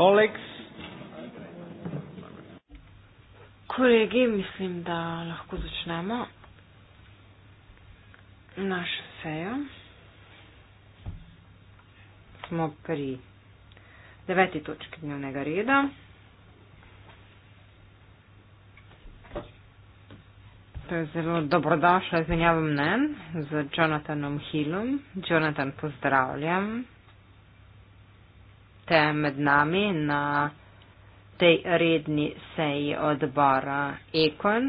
Colleagues. Kolegi, mislim, da lahko začnemo našo sejo. Smo pri deveti točki dnevnega reda. To je zelo dobrodošla izmenjava mnen z Jonathanom Hillom. Jonathan, pozdravljam ste med nami na tej redni seji odbora Ekon.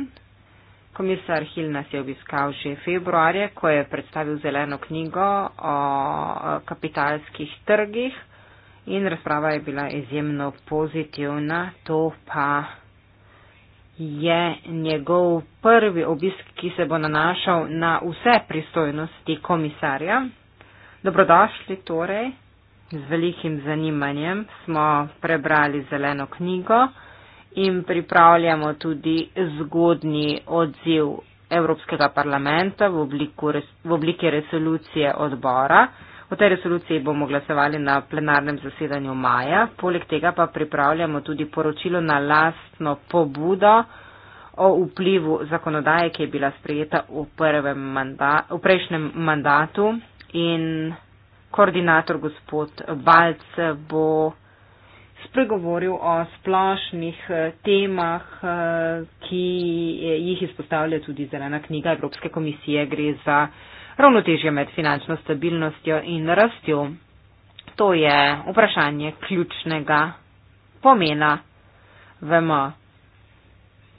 Komisar Hil nas je obiskal že februarje, ko je predstavil zeleno knjigo o kapitalskih trgih in razprava je bila izjemno pozitivna. To pa je njegov prvi obisk, ki se bo nanašal na vse pristojnosti komisarja. Dobrodošli torej. Z velikim zanimanjem smo prebrali zeleno knjigo in pripravljamo tudi zgodni odziv Evropskega parlamenta v, obliku, v obliki resolucije odbora. O tej resoluciji bomo glasovali na plenarnem zasedanju maja. Poleg tega pa pripravljamo tudi poročilo na lastno pobudo o vplivu zakonodaje, ki je bila sprejeta v, manda, v prejšnjem mandatu in koordinator gospod Balc bo spregovoril o splošnih eh, temah, eh, ki jih izpostavlja tudi zelena knjiga Evropske komisije. Gre za ravnotežje med finančno stabilnostjo in rastjo. To je vprašanje ključnega pomena. Vemo,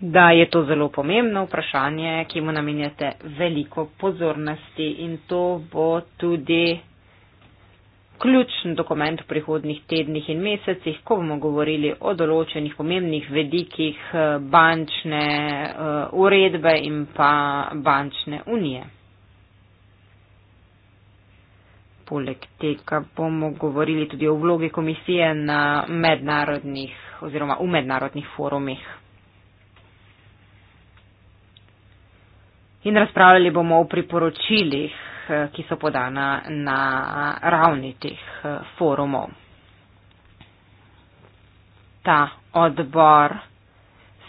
da je to zelo pomembno vprašanje, ki mu namenjate veliko pozornosti in to bo tudi ključen dokument v prihodnih tednih in mesecih, ko bomo govorili o določenih pomembnih vedikih eh, bančne eh, uredbe in pa bančne unije. Poleg tega bomo govorili tudi o vlogi komisije na mednarodnih oziroma v mednarodnih forumih. In razpravljali bomo o priporočilih Eh, ki so podana na ravni teh eh, forumov. Ta odbor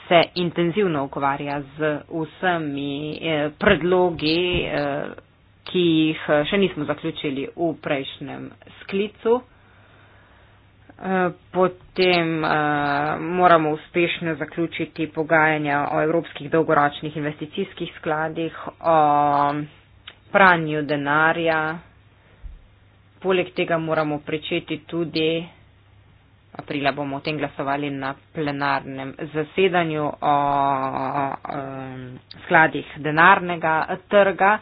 se intenzivno ukvarja z vsemi eh, predlogi, ki jih še nismo zaključili v prejšnjem sklicu. Potem moramo uspešno zaključiti pogajanja o evropskih dolgoročnih investicijskih skladih, o pranju denarja. Poleg tega moramo pričeti tudi, aprila bomo o tem glasovali na plenarnem zasedanju o, o, o skladih denarnega trga.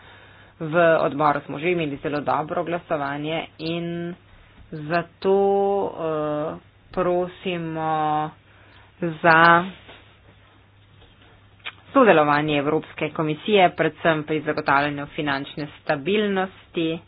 V odboru smo že imeli zelo dobro glasovanje in zato uh, prosimo za sodelovanje Evropske komisije, predvsem pri zagotavljanju finančne stabilnosti.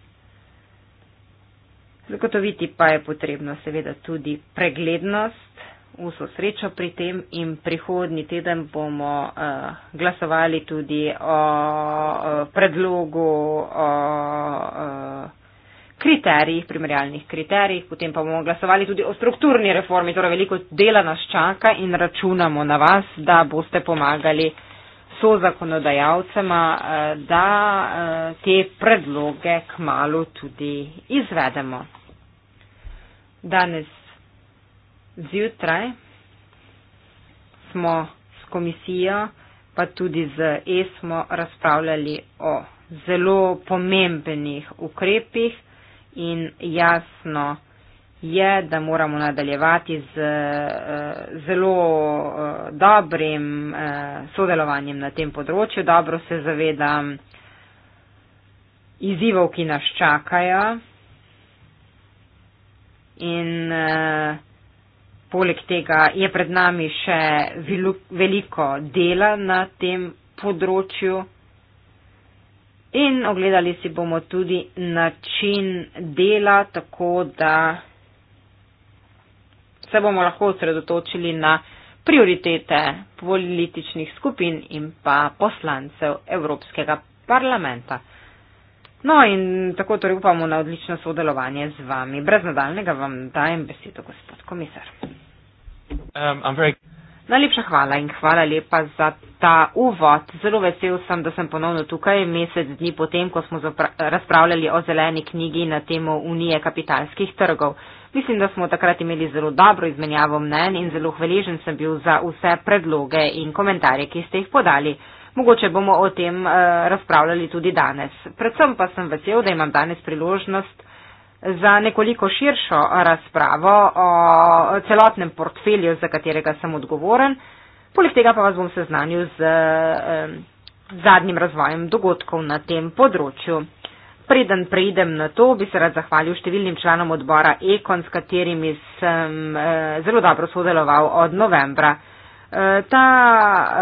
Zagotoviti pa je potrebno seveda tudi preglednost. Vso srečo pri tem in prihodni teden bomo uh, glasovali tudi o, o predlogu o, o kriterijih, primerjalnih kriterijih, potem pa bomo glasovali tudi o strukturni reformi, torej veliko dela nas čaka in računamo na vas, da boste pomagali to zakonodajalcema, eh, da eh, te predloge k malu tudi izvedemo. Danes zjutraj smo s komisijo pa tudi z ESMO razpravljali o zelo pomembenih ukrepih in jasno, je, da moramo nadaljevati z eh, zelo eh, dobrim eh, sodelovanjem na tem področju. Dobro se zavedam izzivov, ki nas čakajo. In poleg tega je pred nami še veliko dela na tem področju. In ogledali si bomo tudi način dela, tako da se bomo lahko osredotočili na prioritete političnih skupin in pa poslancev Evropskega parlamenta. No in tako torej upamo na odlično sodelovanje z vami. Brez nadaljnega vam dajem besedo, gospod komisar. Um, very... Najlepša hvala in hvala lepa za ta uvod. Zelo vesel sem, da sem ponovno tukaj mesec dni potem, ko smo razpravljali o zeleni knjigi na temo Unije kapitalskih trgov. Mislim, da smo takrat imeli zelo dobro izmenjavo mnen in zelo hvaležen sem bil za vse predloge in komentarje, ki ste jih podali. Mogoče bomo o tem uh, razpravljali tudi danes. Predvsem pa sem vesel, da imam danes priložnost za nekoliko širšo razpravo o celotnem portfelju, za katerega sem odgovoren. Poleg tega pa vas bom seznanil z uh, zadnjim razvojem dogodkov na tem področju. Preden preidem na to, bi se rad zahvalil številnim članom odbora Ekon, s katerimi sem eh, zelo dobro sodeloval od novembra. E, ta,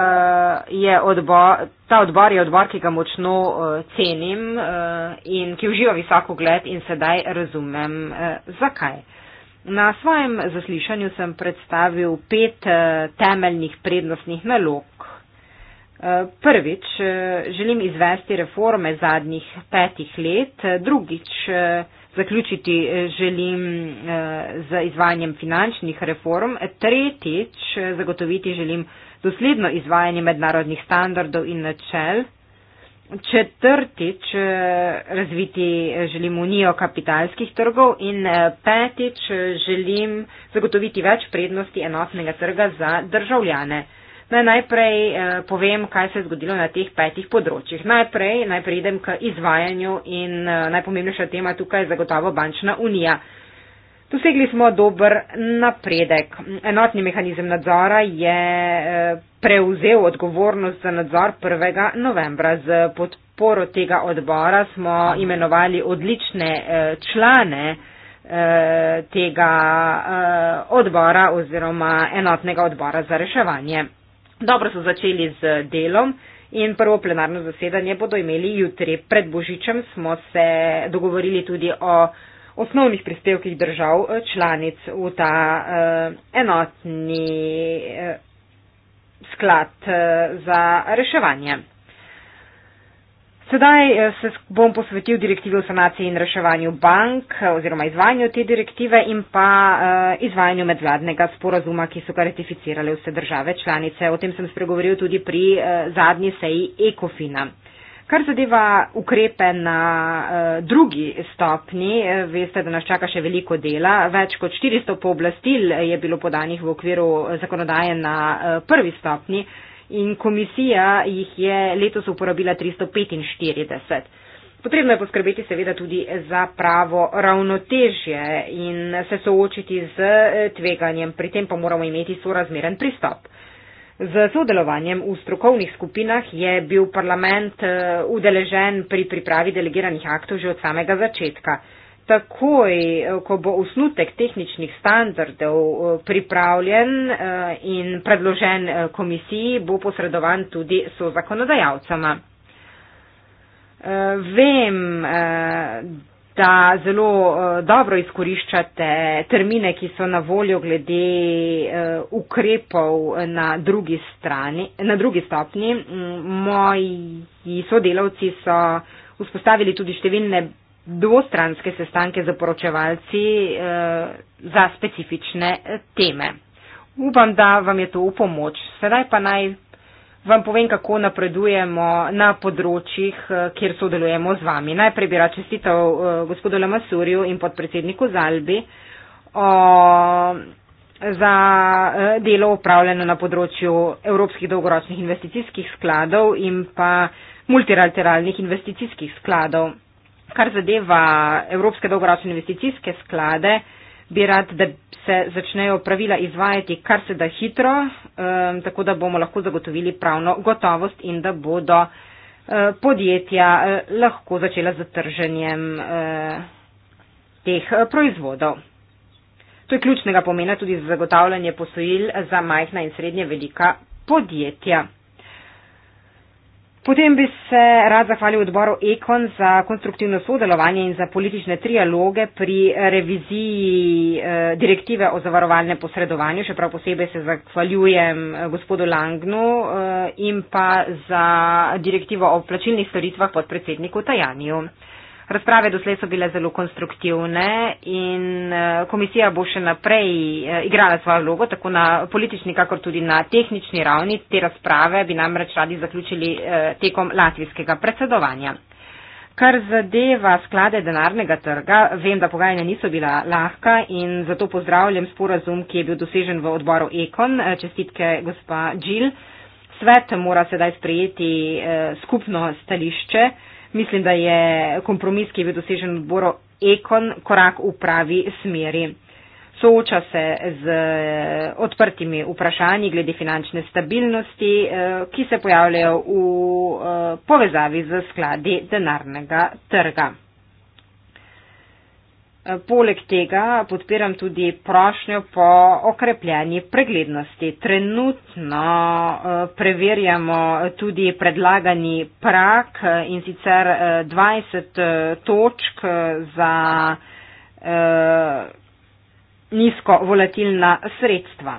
eh, je odbor, ta odbor je odbor, ki ga močno eh, cenim eh, in ki uživa visok ugled in sedaj razumem, eh, zakaj. Na svojem zaslišanju sem predstavil pet eh, temeljnih prednostnih nalog Prvič, želim izvesti reforme zadnjih petih let, drugič, zaključiti želim eh, z izvajanjem finančnih reform, tretjič, zagotoviti želim dosledno izvajanje mednarodnih standardov in načel, četrtič, eh, razviti želim unijo kapitalskih trgov in eh, petič, želim zagotoviti več prednosti enotnega trga za državljane. Naj najprej eh, povem, kaj se je zgodilo na teh petih področjih. Najprej naj pridem k izvajanju in eh, najpomembnejša tema tukaj je zagotovo bančna unija. Dosegli smo dober napredek. Enotni mehanizem nadzora je eh, prevzel odgovornost za nadzor 1. novembra. Z podporo tega odbora smo imenovali odlične eh, člane eh, tega odbora oziroma enotnega odbora za reševanje. Dobro so začeli z delom in prvo plenarno zasedanje bodo imeli jutri. Pred Božičem smo se dogovorili tudi o osnovnih prispevkih držav eh, članic v ta uh, enotni uh, sklad uh, za reševanje. Sedaj eh, se bom posvetil direktivi o sanaciji in reševanju bank eh, oziroma izvajanju te direktive in pa eh, izvajanju medvladnega sporazuma, ki so ga ratificirale vse države članice. O tem sem spregovoril tudi pri zadnji seji Ekofina. Kar zadeva ukrepe na drugi stopni, veste, da nas čaka še veliko dela. Več kot 400 pooblastil je bilo podanih v okviru zakonodaje na prvi stopni in komisija jih je letos uporabila 345. Potrebno je poskrbeti seveda tudi za pravo ravnotežje in se soočiti z eh, tveganjem, pri tem pa moramo imeti sorazmeren pristop. Z sodelovanjem v strokovnih skupinah je bil parlament eh, udeležen pri pripravi delegiranih aktov že od samega začetka takoj, eh, ko bo usnutek tehničnih standardov eh, pripravljen eh, in predložen komisiji, bo posredovan tudi so zakonodajalcama. Vem, da zelo dobro izkoriščate termine, ki so na voljo glede ukrepov na drugi, strani, na drugi stopni. Mm, moji sodelavci so vzpostavili tudi številne dvostranske sestanke za poročevalci eh, za specifične eh, teme. Upam, da vam je to v pomoč. Sedaj pa naj vam povem, kako napredujemo na področjih, eh, kjer sodelujemo z vami. Najprej bi rad čestital eh, gospodu Lamasurju in podpredsedniku Zalbi o, za eh, delo upravljeno na področju evropskih dolgoročnih investicijskih skladov in pa multilateralnih investicijskih skladov kar zadeva Evropske dolgoročne investicijske sklade, bi rad, da se začnejo pravila izvajati kar se da hitro, um, tako da bomo lahko zagotovili pravno gotovost in da bodo e, podjetja e, lahko začela z trženjem eh, teh e, proizvodov. To je ključnega pomena tudi za zagotavljanje posojil za majhna in srednje velika podjetja. Potem bi se rad zahvalil odboru Ekon za konstruktivno sodelovanje in za politične trialoge pri reviziji eh, direktive o zavarovalnem posredovanju. Še prav posebej se zahvaljujem eh, gospodu Langnu eh, in pa za direktivo o plačilnih storitvah pod predsedniku Tajaniju. Razprave doslej so bile zelo konstruktivne in eh, komisija bo še naprej eh, igrala svojo vlogo, tako na politični, kakor tudi na tehnični ravni. Te razprave bi namreč radi zaključili eh, tekom latvijskega predsedovanja. Kar zadeva sklade denarnega trga, vem, da pogajanja niso bila lahka in zato pozdravljam sporazum, ki je bil dosežen v odboru Ekon. Čestitke, gospa Džil. Svet mora sedaj sprejeti skupno stališče. Mislim, da je kompromis, ki je bil dosežen odboru Ekon, korak v pravi smeri. Sooča se z eh, odprtimi vprašanji glede finančne stabilnosti, eh, ki se pojavljajo v eh, povezavi z skladi denarnega trga. Eh, poleg tega podpiram tudi prošnjo po okrepljeni preglednosti. Trenutno eh, preverjamo tudi predlagani prak eh, in sicer 20 točk za nizko volatilna sredstva.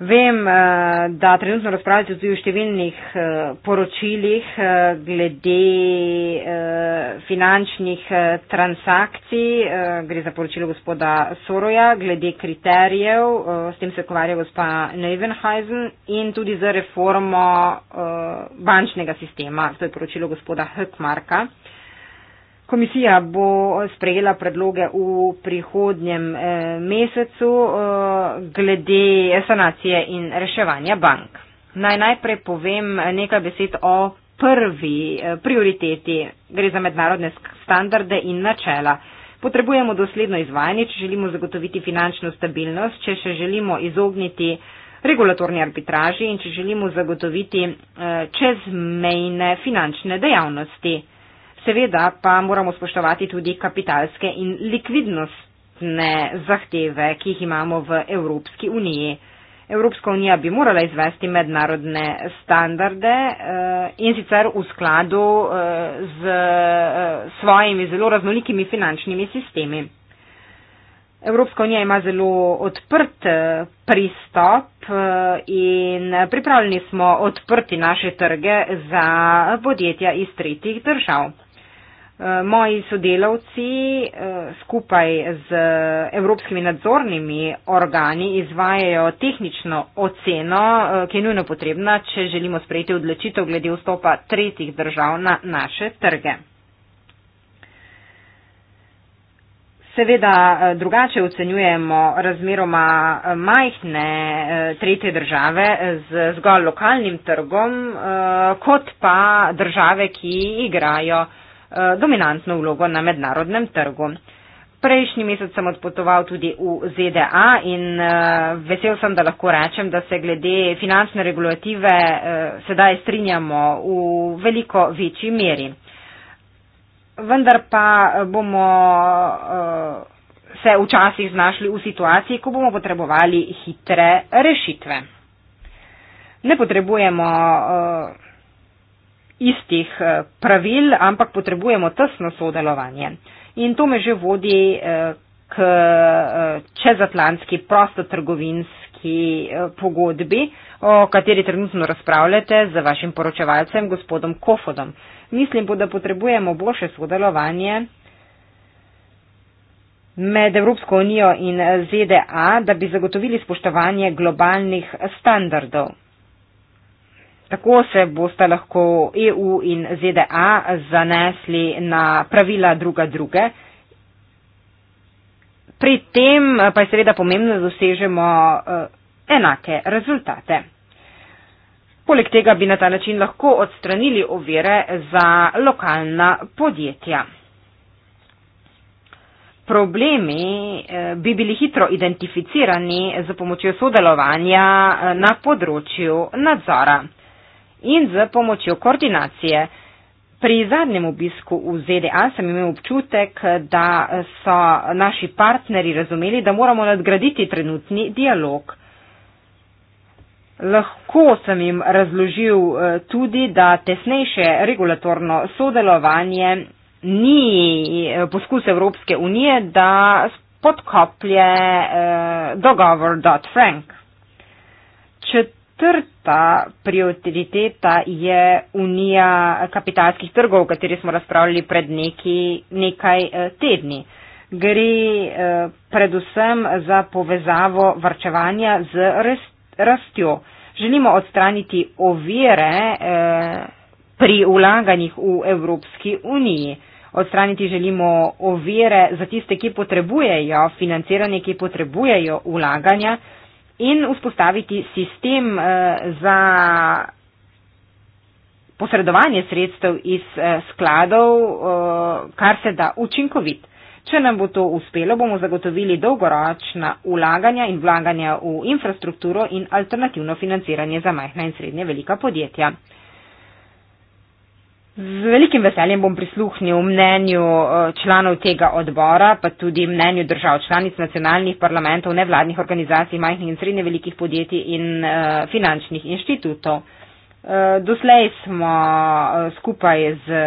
Vem, eh, da trenutno razpravljate tudi o številnih eh, poročilih eh, glede finančnih transakcij, gre za poročilo gospoda Soroja, glede kriterijev, s tem se ukvarja gospa Neuvenheisen in tudi za reformo bančnega sistema, to je poročilo gospoda Hökmarka. Komisija bo sprejela predloge v prihodnjem eh, mesecu eh, glede sanacije in reševanja bank. Naj najprej povem nekaj besed o prvi eh, prioriteti. Gre za mednarodne standarde in načela. Potrebujemo dosledno izvajanje, če želimo zagotoviti finančno stabilnost, če še želimo izogniti regulatorni arbitraži in če želimo zagotoviti čezmejne finančne dejavnosti. Seveda pa moramo spoštovati tudi kapitalske in likvidnostne zahteve, ki jih imamo v Evropski uniji. Evropska unija bi morala izvesti mednarodne standarde eh, in sicer v skladu eh, z eh, svojimi zelo raznolikimi finančnimi sistemi. Evropska unija ima zelo odprt pristop in pripravljeni smo odprti naše trge za podjetja iz tretjih držav. Moji sodelavci eh, skupaj z evropskimi nadzornimi organi izvajajo tehnično oceno, eh, ki je nujno potrebna, če želimo sprejeti odločitev glede vstopa tretjih držav na naše trge. Seveda eh, drugače ocenjujemo razmeroma majhne tretje države z zgolj lokalnim trgom, kot pa države, ki igrajo. Eh, dominantno vlogo na mednarodnem trgu. Prejšnji mesec sem odpotoval tudi v ZDA in eh, vesel sem, da lahko rečem, da se glede finančne regulative eh, sedaj strinjamo v veliko večji meri. Vendar pa bomo se včasih znašli v situaciji, ko bomo potrebovali hitre rešitve. Ne potrebujemo istih eh, pravil, ampak potrebujemo tesno sodelovanje. In to me že vodi eh, k eh, čezatlantski prostotrgovinski pogodbi, o kateri trenutno razpravljate z vašim poročevalcem, gospodom Kofodom. Mislim pa, da potrebujemo boljše sodelovanje med Evropsko unijo in ZDA, da bi zagotovili spoštovanje globalnih standardov. Tako se boste lahko EU in ZDA zanesli na pravila druga druge. Pri tem pa je seveda pomembno, da dosežemo eh, enake rezultate. Poleg tega bi na ta način lahko odstranili ovire za lokalna podjetja. Problemi eh, bi bili hitro identificirani z pomočjo sodelovanja eh, na področju nadzora in z pomočjo koordinacije. Pri zadnjem obisku v ZDA sem imel občutek, da so naši partneri razumeli, da moramo nadgraditi trenutni dialog. Lahko sem jim razložil eh, tudi, da tesnejše regulatorno sodelovanje ni eh, poskus Evropske unije, da podkoplje eh, dogovor.frank. Četrti četrta prioriteta je unija kapitalskih trgov, o kateri smo razpravljali pred neki, nekaj eh, tedni. Gre eh, predvsem za povezavo varčevanja z rastjo. Želimo odstraniti ovire eh, pri ulaganjih v Evropski uniji. Odstraniti želimo ovire za tiste, ki potrebujejo financiranje, ki potrebujejo ulaganja in vzpostaviti sistem eh, za posredovanje sredstev iz eh, skladov, eh, kar se da učinkovit. Če nam bo to uspelo, bomo zagotovili dolgoročna ulaganja in vlaganja v infrastrukturo in alternativno financiranje za majhna in srednje velika podjetja. Z velikim veseljem bom prisluhnil mnenju eh, članov tega odbora, pa tudi mnenju držav članic nacionalnih parlamentov, nevladnih organizacij, majhnih in srednje velikih podjetij in eh, finančnih inštitutov. Eh, doslej smo skupaj z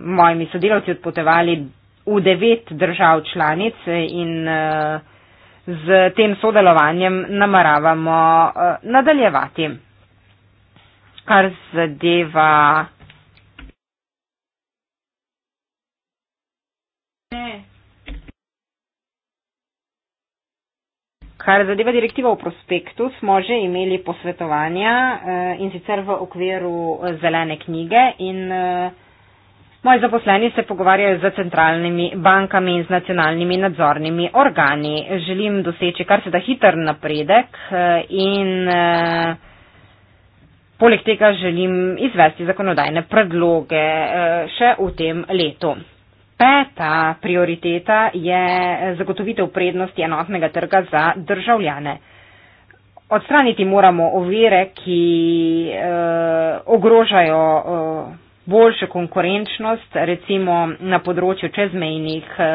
mojimi sodelavci odpotovali v devet držav članic in z tem sodelovanjem nameravamo nadaljevati. Kar zadeva Ne. Kar zadeva direktivo v prospektu, smo že imeli posvetovanja eh, in sicer v okviru eh, zelene knjige in eh, moji zaposleni se pogovarjajo z centralnimi bankami in z nacionalnimi nadzornimi organi. Želim doseči kar se da hiter napredek in poleg tega želim izvesti zakonodajne predloge še v tem letu. Peta prioriteta je zagotovitev prednosti enotnega trga za državljane. Odstraniti moramo ovire, ki eh, ogrožajo eh, boljšo konkurenčnost, recimo na področju čezmejnih eh,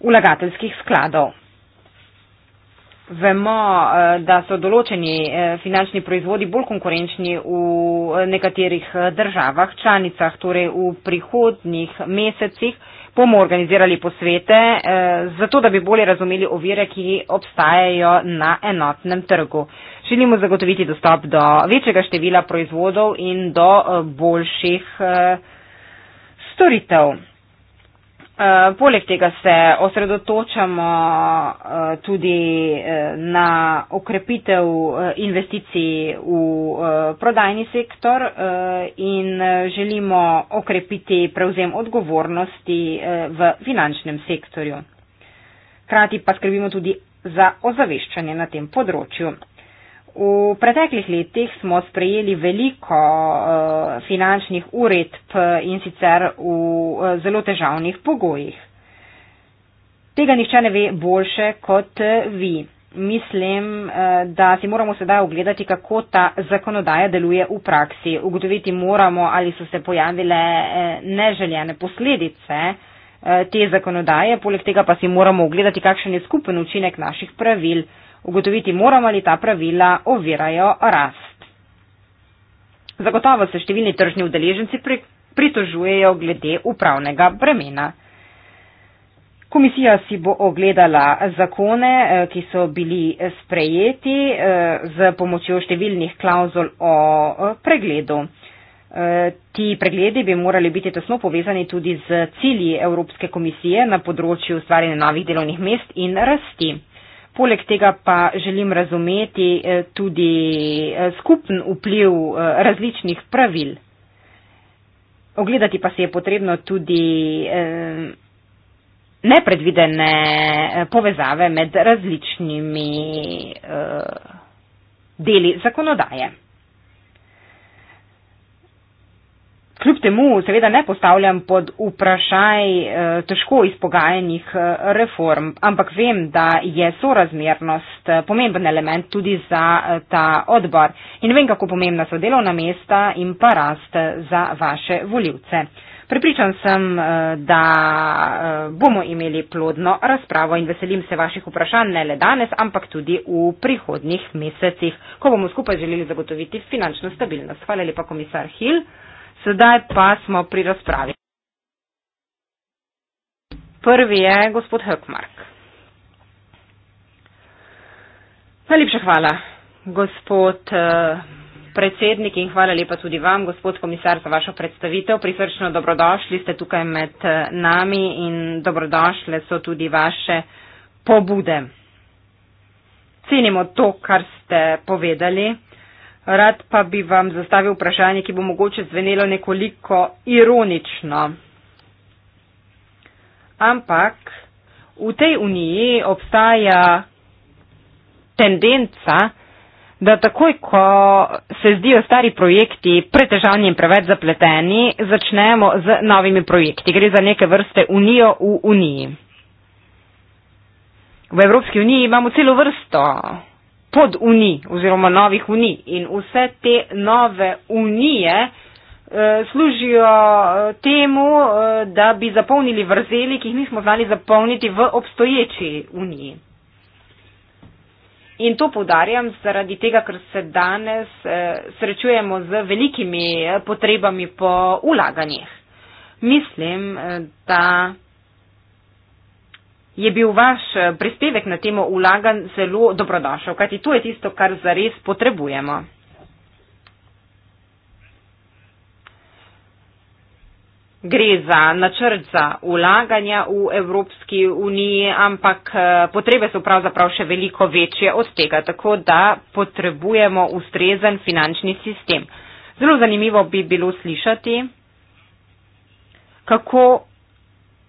ulagateljskih skladov vemo, eh, da so določeni eh, finančni proizvodi bolj konkurenčni v eh, nekaterih državah, članicah, torej v prihodnih mesecih bomo organizirali posvete, zato da bi bolje razumeli ovire, ki obstajajo na enotnem trgu. Želimo zagotoviti dostop do večjega števila proizvodov in do boljših storitev. Eh, poleg tega se osredotočamo eh, tudi eh, na okrepitev investicij v prodajni sektor in želimo okrepiti prevzem odgovornosti v finančnem sektorju. Hkrati pa skrbimo tudi za ozaveščanje na tem področju. V preteklih letih smo sprejeli veliko uh, finančnih uredb in sicer v uh, zelo težavnih pogojih. Tega nihče ne ve boljše kot eh, vi. Mislim, uh, da si moramo sedaj ogledati, kako ta zakonodaja deluje v praksi. Ugotoviti moramo, ali so se pojavile uh, neželjene posledice uh, te zakonodaje, poleg tega pa si moramo ogledati, kakšen je skupen učinek naših pravil. Uh, Ugotoviti moramo, ali ta pravila ovirajo rast. Zagotovo se številni tržni udeleženci pritožujejo glede upravnega bremena. Komisija si bo ogledala zakone, eh, ki so bili sprejeti eh, z pomočjo številnih klauzul o eh, pregledu. Ti pregledi bi morali biti tesno povezani tudi z cilji Evropske komisije na področju ustvarjanja novih delovnih mest in rasti. Poleg tega pa želim razumeti eh, tudi eh, skupen vpliv eh, različnih pravil. Ogledati pa se je potrebno tudi nepredvidene povezave med različnimi deli zakonodaje. kljub temu seveda ne postavljam pod vprašaj eh, težko izpogajenih eh, reform, ampak vem, da je sorazmernost eh, pomemben element tudi za ta odbor in vem, kako pomembna so delovna mesta in pa rast za vaše voljivce. Pripričan sem, da bomo imeli plodno razpravo in veselim se vaših vprašanj ne le danes, ampak tudi v prihodnih mesecih, ko bomo skupaj želeli zagotoviti finančno stabilnost. Hvala lepa, komisar Hill. Sedaj pa smo pri razpravi. Prvi je gospod Hökmark. Najlepša hvala, gospod eh, predsednik in hvala lepa tudi vam, gospod komisar, za vašo predstavitev. Prisrčno dobrodošli ste tukaj med eh, nami in dobrodošle so tudi vaše pobude. Cenimo to, kar ste povedali. Rad pa bi vam zastavil vprašanje, ki bo mogoče zvenelo nekoliko ironično. Ampak v tej uniji obstaja tendenca, da takoj, ko se zdijo stari projekti pretežani in preveč zapleteni, začnemo z novimi projekti. Gre za neke vrste unijo v uniji. V Evropski uniji imamo celo vrsto pod uniji oziroma novih unij in vse te nove unije eh, služijo eh, temu, eh, da bi zapolnili vrzeli, ki jih nismo znali zapolniti v obstoječi uniji. In to povdarjam zaradi tega, ker se danes srečujemo z velikimi potrebami po ulaganjih. Mislim, da je bil vaš eh, prispevek na temo ulagan zelo dobrodošel, kajti to je tisto, kar zares potrebujemo. Gre za načrt za ulaganja v Evropski uniji, ampak eh, potrebe so pravzaprav še veliko večje od tega, tako da potrebujemo ustrezen finančni sistem. Zelo zanimivo bi bilo slišati, kako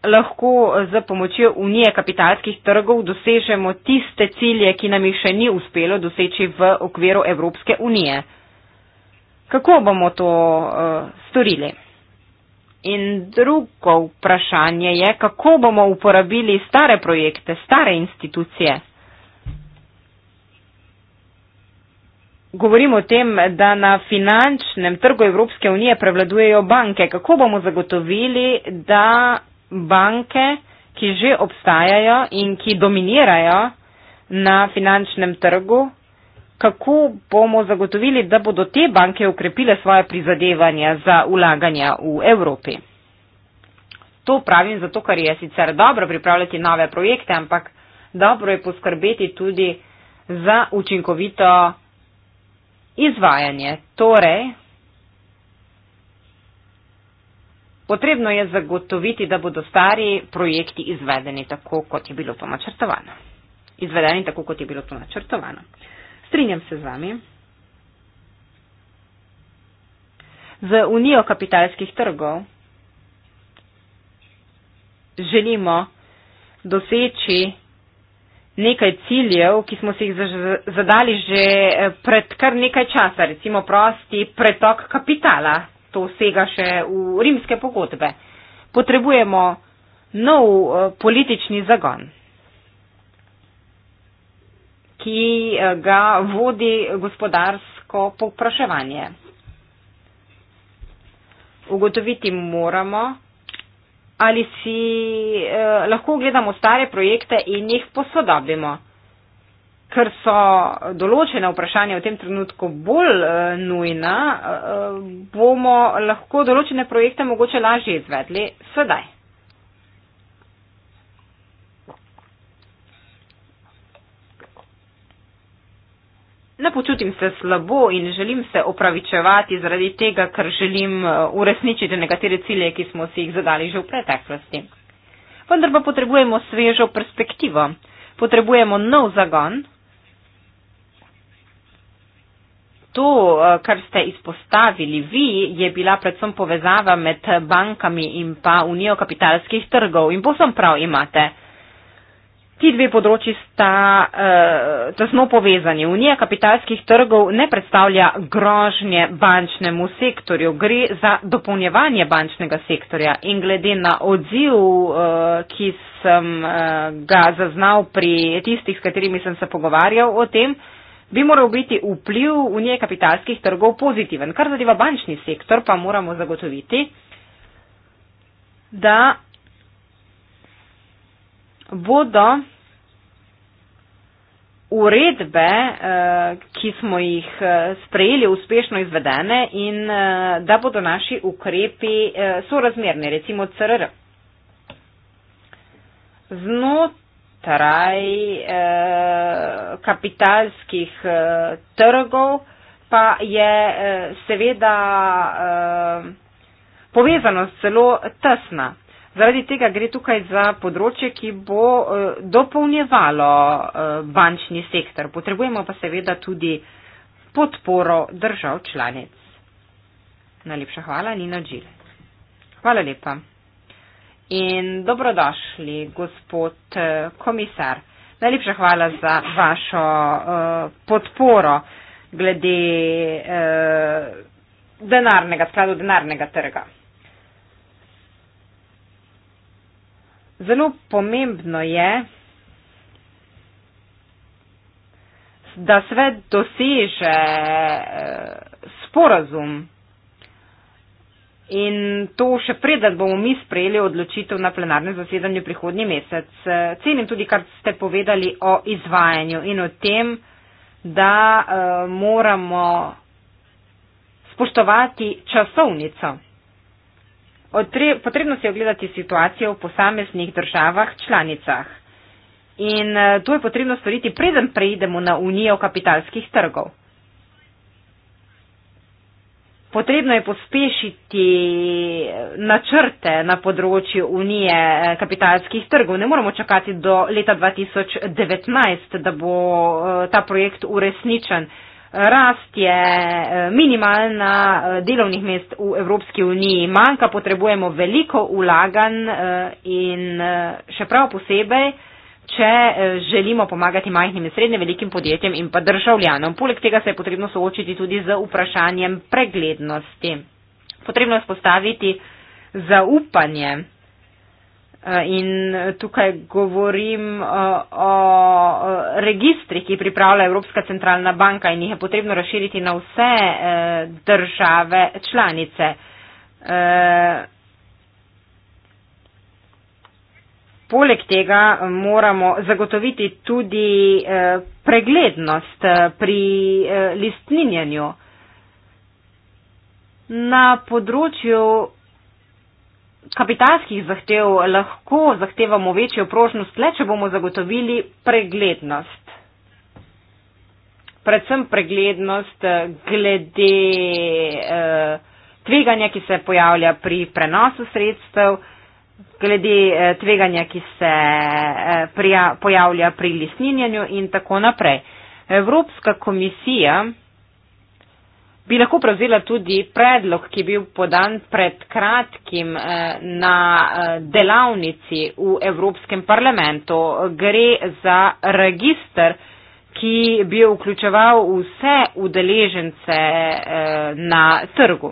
lahko z pomočjo Unije kapitalskih trgov dosežemo tiste cilje, ki nam jih še ni uspelo doseči v okviru Evropske unije. Kako bomo to uh, storili? In drugo vprašanje je, kako bomo uporabili stare projekte, stare institucije. Govorimo o tem, da na finančnem trgu Evropske unije prevladujejo banke. Kako bomo zagotovili, da banke, ki že obstajajo in ki dominirajo na finančnem trgu, kako bomo zagotovili, da bodo te banke ukrepile svoje prizadevanja za ulaganja v Evropi. To pravim zato, ker je sicer dobro pripravljati nove projekte, ampak dobro je poskrbeti tudi za učinkovito izvajanje. Torej, Potrebno je zagotoviti, da bodo stari projekti izvedeni tako, kot je bilo to načrtovano. Izvedeni tako, kot je bilo to načrtovano. Strinjam se z vami. Z Unijo kapitalskih trgov želimo doseči nekaj ciljev, ki smo si jih zadali že eh, pred kar nekaj časa, recimo prosti pretok kapitala, to sega še v rimske pogodbe. Potrebujemo nov uh, politični zagon, ki eh, ga vodi gospodarsko popraševanje. Ugotoviti moramo, ali si eh, lahko gledamo stare projekte in jih posodobimo ker so določene vprašanja v tem trenutku bolj uh, nujna, uh, bomo lahko določene projekte mogoče lažje izvedli sedaj. Ne počutim se slabo in želim se opravičevati zaradi tega, ker želim eh, uresničiti nekatere cilje, ki smo si jih zadali že v preteklosti. Vendar pa potrebujemo svežo perspektivo, potrebujemo nov zagon, to, eh, kar ste izpostavili vi, je bila predvsem povezava med bankami in pa unijo kapitalskih trgov in posem prav imate. Ti dve področji sta uh, tesno povezani. Unija kapitalskih trgov ne predstavlja grožnje bančnemu sektorju, gre za dopolnjevanje bančnega sektorja. In glede na odziv, uh, ki sem uh, ga zaznal pri tistih, s katerimi sem se pogovarjal o tem, uh, bi moral biti vpliv v njej kapitalskih trgov pozitiven. Kar zadeva bančni sektor, pa moramo zagotoviti, da bodo uredbe, eh, ki smo jih eh, sprejeli, uspešno izvedene in eh, da bodo naši ukrepi sorazmerni, recimo CRR. Znot taraj eh, kapitalskih eh, trgov pa je eh, seveda eh, povezanost celo tesna. Zaradi tega gre tukaj za področje, ki bo eh, dopolnjevalo eh, bančni sektor. Potrebujemo pa seveda tudi podporo držav članic. Najlepša hvala, Nina Džile. Hvala lepa in dobrodošli, gospod eh, komisar. Najlepša hvala za vašo uh, podporo glede uh, denarnega, skladu denarnega trga. Zelo pomembno je, da svet doseže uh, sporazum In to še preden bomo mi sprejeli odločitev na plenarnem zasedanju prihodnji mesec. Eh, cenim tudi, kar ste povedali o izvajanju in o tem, da uh, moramo spoštovati časovnico. Odre, potrebno se je ogledati situacijo v posameznih državah članicah. In uh, to je potrebno storiti, preden preidemo na unijo kapitalskih trgov. Potrebno je pospešiti načrte na področju unije eh, kapitalskih trgov. Ne moramo čakati do leta 2019, da bo eh, ta projekt uresničen. Rast je eh, minimalna delovnih mest v Evropski uniji. Manjka potrebujemo veliko ulagan in še prav posebej če eh, želimo pomagati majhnim in srednje velikim podjetjem in pa državljanom. Poleg tega se je potrebno soočiti tudi z vprašanjem preglednosti. Potrebno je spostaviti zaupanje. Eh, in eh, tukaj govorim o registrih, ki pripravlja Evropska centralna banka in jih je potrebno razširiti na vse države članice. Poleg tega eh, moramo zagotoviti tudi eh, preglednost eh, pri listninjanju. Na področju kapitalskih zahtev lahko zahtevamo večjo prožnost, le če bomo zagotovili preglednost. Predvsem preglednost glede tveganja, ki se pojavlja pri prenosu sredstev glede eh, tveganja, ki se eh, pojavlja pri lisninjanju in tako naprej. Evropska komisija bi lahko prevzela tudi predlog, ki je bil podan pred kratkim eh, na delavnici v Evropskem parlamentu. Gre za registr, ki bi vključeval vse udeležence na trgu.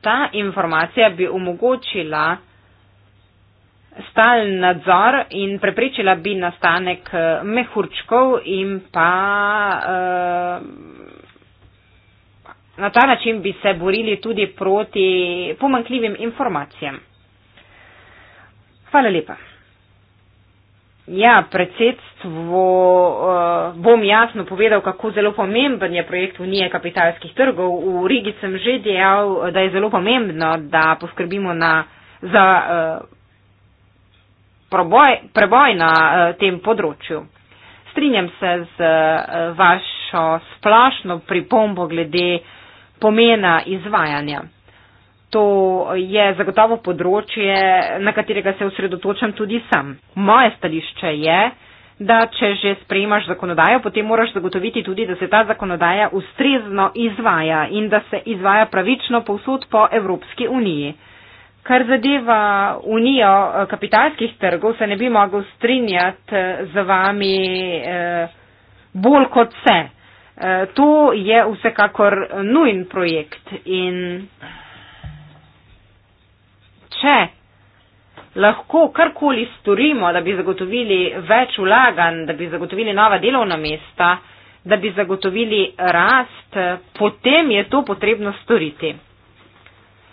Ta informacija bi omogočila, stalen nadzor in preprečila bi nastanek eh, mehurčkov in pa uh, na ta način bi se borili tudi proti pomankljivim informacijam. Hvala lepa. Ja, predsedstvo uh, bom jasno povedal, kako zelo pomemben je projekt Unije kapitalskih trgov. V Rigi sem že dejal, da je zelo pomembno, da poskrbimo na, za. Uh, proboj, preboj na eh, tem področju. Strinjam se z eh, vašo splošno pripombo glede pomena izvajanja. To je zagotovo področje, na katerega se osredotočam tudi sam. Moje stališče je, da če že sprejmaš zakonodajo, potem moraš zagotoviti tudi, da se ta zakonodaja ustrezno izvaja in da se izvaja pravično povsod po Evropski uniji. Kar zadeva unijo eh, kapitalskih trgov, se ne bi mogel strinjati eh, z vami eh, bolj kot vse. To je vsekakor nujen projekt in če lahko karkoli storimo, da bi zagotovili več vlaganj, da bi zagotovili nova delovna mesta, da bi zagotovili rast, potem je to potrebno storiti.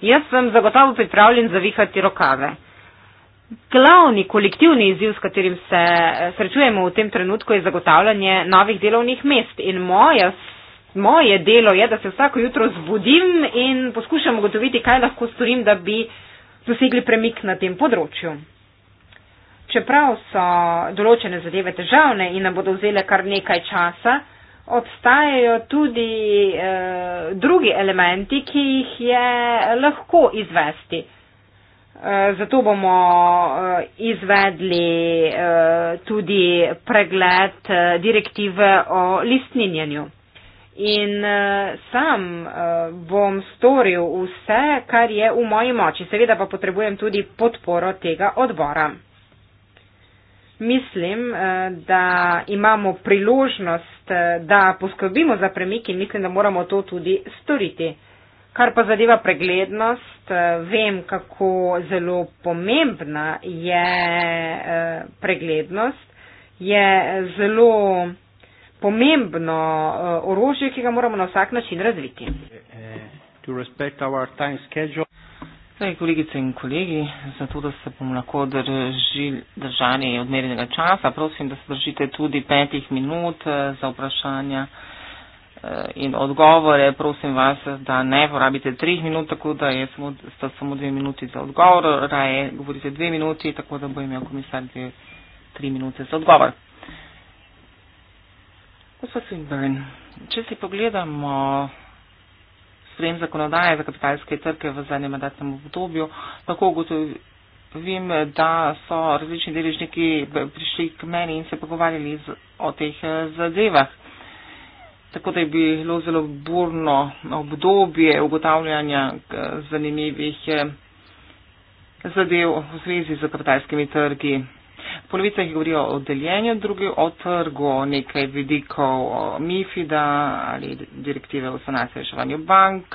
Jaz sem zagotovo pripravljen zavihati rokave. Glavni kolektivni izziv, s katerim se eh, srečujemo v tem trenutku, je zagotavljanje novih delovnih mest. In moja, moje delo je, da se vsako jutro zbudim in poskušam ugotoviti, kaj lahko storim, da bi dosegli premik na tem področju. Čeprav so določene zadeve težavne in nam bodo vzele kar nekaj časa, obstajajo tudi eh, drugi elementi, ki jih je lahko izvesti. Eh, zato bomo eh, izvedli eh, tudi pregled eh, direktive o listninjanju. In eh, sam eh, bom storil vse, kar je v moji moči. Seveda pa potrebujem tudi podporo tega odbora. Mislim, eh, da imamo priložnost, eh, da poskrbimo za premik in mislim, da moramo to tudi storiti. Kar pa zadeva preglednost, eh, vem, kako zelo pomembna je preglednost, je zelo pomembno orožje, ki ga moramo na vsak način razviti. Uh, uh, Zdaj, kolegice in kolegi, zato da se bom lahko držil držanje odmerjenega časa, prosim, da se držite tudi petih minut eh, za vprašanja eh, in odgovore. Prosim vas, da ne porabite trih minut, tako da je samo, sta samo dve minuti za odgovor, raje govorite dve minuti, tako da bo imel komisar dve, tri minute za odgovor. Gospod Svinbrn, če si pogledamo sprem zakonodaje za kapitalske trge v zadnjem mandatnem obdobju, tako ugotovim, da so različni deležniki prišli k meni in se pogovarjali z, o teh zadevah. Tako da je bilo zelo burno obdobje ugotavljanja zanimivih zadev v zvezi z kapitalskimi trgi. Polovica jih govorijo o deljenju, drugi o trgu, o nekaj vidikov o MIFID-a ali direktive o sanaciji reševanju bank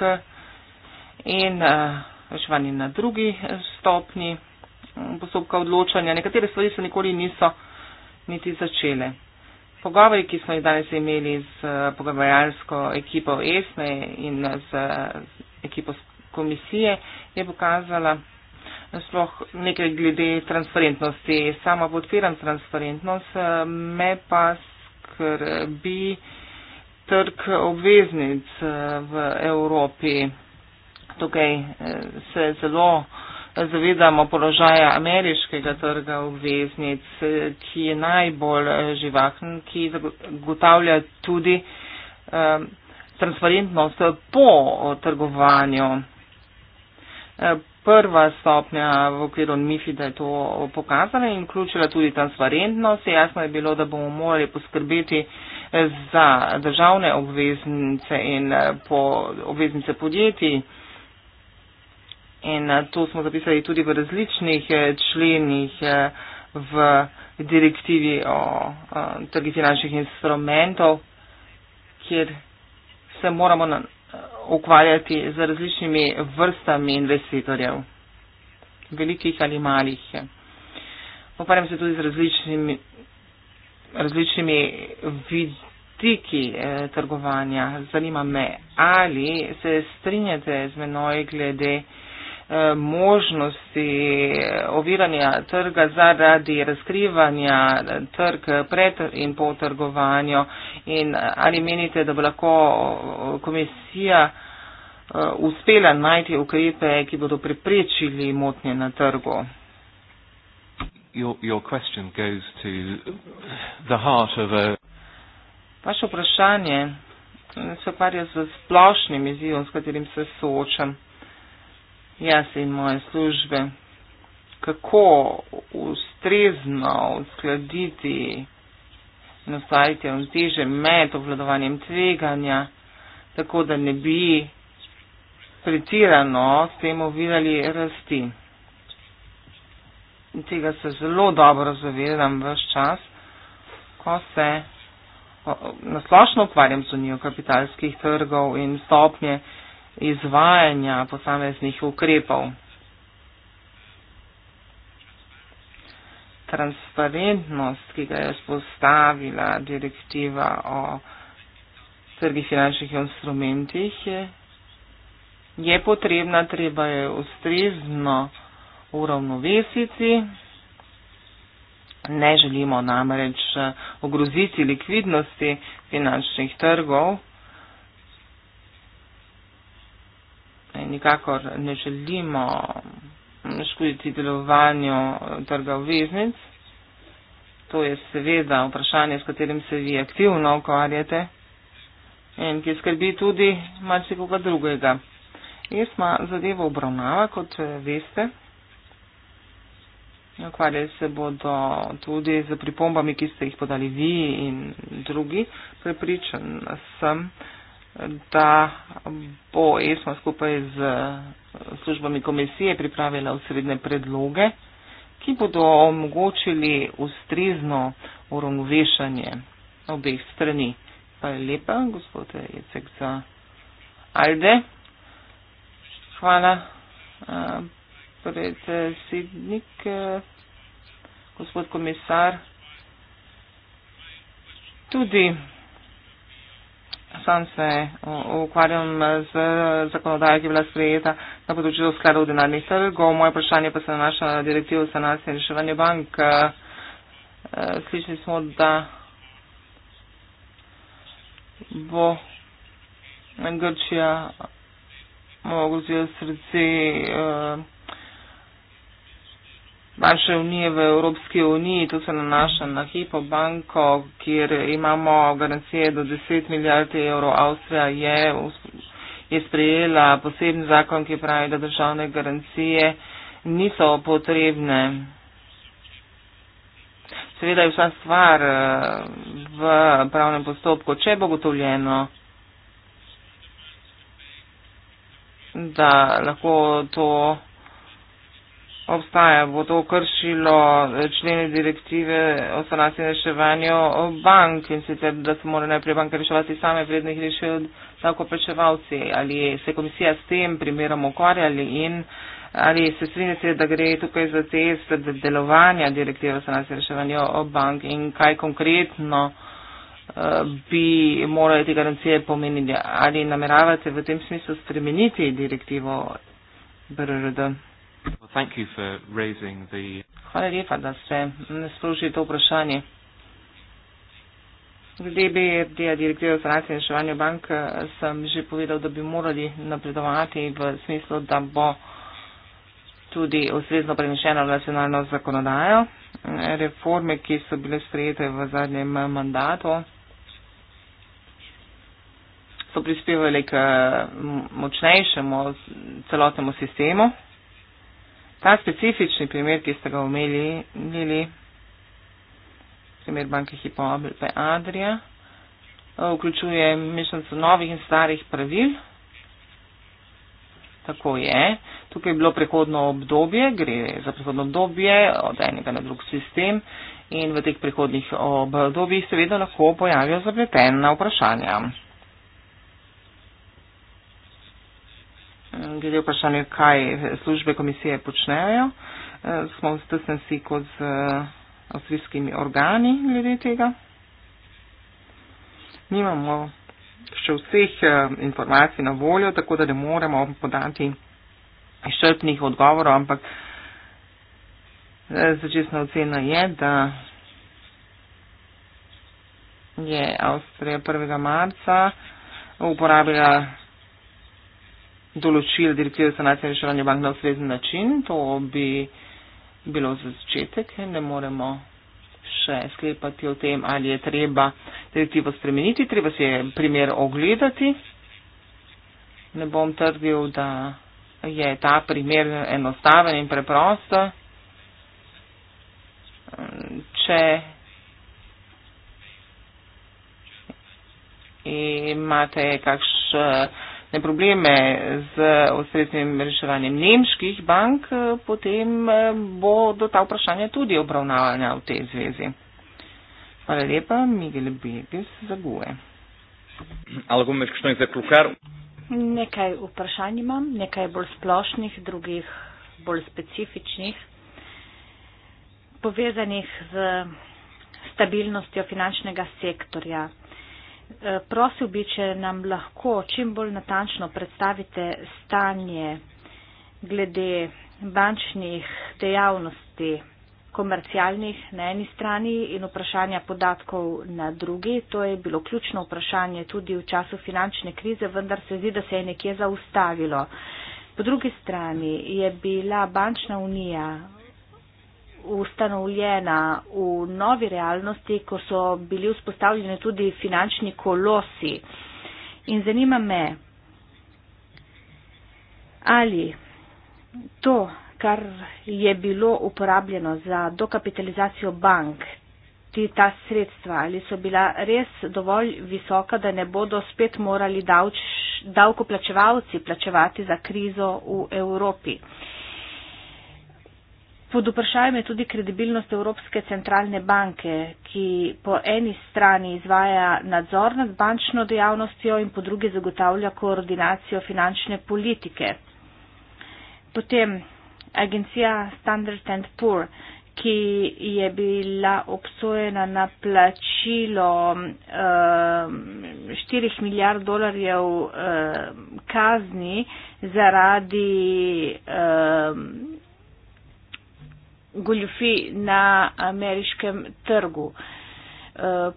in uh, eh, reševanju na drugi stopni postopka odločanja. Nekatere stvari se nikoli niso niti začele. Pogovori, ki smo jih danes imeli z eh, pogovarjalsko ekipo ESME in z eh, ekipo komisije, je pokazala, sploh nekaj glede transparentnosti. Sama podpiram transparentnost, me pa skrbi trg obveznic eh, v Evropi. Tukaj eh, se zelo zavedamo položaja ameriškega trga obveznic, ki je najbolj živahn, ki zagotavlja tudi eh, transparentnost po trgovanju prva stopnja v okviru MIFI, da je to pokazala in vključila tudi transparentnost. Jasno je bilo, da bomo morali poskrbeti za državne obveznice in po obveznice podjetij. In to smo zapisali tudi v različnih eh, členih eh, v direktivi o eh, trgih finančnih instrumentov, kjer se moramo na ukvarjati z različnimi vrstami investitorjev, velikih ali malih. Ukvarjam se tudi z različnimi, različnimi vidiki eh, trgovanja. Zanima me, ali se strinjate z menoj glede eh, Eh, možnosti oviranja trga zaradi razkrivanja eh, trg pred in po trgovanju in eh, ali menite, da bo lahko komisija uspela najti ukrepe, ki bodo preprečili motnje na trgu? Vaše vprašanje se ukvarja z splošnim izzivom, s katerim se soočam jaz in moje službe, kako ustrezno uskladiti nastajati v teže med obvladovanjem tveganja, tako da ne bi pretirano s tem ovirali rasti. In tega se zelo dobro zavedam vse čas, ko se naslošno ukvarjam z unijo kapitalskih trgov in stopnje, izvajanja posameznih ukrepov. Transparentnost, ki ga je spostavila direktiva o trgih finančnih instrumentih, je, je potrebna, treba je ustrezno uravnovesiti. Ne želimo namreč ogroziti likvidnosti finančnih trgov. nikakor ne želimo škoditi delovanju trga obveznic. To je seveda vprašanje, s katerim se vi aktivno ukvarjate in ki skrbi tudi marsikoga drugega. ESMA zadevo obravnava, kot veste. Ukvarjali se bodo tudi z pripombami, ki ste jih podali vi in drugi. Prepričan sem, da da bo ESMA skupaj z službami komisije pripravila osrednje predloge, ki bodo omogočili ustrezno uravnovešanje obeh strani. Pa je lepa, gospod Jecek za Alde. Hvala, eh, predsednik, eh, gospod komisar. Tudi sam se ukvarjam z zakonodajo, ki je bila sprejeta na področju skladov denarnih trgov. Moje vprašanje pa se nanaša na direktivo sanacije in reševanje bank. E, slišali smo, da bo Grčija mogla zvijati srce. Varšave unije v Evropski uniji, to se nanaša na Hipo banko, kjer imamo garancije do 10 milijard evrov. Avstrija je, je sprejela posebni zakon, ki pravi, da državne garancije niso potrebne. Seveda je vsa stvar eh, v pravnem postopku, če bo gotovljeno, da lahko to obstaja. Bo to kršilo člene direktive o sanaciji in reševanju bank in sicer, da se morajo najprej banke reševati same, vrednih rešil tako prečevalci. Ali se komisija s tem primerom ukvarjali in ali se strinjate, da gre tukaj za test delovanja direktive o sanaciji in reševanju bank in kaj konkretno eh, bi morali te garancije pomeniti. Ali nameravate v tem smislu spremeniti direktivo BRRD? Hvala lepa, da ste nasprožili to vprašanje. Glede BRD-ja, direktive za rast in reševanje bank, eh, sem že povedal, da bi morali napredovati v smislu, da bo tudi ustrezno prenešena v nacionalno zakonodajo. Reforme, ki so bile sprejete v zadnjem mandatu, so prispevali k eh, močnejšemu celotnemu sistemu. Ta specifični primer, ki ste ga omenili, primer banke Hipoabel pa Adria, vključuje mešanico novih in starih pravil. Tako je. Tukaj je bilo prehodno obdobje, gre za prehodno obdobje od enega na drug sistem in v teh prehodnih obdobjih seveda lahko pojavijo zapletena vprašanja. glede vprašanja, kaj službe komisije počnejo. Eh, smo v stresnem siku z eh, avstrijskimi organi glede tega. Nimamo še vseh eh, informacij na voljo, tako da ne moremo podati izčrpnih odgovorov, ampak začesna ocena je, da je Avstrija 1. marca uporabila določil direktive sanacije in reševanja bank na ustrezen način. To bi bilo za začetek. Ne moremo še sklepati o tem, ali je treba direktivo spremeniti. Treba si je primer ogledati. Ne bom trdil, da je ta primer enostaven in preprost. Če imate kakšen na probleme z osrednjim reševanjem nemških bank, eh, potem eh, bo do ta vprašanja tudi obravnavanja v tej zvezi. Hvala lepa, Miguel Begis za GUE. Nekaj vprašanj imam, nekaj bolj splošnih, drugih bolj specifičnih, povezanih z stabilnostjo finančnega sektorja. Eh, prosil bi, če nam lahko čim bolj natančno predstavite stanje glede bančnih dejavnosti, komercialnih na eni strani in vprašanja podatkov na drugi. To je bilo ključno vprašanje tudi v času finančne krize, vendar se zdi, da se je nekje zaustavilo. Po drugi strani je bila bančna unija ustanovljena v novi realnosti, ko so bili vzpostavljeni tudi finančni kolosi. In zanima me, ali to, kar je bilo uporabljeno za dokapitalizacijo bank, ti ta sredstva, ali so bila res dovolj visoka, da ne bodo spet morali davč, davkoplačevalci plačevati za krizo v Evropi. Pod vprašajem je tudi kredibilnost Evropske centralne banke, ki po eni strani izvaja nadzor nad bančno dejavnostjo in po drugi zagotavlja koordinacijo finančne politike. Potem agencija Standard Poor, ki je bila obsojena na plačilo eh, 4 milijard dolarjev eh, kazni zaradi. Eh, goljufi na ameriškem trgu. Eh,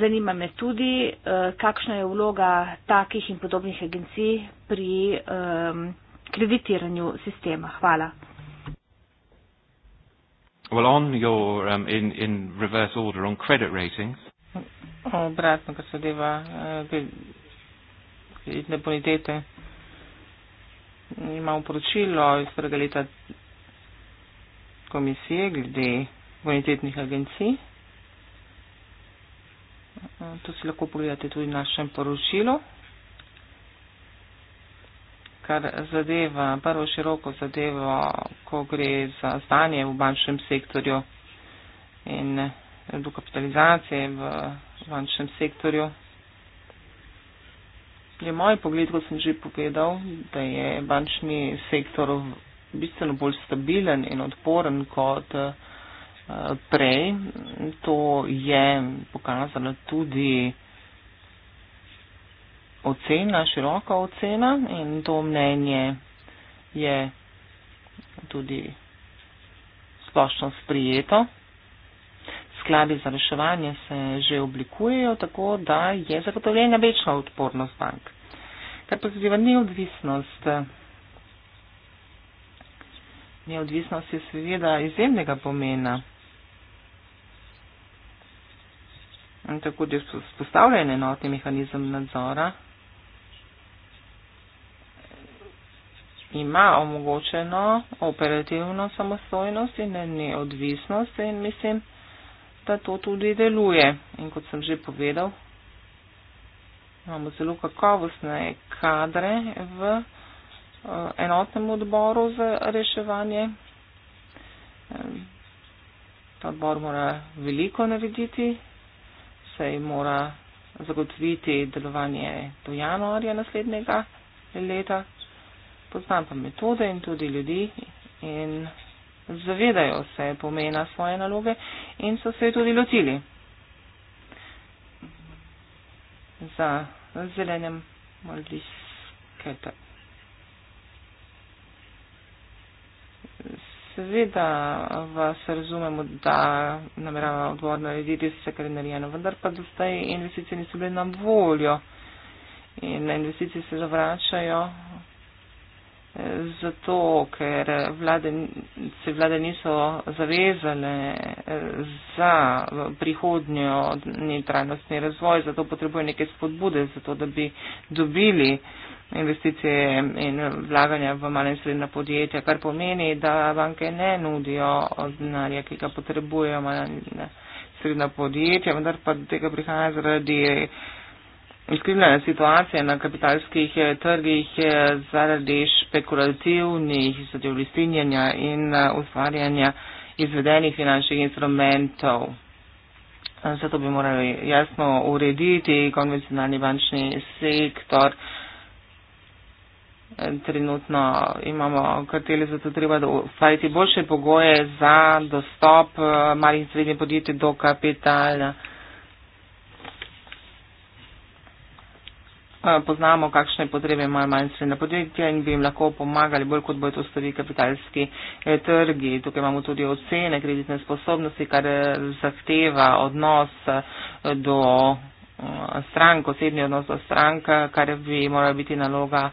zanima me tudi, eh, kakšna je vloga takih in podobnih agencij pri ehm, kreditiranju sistema. Hvala. Well, on your, um, in, in reverse order on credit ratings. Obratno, kar se deva kreditne eh, bonitete. Imamo poročilo iz prvega leta komisije glede bonitetnih agencij. To si lahko pogledate tudi v našem poročilu. Kar zadeva prvo široko zadevo, ko gre za stanje v bančnem sektorju in eh, dokapitalizacije v bančnem sektorju. Je moj pogled, kot sem že povedal, da je bančni sektor bistveno bolj stabilen in odporen kot eh, prej. To je pokazala tudi ocena, široka ocena in to mnenje je tudi splošno sprijeto. Skladi za reševanje se že oblikujejo tako, da je zagotovljena večna odpornost bank. Kar pa zadeva neodvisnost Neodvisnost je seveda izjemnega pomena. In tako da je spostavljen enotni mehanizem nadzora, ima omogočeno operativno samostojnost in neodvisnost in mislim, da to tudi deluje. In kot sem že povedal, imamo zelo kakovostne kadre v Eh, enotnem odboru za reševanje. Eh, ta odbor mora veliko narediti, saj mora zagotoviti delovanje do januarja naslednjega leta. Poznam pa metode in tudi ljudi in zavedajo se pomena svoje naloge in so se tudi lotili. Za zelenem maldiskem. seveda vas razumemo, da namerava odbor narediti vse, kar je narejeno, vendar pa do zdaj investicije niso bile na voljo in na investicije se zavračajo eh, zato, ker vlade, se vlade niso zavezale eh, za prihodnjo trajnostni razvoj, zato potrebuje neke spodbude, zato da bi dobili uh, investicije in vlaganja v male in srednja podjetja, kar pomeni, da banke ne nudijo denarja, ki ga potrebujejo male in srednja podjetja, vendar pa tega prihaja zaradi izkrivljene situacije na kapitalskih trgih, zaradi špekulativnih zadev listinjanja in ustvarjanja izvedenih finančnih instrumentov. Zato bi morali jasno urediti konvencionalni bančni sektor trenutno imamo, kateri zato treba ustvariti boljše pogoje za dostop eh, malih in srednjih podjetij do kapitala. Eh, poznamo, kakšne potrebe imajo malih in srednjih podjetij in bi jim lahko pomagali bolj, kot bojo to storili kapitalski eh, trgi. Tukaj imamo tudi ocene kreditne sposobnosti, kar zahteva odnos do strank, osebni odnos do stranka, kar bi morala biti naloga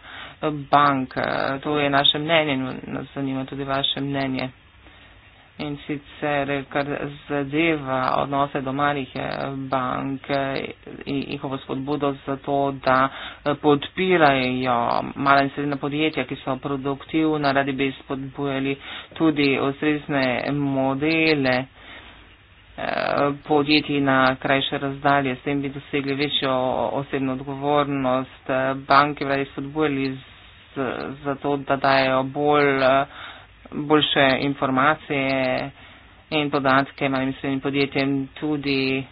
bank. To je naše mnenje in nas zanima tudi vaše mnenje. In sicer, kar zadeva odnose do malih eh, bank eh, in njihovo spodbudo za to, da eh, podpirajo mala in srednja podjetja, ki so produktivna, radi bi spodbujali tudi ustrezne modele. Eh, podjetij na krajše razdalje, s tem bi dosegli večjo osebno odgovornost. Eh, banke bi spodbujali za to, da dajo bolj, eh, boljše informacije in podatke malim srednjim podjetjem, tudi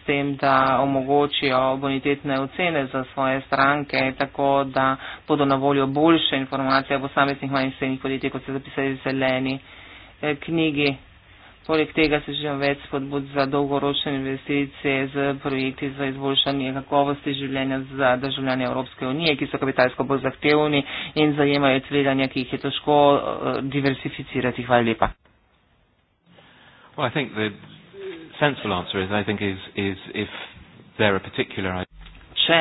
s tem, da omogočijo bonitetne ocene za svoje stranke, tako da bodo na voljo boljše informacije o posameznih malim srednjih podjetjih, kot so zapisali zeleni knjigi. Poleg tega se že več spodbud za dolgoročne investicije z projekti za izboljšanje kakovosti življenja za državljane Evropske unije, ki so kapitalsko bolj zahtevni in zajemajo tveganja, ki jih je težko eh, diversificirati. Hvala lepa. Well, Če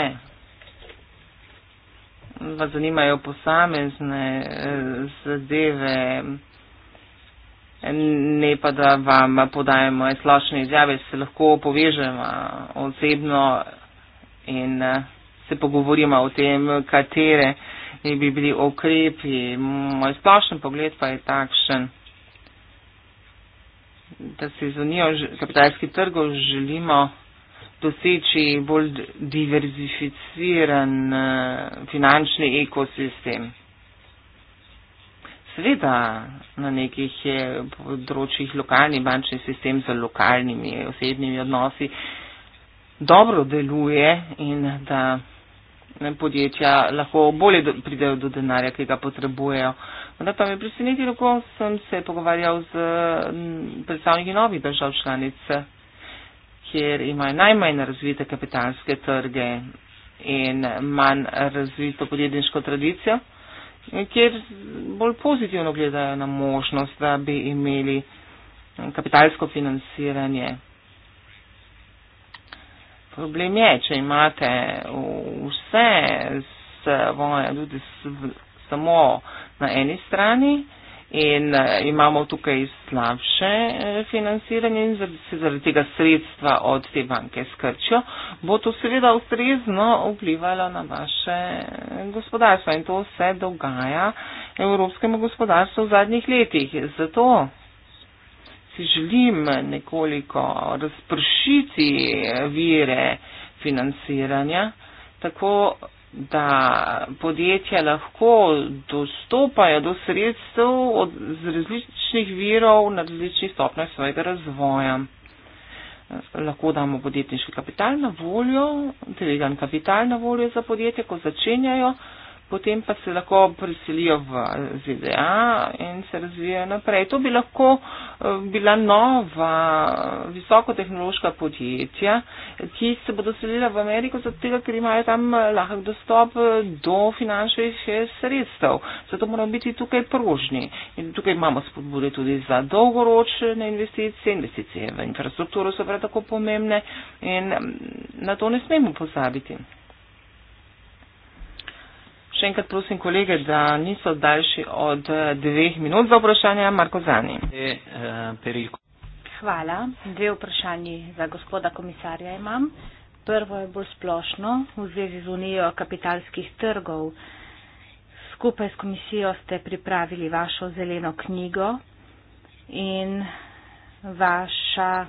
vas zanimajo posamezne eh, zadeve, ne pa da vam podajamo splošne izjave, se lahko povežemo osebno in se pogovorimo o tem, katere bi bili okrepi. Moj splošen pogled pa je takšen, da se zunijo kapitalski trgov želimo doseči bolj diverzificiran finančni ekosistem. Sveda, na nekih eh, področjih lokalni bančni sistem z lokalnimi osebnimi odnosi dobro deluje in da podjetja lahko bolje do, pridejo do denarja, ki ga potrebujejo. Da pa me preseneti, kako sem se pogovarjal z predstavniki novih držav članic, kjer imajo najmanj razvite kapitalske trge in manj razvito podjetniško tradicijo kjer bolj pozitivno gledajo na možnost, da bi imeli kapitalsko financiranje. Problem je, če imate vse svoje, tudi samo na eni strani, in uh, imamo tukaj slabše uh, financiranje in se zaradi tega sredstva od te banke skrčijo, bo to seveda ustrezno vplivalo na vaše eh, gospodarstvo in to se dogaja evropskemu gospodarstvu v zadnjih letih. Zato si želim nekoliko razpršiti vire financiranja, tako da podjetja lahko dostopajo do sredstev od, z različnih virov na različnih stopnjah svojega razvoja. Lahko damo podjetniški kapital na voljo, delegan kapital na voljo za podjetje, ko začenjajo potem pa se lahko preselijo v ZDA in se razvijajo naprej. To bi lahko eh, bila nova visokotehnološka podjetja, ki se bodo selila v Ameriko, tega, ker imajo tam eh, lahek dostop eh, do finančnih sredstev. Zato moramo biti tukaj prožni. In tukaj imamo spodbude tudi za dolgoročne investicije. Investicije v infrastrukturo so prav tako pomembne in mm, na to ne smemo pozabiti. Še enkrat prosim kolege, da niso daljši od dveh minut za vprašanje. Marko Zani. E, eh, Hvala. Dve vprašanji za gospoda komisarja imam. Prvo je bolj splošno v zvezi z unijo kapitalskih trgov. Skupaj s komisijo ste pripravili vašo zeleno knjigo in vaša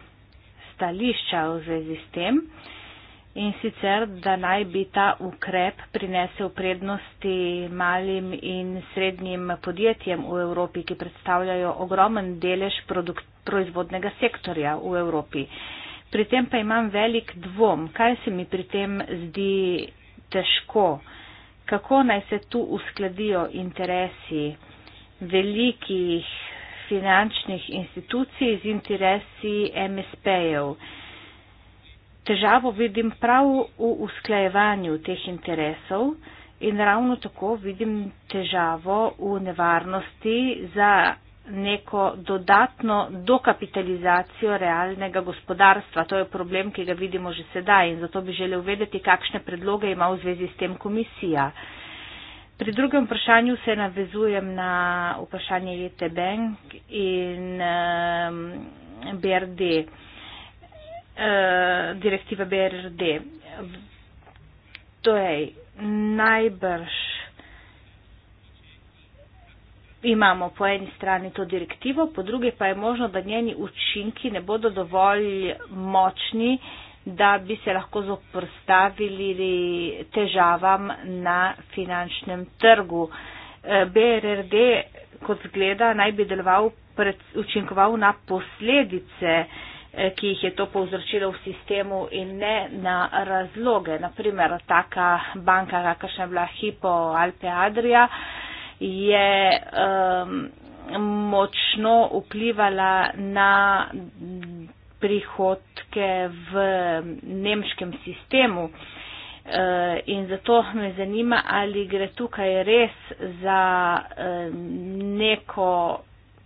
stališča v zvezi s tem. Uh, in sicer, da naj bi ta ukrep prinesel prednosti malim in srednjim podjetjem v Evropi, ki predstavljajo ogromen delež proizvodnega sektorja v Evropi. Pri tem pa imam velik dvom, kaj se mi pri tem zdi težko, kako naj se tu uskladijo interesi velikih finančnih institucij z interesi MSP-jev težavo vidim prav v usklajevanju teh interesov in ravno tako vidim težavo v nevarnosti za neko dodatno dokapitalizacijo realnega gospodarstva. To je problem, ki ga vidimo že sedaj in zato bi želel vedeti, kakšne predloge ima v zvezi s tem komisija. Pri drugem vprašanju se navezujem na vprašanje Jete Bank in um, ehm, BRD. Eh, direktive BRD. Torej, najbrž imamo po eni strani to direktivo, po drugi pa je možno, da njeni učinki ne bodo dovolj močni, da bi se lahko zoprstavili težavam na finančnem trgu. Eh, BRRD, kot zgleda, naj bi deloval, učinkoval na posledice eh, Eh, ki jih je to povzročilo v sistemu in ne na razloge. Naprimer, taka banka, kakršna je bila Hipo Alpe Adria, je um, močno vplivala na prihodke v nemškem sistemu. Eh, in zato me zanima, ali gre tukaj res za neko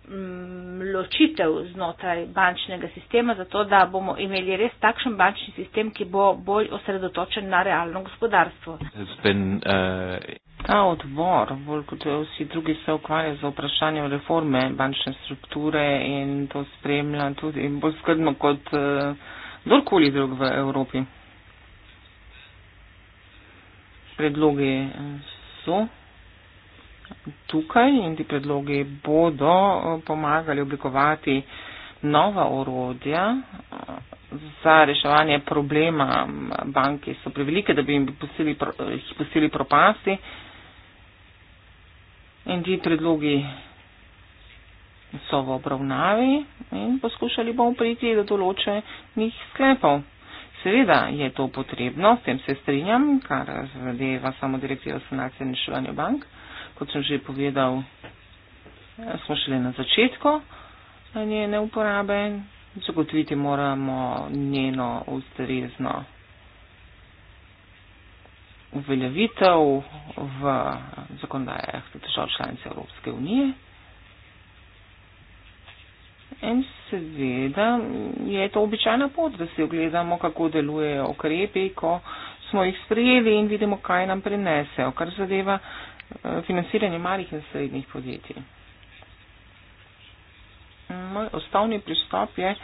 Mm, ločitev znotraj bančnega sistema, zato da bomo imeli res takšen bančni sistem, ki bo bolj osredotočen na realno gospodarstvo. Been, uh... Ta odbor, bolj kot vsi drugi, se ukvarja z vprašanjem reforme bančne strukture in to spremlja tudi bolj skrbno kot uh, kdorkoli uh, drug v Evropi. Predlogi uh, so tukaj in ti predlogi bodo eh, pomagali oblikovati nova orodja eh, za reševanje problema bank, ki so prevelike, da bi jim pustili, eh, jih pustili propasti. In ti predlogi so v obravnavi in poskušali bomo priti do določenih sklepov. Seveda je to potrebno, s tem se strinjam, kar zadeva samo direktiva sanacije in reševanje bank kot sem že povedal, smo šele na začetku njene uporabe. Zagotoviti moramo njeno ustrezno uveljavitev v zakonodajah držav članic Evropske unije. In seveda je to običajna pot, da si ogledamo, kako delujejo ukrepi, ko smo jih sprejeli in vidimo, kaj nam prinesejo, kar zadeva financiranje malih in srednjih podjetij. Moj osnovni pristop je,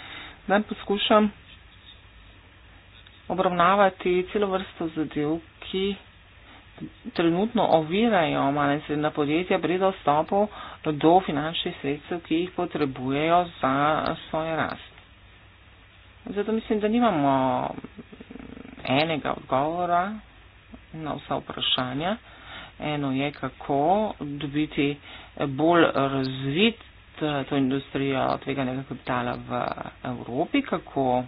da poskušam obravnavati celo vrsto zadev, ki trenutno ovirajo male in srednja podjetja pri dostopu do finančnih sredstev, ki jih potrebujejo za svojo rast. Zato mislim, da nimamo enega odgovora na vsa vprašanja. Eno je, kako dobiti bolj razvit eh, to industrijo tveganega kapitala v Evropi, kako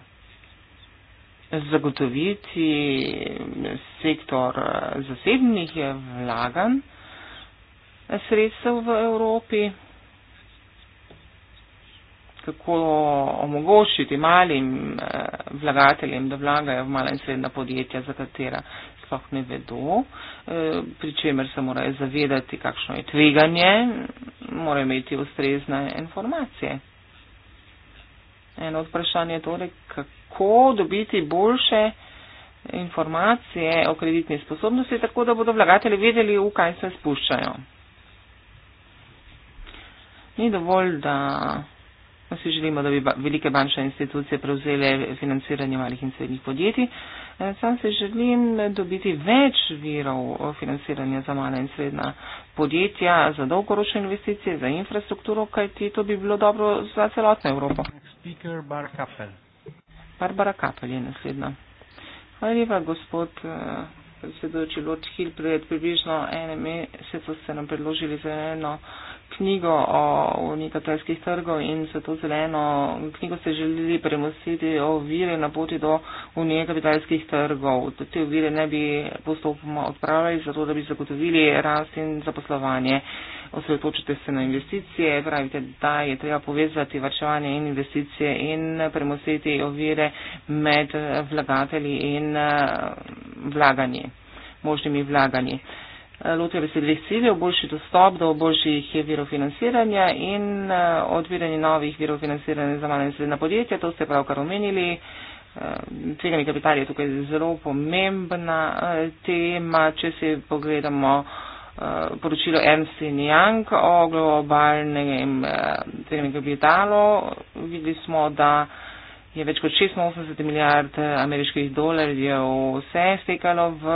zagotoviti sektor eh, zasebnih vlagan eh, sredstev v Evropi, kako omogočiti malim vlagateljem, da vlagajo v mala in srednja podjetja, za katera sploh ne vedo, eh, pri čemer se morajo zavedati, kakšno je tveganje, morajo imeti ustrezne informacije. Eno od vprašanj je torej, kako dobiti boljše informacije o kreditni sposobnosti, tako da bodo vlagatelji vedeli, v kaj se spuščajo. Ni dovolj, da Vsi želimo, da bi ba velike bančne institucije prevzele financiranje malih in srednjih podjetij. Eh, sam se želim dobiti več virov eh, financiranja za mala in srednja podjetja, za dolgoročne investicije, za infrastrukturo, kajti to bi bilo dobro za celotno Evropo. Barbara Kapel je naslednja. Hvala lepa, gospod eh, predsedujoči Lord Hill. Pred približno enem mesecu ste nam predložili za eno knjigo o unikatelskih trgov in se to zeleno knjigo se želeli premusiti o vire na poti do unikatelskih trgov. Te vire ne bi postopoma odpravili, zato da bi zagotovili rast in zaposlovanje. Osredotočite se na investicije, pravite, da je treba povezati vrčevanje in investicije in premusiti ovire med vlagatelji in eh, vlaganji, možnimi vlaganji. Uh, Lotili se dveh ciljev, boljši dostop do boljših virov financiranja in eh, odpiranje novih virov financiranja za manj srednja podjetja, to ste pravkar omenili. Eh, tvegani kapital je tukaj zelo pomembna eh, tema, če se pogledamo poročilo Ernst in Young o globalnem tveganem kapitalu, videli smo, da je več kot 680 milijard ameriških dolarjev vse stekalo v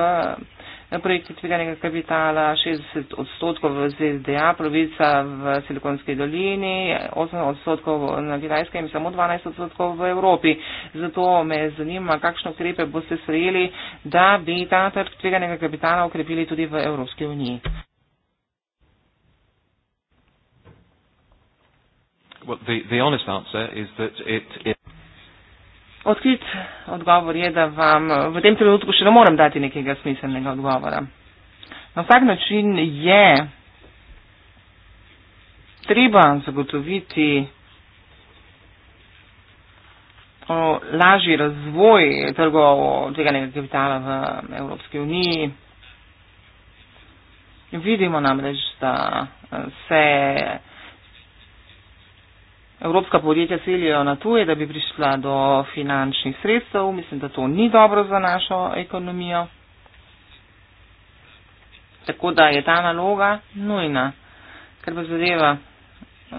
projekti tveganega kapitala, 60 odstotkov v ZDA, provica v Silikonski dolini, 8 odstotkov na Kitajskem in samo 12 odstotkov v Evropi. Zato me zanima, kakšne ukrepe boste sprejeli, da bi ta trg tveganega kapitala ukrepili tudi v Evropski uniji. Well, the, the honest answer is that it, it Odkrit odgovor je, da vam v tem trenutku še ne morem dati nekega smiselnega odgovora. Na vsak način je treba zagotoviti lažji razvoj trgov tveganega kapitala v Evropski uniji. Vidimo namreč, da se evropska podjetja selijo na tuje, da bi prišla do finančnih sredstev. Mislim, da to ni dobro za našo ekonomijo. Tako da je ta naloga nujna, ker pa zadeva eh,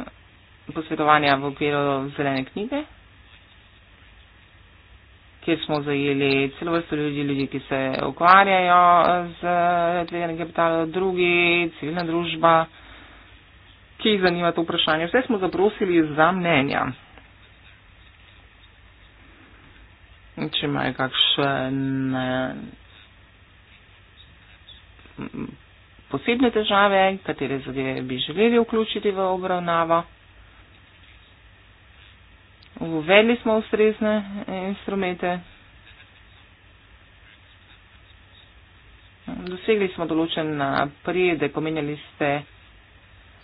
posvetovanja v okviru zelene knjige, kjer smo zajeli celo vrsto ljudi, ljudi, ki se ukvarjajo eh, z tveganjem kapitala, drugi, civilna družba ki jih zanima to vprašanje. Vse smo zaprosili za mnenja. Če imajo kakšen eh, posebne težave, katere zadeve bi želeli vključiti v obravnavo. Uvedli smo ustrezne eh, instrumente. Dosegli smo določen napredek, omenjali ste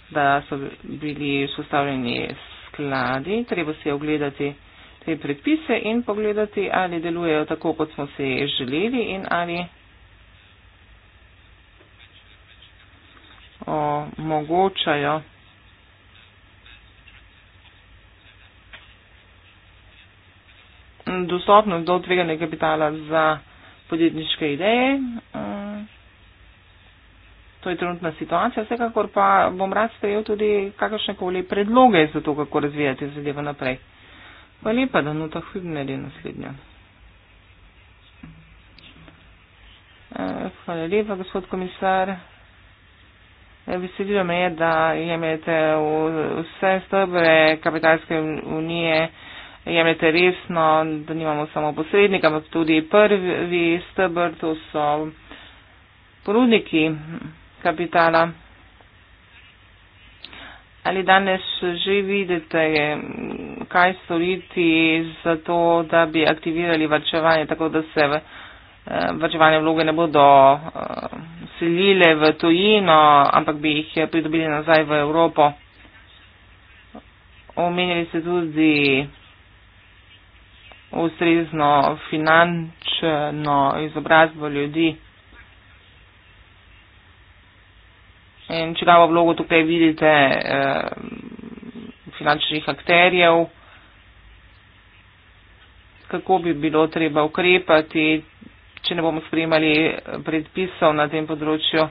da so bili vzpostavljeni skladi. Treba si ogledati te predpise in pogledati, ali delujejo tako, kot smo si želeli in ali omogočajo. dostopnost do odveganega kapitala za podjetniške ideje. Um to je trenutna situacija. Vsekakor pa bom rad sprejel tudi kakršne koli predloge za to, kako razvijati zadevo naprej. Pa lepa, da nota hudneri naslednja. Eh, hvala lepa, gospod komisar. Eh, veselilo me je, da jemljete vse stebre kapitalske unije, jemljete resno, da nimamo samo posrednika, ampak tudi prvi stebr, to so ponudniki kapitala. Ali danes že vidite, kaj storiti za to, da bi aktivirali vrčevanje, tako da se eh, vrčevanje vloge ne bodo eh, selile v tujino, ampak bi jih pridobili nazaj v Evropo. Omenjali ste tudi ustrezno finančno izobrazbo ljudi. In čigavo vlogo tukaj vidite eh, finančnih akterjev, kako bi bilo treba ukrepati, če ne bomo sprejemali predpisov na tem področju.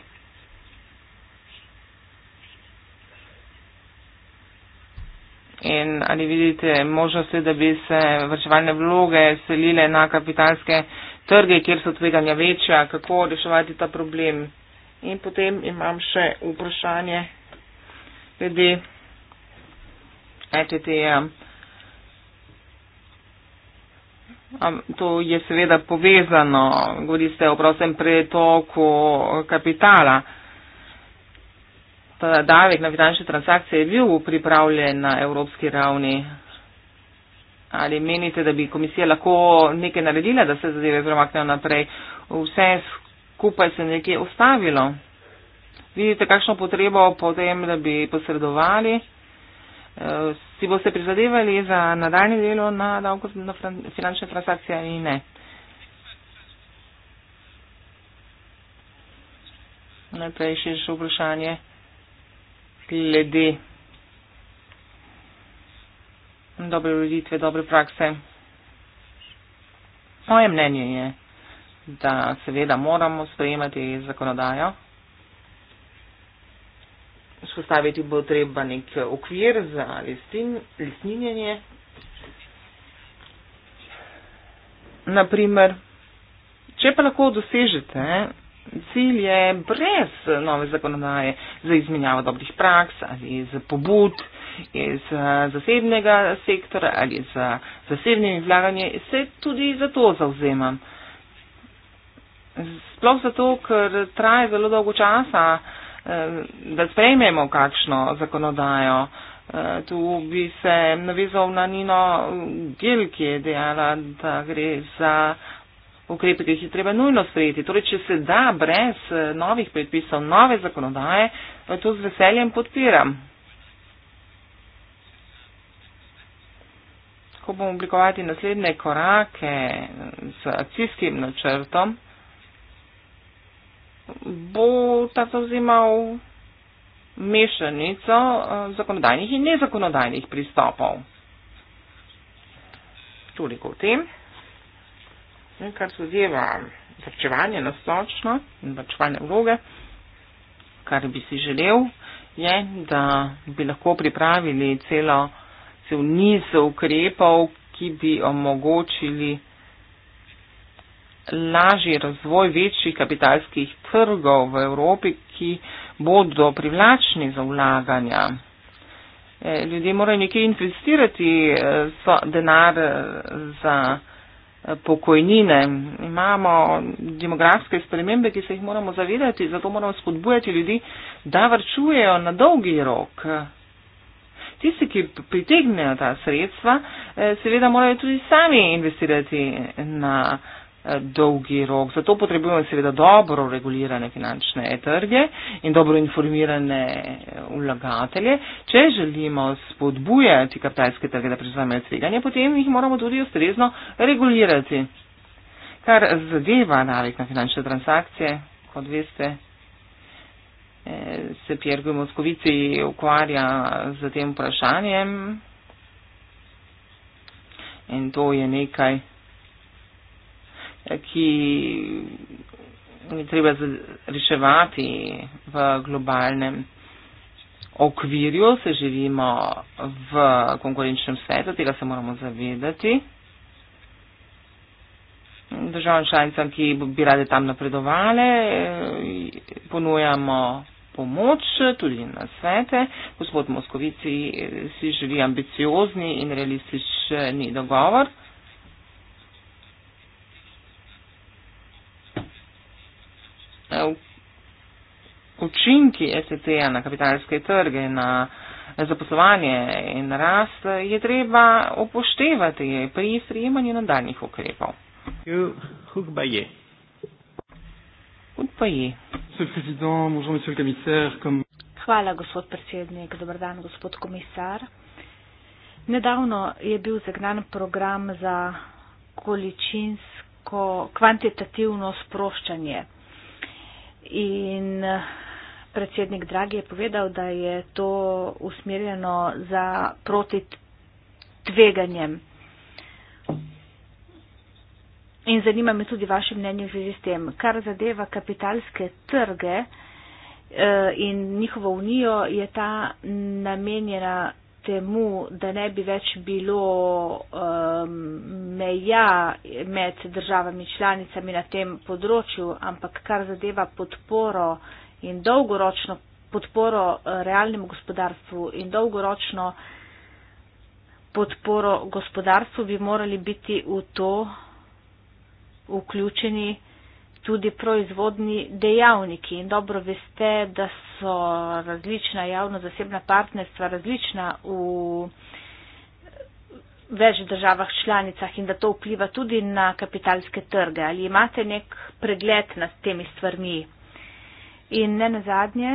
In ali vidite možnosti, da bi se vrčevalne vloge selile na kapitalske trge, kjer so tveganja večja, kako reševati ta problem? In potem imam še vprašanje glede ETT-ja. To je seveda povezano, govori se o prostem pretoku kapitala. Ta davek na finančne transakcije je bil pripravljen na evropski ravni. Ali menite, da bi komisija lahko nekaj naredila, da se zadeve premaknejo naprej? Vse skupaj se nekje ustavilo. Vidite, kakšno potrebo potem, da bi posredovali. Eh, si boste prizadevali za nadaljni delo na davko na finančne transakcije ali ne? Najprej še še vprašanje glede dobre ureditve, dobre prakse. Moje mnenje je da seveda moramo sprejemati zakonodajo. Vzpostaviti bo treba nek okvir za listin, listninjenje. Naprimer, če pa lahko dosežete, cilj je brez nove zakonodaje za izmenjavo dobrih praks ali za pobud iz eh, zasebnega sektora ali za zasebne vlaganje, se tudi za to zauzemam. Sploh zato, ker traje zelo dolgo časa, eh, da sprejmemo kakšno zakonodajo. Eh, tu bi se navezal na Nino Gil, ki je dejala, da gre za ukrepe, ki jih je treba nujno sprejeti. Torej, če se da brez eh, novih predpisov, nove zakonodaje, to z veseljem podpiram. Ko bomo oblikovati naslednje korake z akcijskim načrtom, bo ta zauzemal mešanico eh, zakonodajnih in nezakonodajnih pristopov. Toliko o tem. In kar se zadeva vrčevanje na sočno in vrčevanje vloge, kar bi si želel, je, da bi lahko pripravili celo, cel niz ukrepov, ki bi omogočili lažji razvoj večjih kapitalskih trgov v Evropi, ki bodo privlačni za vlaganja. E, ljudje morajo nekje investirati e, denar e, za pokojnine. Imamo demografske spremembe, ki se jih moramo zavedati, zato moramo spodbujati ljudi, da vrčujejo na dolgi rok. Tisti, ki pritegnejo ta sredstva, seveda morajo tudi sami investirati na dolgi rok. Zato potrebujemo seveda dobro regulirane finančne trge in dobro informirane eh, vlagatelje. Če želimo spodbujati kapitalske trge, da prizvamejo tveganje, potem jih moramo tudi ustrezno regulirati. Kar zadeva navik na finančne transakcije, kot veste, eh, se Pjergoj Moskovici ukvarja z tem vprašanjem. In to je nekaj, ki je treba reševati v globalnem okvirju, se živimo v konkurenčnem svetu, tega se moramo zavedati. Državam članicam, ki bi rade tam napredovale, ponujamo pomoč tudi na svete. Gospod Moskovici si želi ambiciozni in realistični dogovor. Eh, učinki SEC-ja na kapitalske trge, na zaposlovanje in rast, je treba upoštevati pri sprejemanju nadaljnih ukrepov. Hvala, gospod predsednik. Dobar dan, gospod komisar. Nedavno je bil zagnan program za količinsko kvantitativno sproščanje in eh, predsednik Dragi je povedal, da je to usmerjeno za proti tveganjem. In zanima me tudi vaše mnenje v zvezi s tem, kar zadeva kapitalske trge eh, in njihovo unijo, je ta namenjena temu, da ne bi več bilo um, meja med državami članicami na tem področju, ampak kar zadeva podporo in dolgoročno podporo eh, realnemu gospodarstvu in dolgoročno podporo gospodarstvu, bi morali biti v to vključeni tudi proizvodni dejavniki in dobro veste, da so različna javno-zasebna partnerstva različna v več državah članicah in da to vpliva tudi na kapitalske trge. Ali imate nek pregled nad temi stvarmi? In ne nazadnje,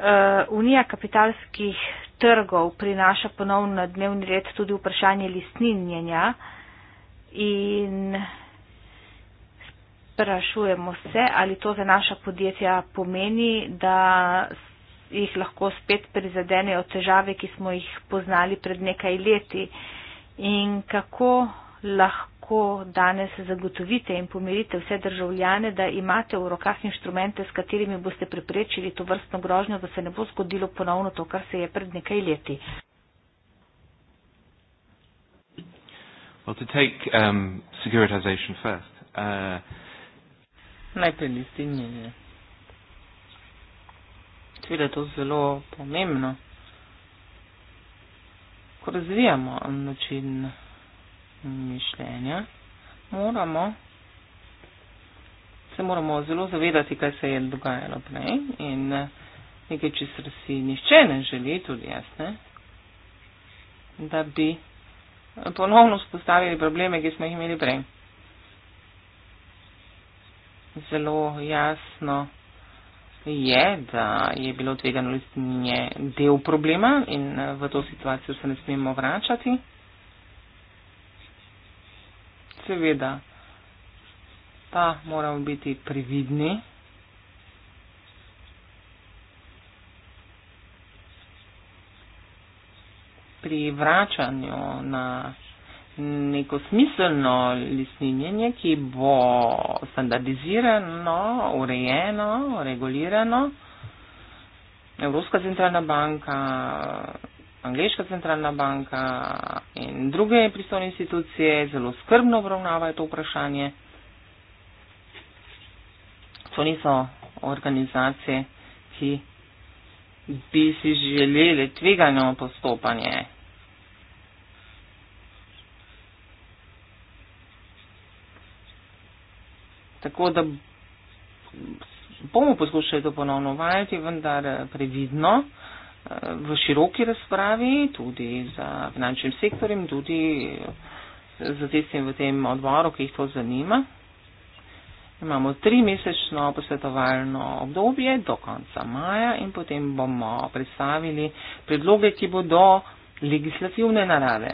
eh, Unija kapitalskih trgov prinaša ponovno na dnevni red tudi vprašanje listninjenja in sprašujemo se, ali to za naša podjetja pomeni, da jih lahko spet prizadenejo težave, ki smo jih poznali pred nekaj leti. In kako lahko danes zagotovite in pomirite vse državljane, da imate v rokah inštrumente, s katerimi boste preprečili to vrstno grožnjo, da se ne bo zgodilo ponovno to, kar se je pred nekaj leti. Well, to take um, securitization first. Uh, Najprej listinjenje. Seveda je to zelo pomembno. Ko razvijamo način mišljenja, moramo se moramo zelo zavedati, kaj se je dogajalo prej in uh, nekaj, česar si nihče ne želi, tudi jaz ne, da bi ponovno vzpostavili probleme, ki smo jih imeli prej. Zelo jasno je, da je bilo tvegano listinje del problema in eh, v to situacijo se ne smemo vračati. Seveda, pa moramo biti prividni. pri vračanju na neko smiselno lisninjenje, ki bo standardizirano, urejeno, regulirano. Evropska centralna banka, Angliška centralna banka in druge pristojne institucije zelo skrbno obravnavajo to vprašanje. To niso organizacije, ki bi si želeli tvegano postopanje. Tako da bomo poskušali to ponovno uvajati, vendar previdno v široki razpravi, tudi za finančnim sektorjem, tudi za tistim v tem odboru, ki jih to zanima. Imamo tri mesečno posvetovalno obdobje do konca maja in potem bomo predstavili predloge, ki bodo legislativne narave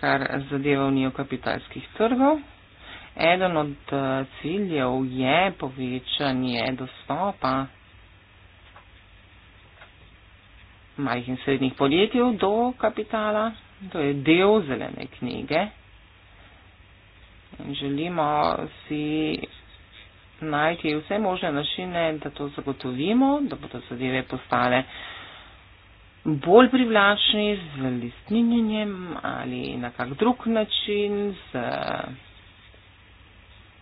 kar zadeva unijo kapitalskih trgov. Eden od eh, ciljev je povečanje dostopa majhnih in srednjih podjetij do kapitala. To je del zelene knjige. In želimo si najti vse možne načine, da to zagotovimo, da bodo zadeve postale bolj privlačni z listninjenjem ali na kak drug način z eh,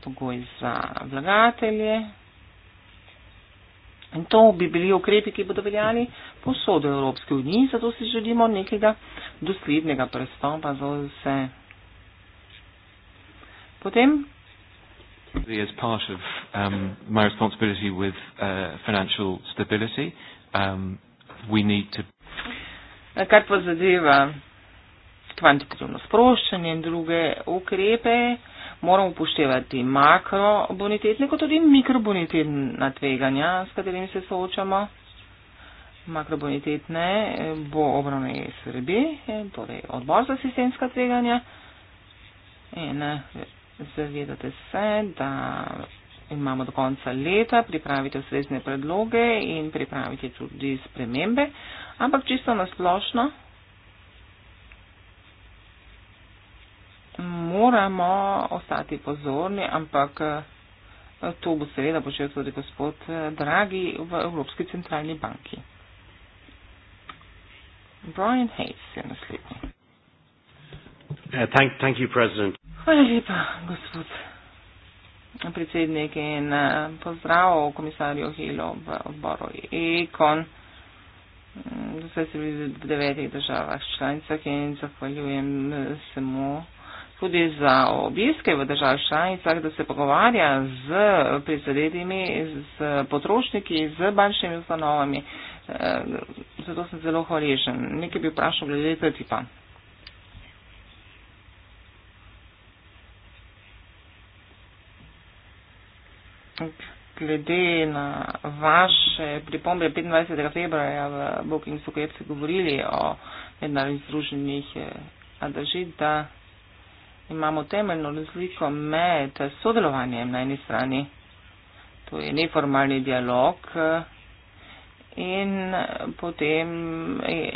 pogoji za vlagatelje. In to bi bili ukrepi, ki bodo veljali posod v Evropski uniji, zato si želimo nekega doslednega prestopa za vse. Potem. As part of um, my responsibility with uh, financial stability, um, we need to. Kar pa zadeva kvantitativno sproščanje in druge ukrepe, moramo upoštevati makrobonitetne kot tudi mikrobonitetna tveganja, s katerimi se soočamo. Makrobonitetne eh, bo obravnaje srbi, eh, torej odbor za sistemska tveganja. In eh, zavedate se, da imamo do konca leta, pripravite ustrezne predloge in pripravite tudi spremembe, ampak čisto nasplošno moramo ostati pozorni, ampak eh, to bo seveda počel tudi gospod eh, Dragi v Evropski centralni banki. Brian Hayes je naslednji. Uh, thank, thank you, President. Hvala lepa, gospod predsednik in eh, pozdrav komisarju Helo v odboru EKON. Zdaj mm, se vidi v devetih državah članicah in zahvaljujem eh, se mu tudi za obiske v državah članicah, da se pogovarja z prizadetimi, z potrošniki, z bančnimi ustanovami. Eh, zato sem zelo hvaležen. Nekaj bi vprašal glede tega tipa. glede na vaše pripombe 25. februarja v Bookingsu, ko ste govorili o mednarodnih združenjih, eh, drži, da imamo temeljno razliko med sodelovanjem na eni strani, to je neformalni dialog, eh, in potem eh,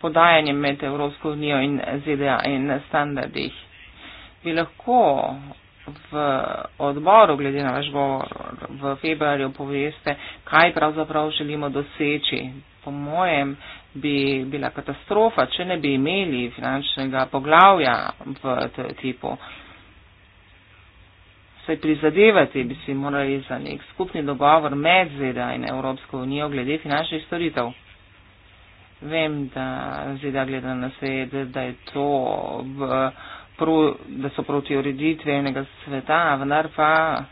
podajanjem med Evropsko unijo in ZDA in standardih. Bi lahko v odboru, glede na vaš govor v februarju, poveste, kaj pravzaprav želimo doseči. Po mojem bi bila katastrofa, če ne bi imeli finančnega poglavja v tem tipu. Se prizadevati bi si morali za nek skupni dogovor med ZDA in Evropsko unijo glede finančnih storitev. Vem, da ZDA gleda na svet, da je to v pro, da so proti ureditvi enega sveta, vendar pa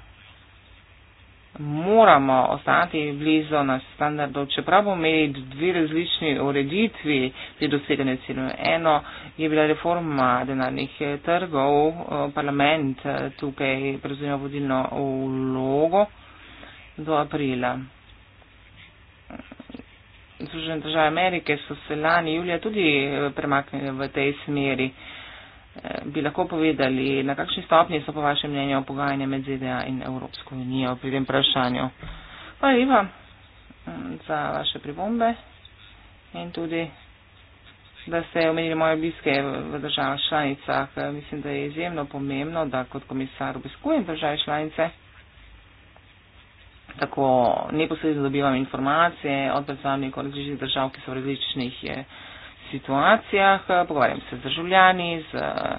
moramo ostati blizu naših standardov, čeprav bomo imeli dve različni ureditvi pri doseganju ciljev. Eno je bila reforma denarnih eh, trgov, eh, parlament eh, tukaj prevzema vodilno vlogo do aprila. Združene države Amerike so se lani julija tudi premaknili v tej smeri bi lahko povedali, na kakšni stopni so po vašem mnenju pogajanja med ZDA in Evropsko unijo pri tem vprašanju. Hvala lepa mm, za vaše pribombe in tudi, da ste omenili moje obiske v državah članicah. Mislim, da je izjemno pomembno, da kot komisar obiskujem države članice, tako neposredno dobivam informacije od predstavnikov različnih držav, ki so v različnih. Je, eh, situacijah, eh, pogovarjam se z državljani, z eh,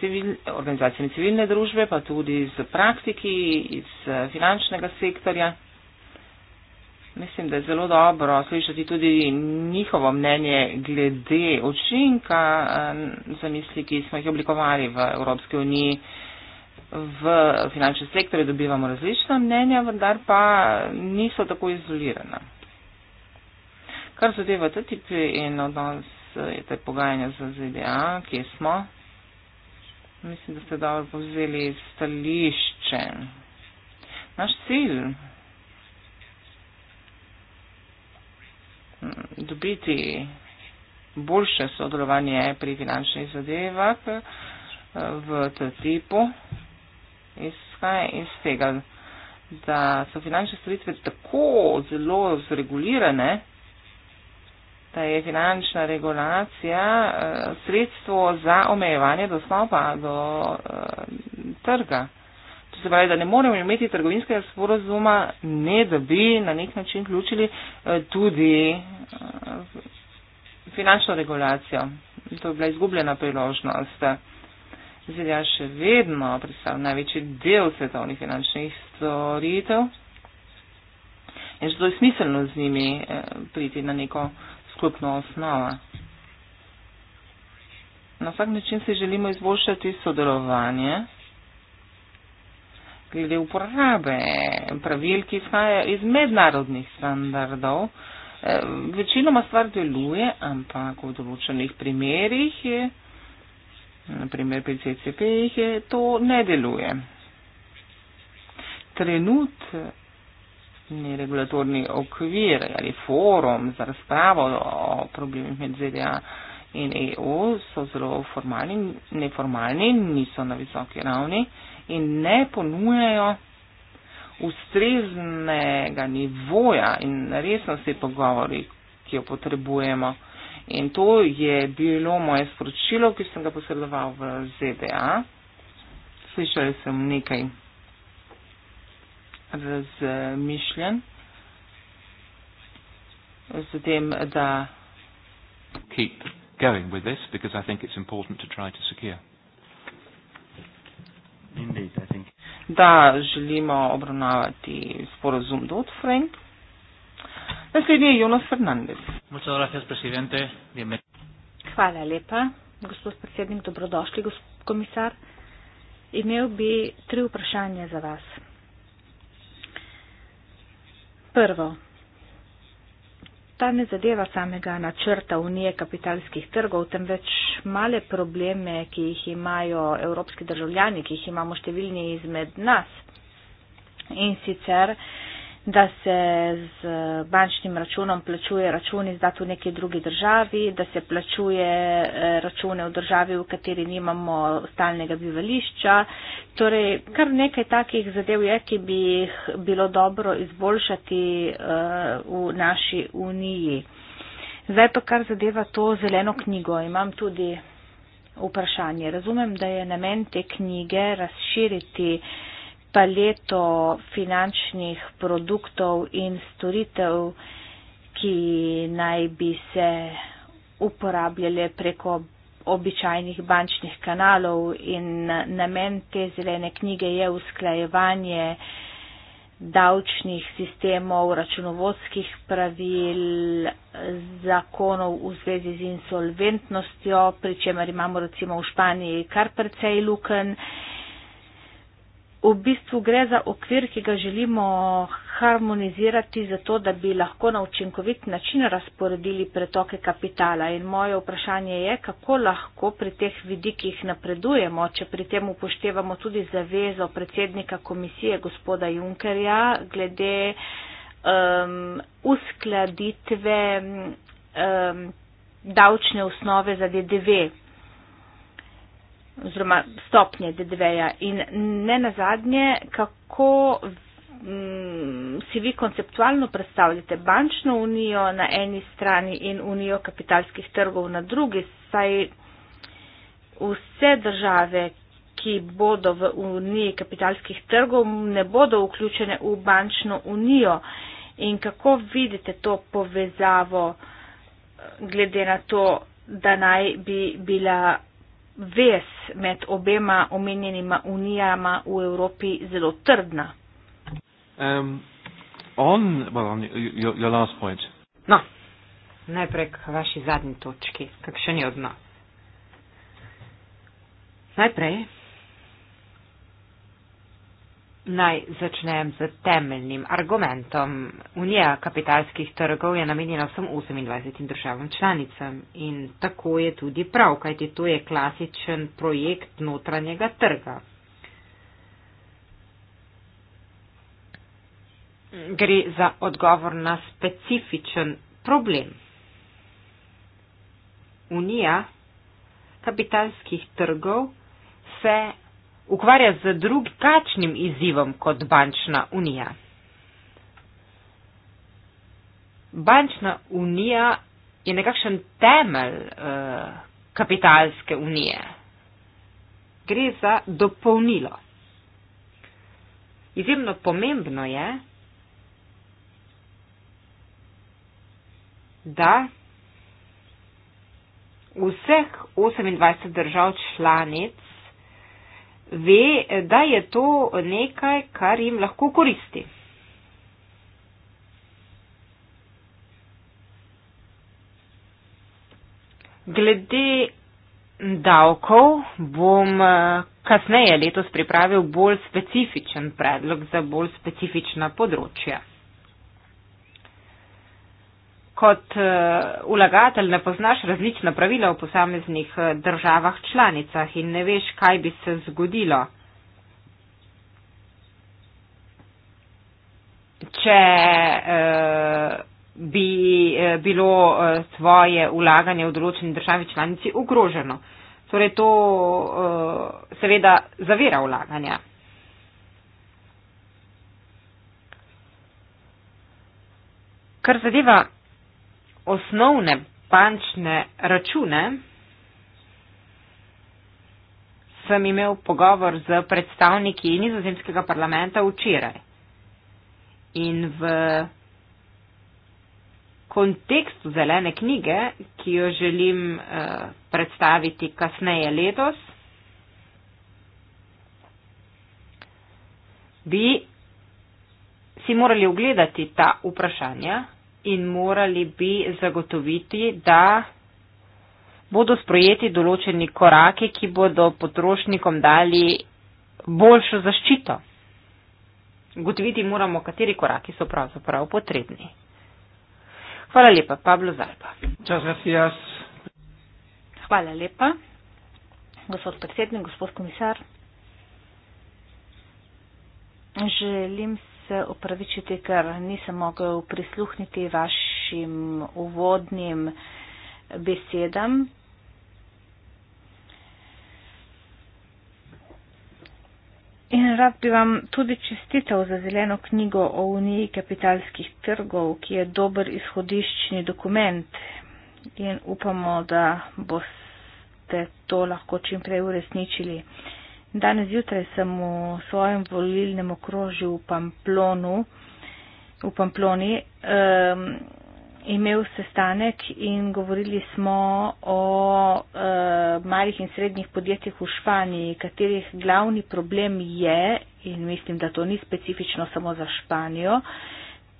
civil, organizacijami civilne družbe, pa tudi z praktiki iz eh, finančnega sektorja. Mislim, da je zelo dobro slišati tudi njihovo mnenje glede učinka za misli, ki smo jih oblikovali v Evropski uniji. V finančnem sektorju dobivamo različna mnenja, vendar pa niso tako izolirana. Kar zadeva TTIP in odnos eh, te pogajanja z ZDA, kje smo? Mislim, da ste dobro povzeli stališče. Naš cilj mm, dobiti boljše sodelovanje pri finančnih zadevah eh, v TTIP-u izhaja iz tega, da so finančne storitve tako zelo zregulirane, da je finančna regulacija eh, sredstvo za omejevanje dostopa do eh, trga. To se pravi, da ne moremo imeti trgovinskega sporozuma, ne da bi na nek način vključili eh, tudi finančno regulacijo. To je bila izgubljena priložnost. ZDA še vedno predstavlja največji del svetovnih finančnih storitev in zato je smiselno z njimi priti na neko skupna osnova. Na vsak način si želimo izboljšati sodelovanje. Glede uporabe pravil, ki izhaja iz mednarodnih standardov, e, večinoma stvar deluje, ampak v določenih primerjih, naprimer pri CCP-jih, to ne deluje. Trenutno regulatorni okvir ali forum za razpravo o problemih med ZDA in EU so zelo formalni, neformalni, niso na visoki ravni in ne ponujajo ustreznega nivoja in resnosti pogovori, ki jo potrebujemo. In to je bilo moje sporočilo, ki sem ga posredoval v ZDA. Slišali sem nekaj razmišljen, z tem, da keep going with this because I think it's important to try to secure. Indeed, I think. Da želimo obravnavati sporozum Dodd-Frank. Naslednji je Jonas Fernandez. Muchas gracias, presidente. Bienvenido. Hvala lepa, gospod predsednik, dobrodošli, gospod komisar. Imel bi tri vprašanja za vas. Prvo, ta ne zadeva samega načrta unije kapitalskih trgov, temveč male probleme, ki jih imajo evropski državljani, ki jih imamo številni izmed nas. In sicer, uh, da se z bančnim računom plačuje račun izdat v neki drugi državi, da se plačuje eh, račune v državi, v kateri nimamo stalnega bivališča. Torej, kar nekaj takih zadev je, ki bi jih bilo dobro izboljšati eh, v naši uniji. Zdaj pa kar zadeva to zeleno knjigo. Imam tudi vprašanje. Razumem, da je namen te knjige razširiti uh, paleto finančnih produktov in storitev, ki naj bi se uporabljale preko običajnih bančnih kanalov in namen te zelene knjige je usklajevanje davčnih sistemov, računovodskih pravil, zakonov v zvezi z insolventnostjo, pri čemer imamo recimo v Španiji kar precej lukenj v bistvu gre za okvir, ki ga želimo harmonizirati zato, da bi lahko na učinkovit način razporedili pretoke kapitala. In moje vprašanje je, kako lahko pri teh vidikih napredujemo, če pri tem upoštevamo tudi zavezo predsednika komisije gospoda Junkerja glede um, uskladitve um, davčne osnove za DDV oziroma stopnje DDV-ja in ne nazadnje, kako mm, si vi konceptualno predstavljate bančno unijo na eni strani in unijo kapitalskih trgov na drugi, saj vse države, ki bodo v uniji kapitalskih trgov, ne bodo vključene v bančno unijo. In kako vidite to povezavo glede na to, da naj bi bila vez med obema omenjenima unijama v Evropi zelo trdna. Um, on, well, on, your, your last point. No, najprej k vaši zadnji točki, kakšen je odnos. Najprej Naj začnem z temeljnim argumentom. Unija kapitalskih trgov je namenjena vsem 28 državam članicam in tako je tudi prav, kajti to je klasičen projekt notranjega trga. Gre za odgovor na specifičen problem. Unija kapitalskih trgov se ukvarja z drug kačnim izzivom kot bančna unija. Bančna unija je nekakšen temelj eh, kapitalske unije. Gre za dopolnilo. Izjemno pomembno je, da vseh 28 držav članic ve, da je to nekaj, kar jim lahko koristi. Glede davkov bom eh, kasneje letos pripravil bolj specifičen predlog za bolj specifična področja kot eh, vlagatelj ne poznaš različna pravila v posameznih eh, državah članicah in ne veš, kaj bi se zgodilo. Če eh, bi eh, bilo eh, tvoje ulaganje v določeni državi članici ogroženo, torej to eh, seveda zavira ulaganja. Kar zadeva osnovne bančne račune, sem imel pogovor z predstavniki nizozemskega parlamenta včeraj. In v kontekstu zelene knjige, ki jo želim eh, predstaviti kasneje letos, bi si morali ogledati ta vprašanja in morali bi zagotoviti, da bodo sprejeti določeni korake, ki bodo potrošnikom dali boljšo zaščito. Gotoviti moramo, kateri koraki so pravzaprav potrebni. Hvala lepa, Pablo Zalpa. Hvala lepa, gospod predsednik, gospod komisar. Želim se se opravičiti, ker nisem mogel prisluhniti vašim uvodnim besedam. In rad bi vam tudi čestitev za zeleno knjigo o Uniji kapitalskih trgov, ki je dober izhodiščni dokument in upamo, da boste to lahko čim prej uresničili. Uh, Danes jutraj sem v svojem volilnem okrožju v Pamplonu, v Pamploni, um, imel sestanek in govorili smo o uh, malih in srednjih podjetjih v Španiji, katerih glavni problem je, in mislim, da to ni specifično samo za Španijo,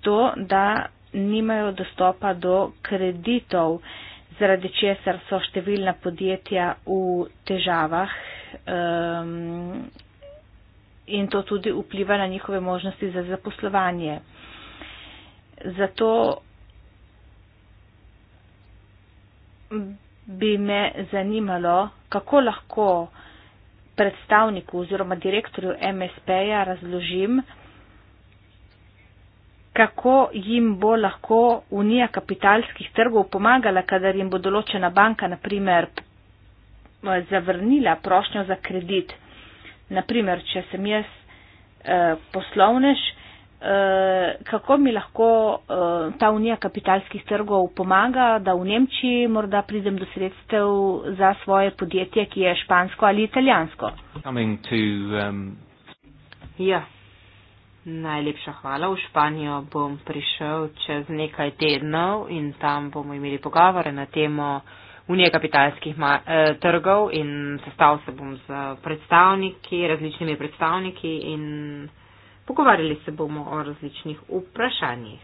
to, da nimajo dostopa do kreditov, zaradi česar so številna podjetja v težavah um, in to tudi vpliva na njihove možnosti za zaposlovanje. Zato bi me zanimalo, kako lahko predstavniku oziroma direktorju MSP-ja razložim, kako jim bo lahko Unija kapitalskih trgov pomagala, kadar jim bo določena banka, naprimer, Eh, zavrnila prošnjo za kredit. Naprimer, če sem jaz eh, poslovnež, eh, kako mi lahko ta unija kapitalskih trgov pomaga, da v Nemčiji morda pridem do sredstev za svoje podjetje, ki je špansko ali italijansko. To, um... Ja, najlepša hvala. V Španijo bom prišel čez nekaj tednov in tam bomo imeli pogovore na temo Unije kapitalskih ma, eh, trgov in sestal se bom z predstavniki, različnimi predstavniki in pogovarjali se bomo o različnih vprašanjih.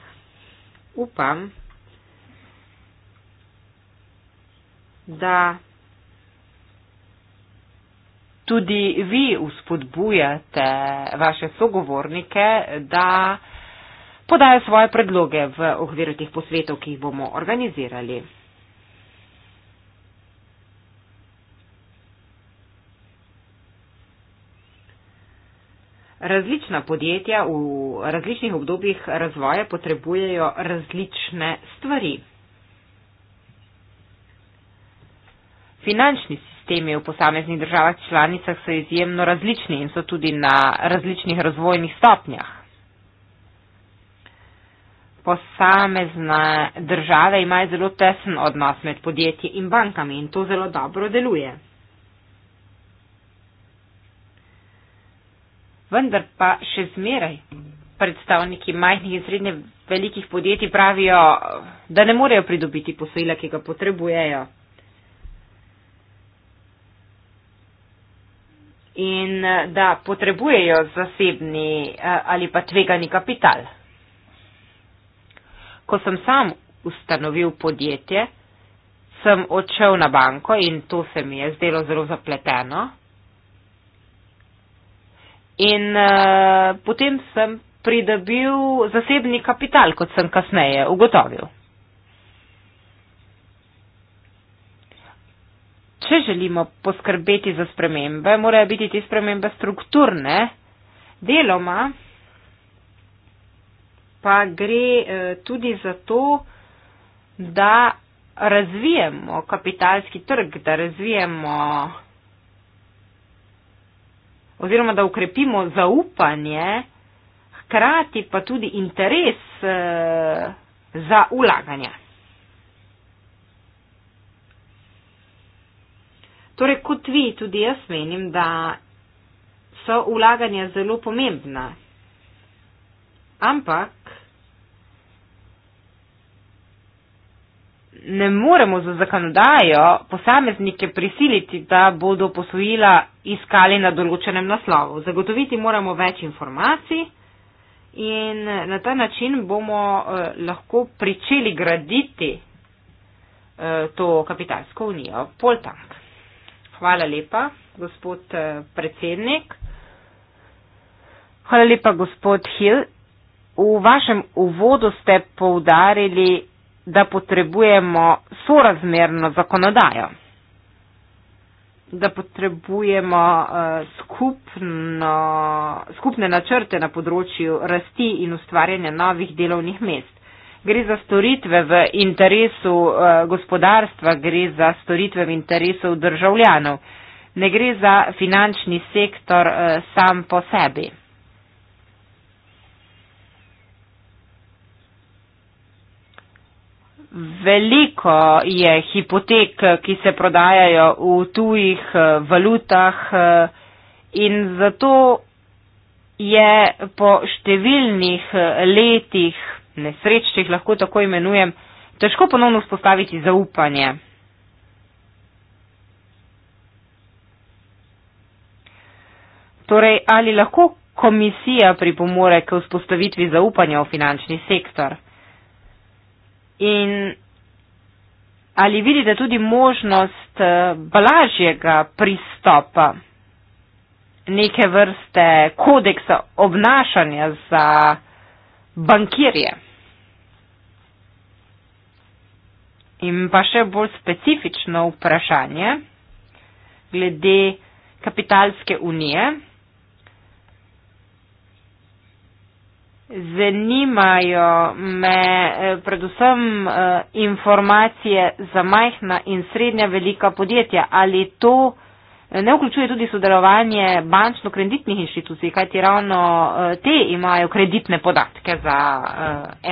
Upam, da tudi vi uspodbujate vaše sogovornike, da podajo svoje predloge v okviru teh posvetov, ki jih bomo organizirali. Različna podjetja v različnih obdobjih razvoja potrebujejo različne stvari. Finančni sistemi v posameznih državah članicah so izjemno različni in so tudi na različnih razvojnih stopnjah. Posamezne države imajo zelo tesen odnos med podjetji in bankami in to zelo dobro deluje. vendar pa še zmeraj. Predstavniki majhnih in srednje velikih podjetij pravijo, da ne morejo pridobiti posojila, ki ga potrebujejo. In eh, da potrebujejo zasebni eh, ali pa tvegani kapital. Ko sem sam ustanovil podjetje, sem odšel na banko in to se mi je zdelo zelo zapleteno. In uh, potem sem pridobil zasebni kapital, kot sem kasneje ugotovil. Če želimo poskrbeti za spremembe, morajo biti te spremembe strukturne, deloma pa gre eh, tudi za to, da razvijemo kapitalski trg, da razvijemo oziroma da ukrepimo zaupanje, hkrati pa tudi interes eh, za ulaganja. Torej, kot vi, tudi jaz menim, da so ulaganja zelo pomembna. Ampak ne moremo za zakonodajo posameznike prisiliti, da bodo posojila iskali na določenem naslovu. Zagotoviti moramo več informacij in na ta način bomo eh, lahko pričeli graditi eh, to kapitalsko unijo. Poltank. Hvala lepa, gospod eh, predsednik. Hvala lepa, gospod Hill. V vašem uvodu ste poudarili da potrebujemo sorazmerno zakonodajo, da potrebujemo eh, skupno, skupne načrte na področju rasti in ustvarjanja novih delovnih mest. Gre za storitve v interesu eh, gospodarstva, gre za storitve v interesu državljanov. Ne gre za finančni sektor eh, sam po sebi. Veliko je hipotek, ki se prodajajo v tujih eh, valutah eh, in zato je po številnih eh, letih nesrečnih, lahko tako imenujem, težko ponovno vzpostaviti zaupanje. Torej, ali lahko komisija pripomore k vzpostavitvi zaupanja v finančni sektor? In ali vidite tudi možnost eh, blažjega pristopa, neke vrste kodeksa obnašanja za bankirje? In pa še bolj specifično vprašanje glede kapitalske unije. zanimajo me eh, predvsem eh, informacije za majhna in srednja velika podjetja. Ali to eh, ne vključuje tudi sodelovanje bančno-kreditnih inštitucij, kajti ravno te imajo kreditne podatke za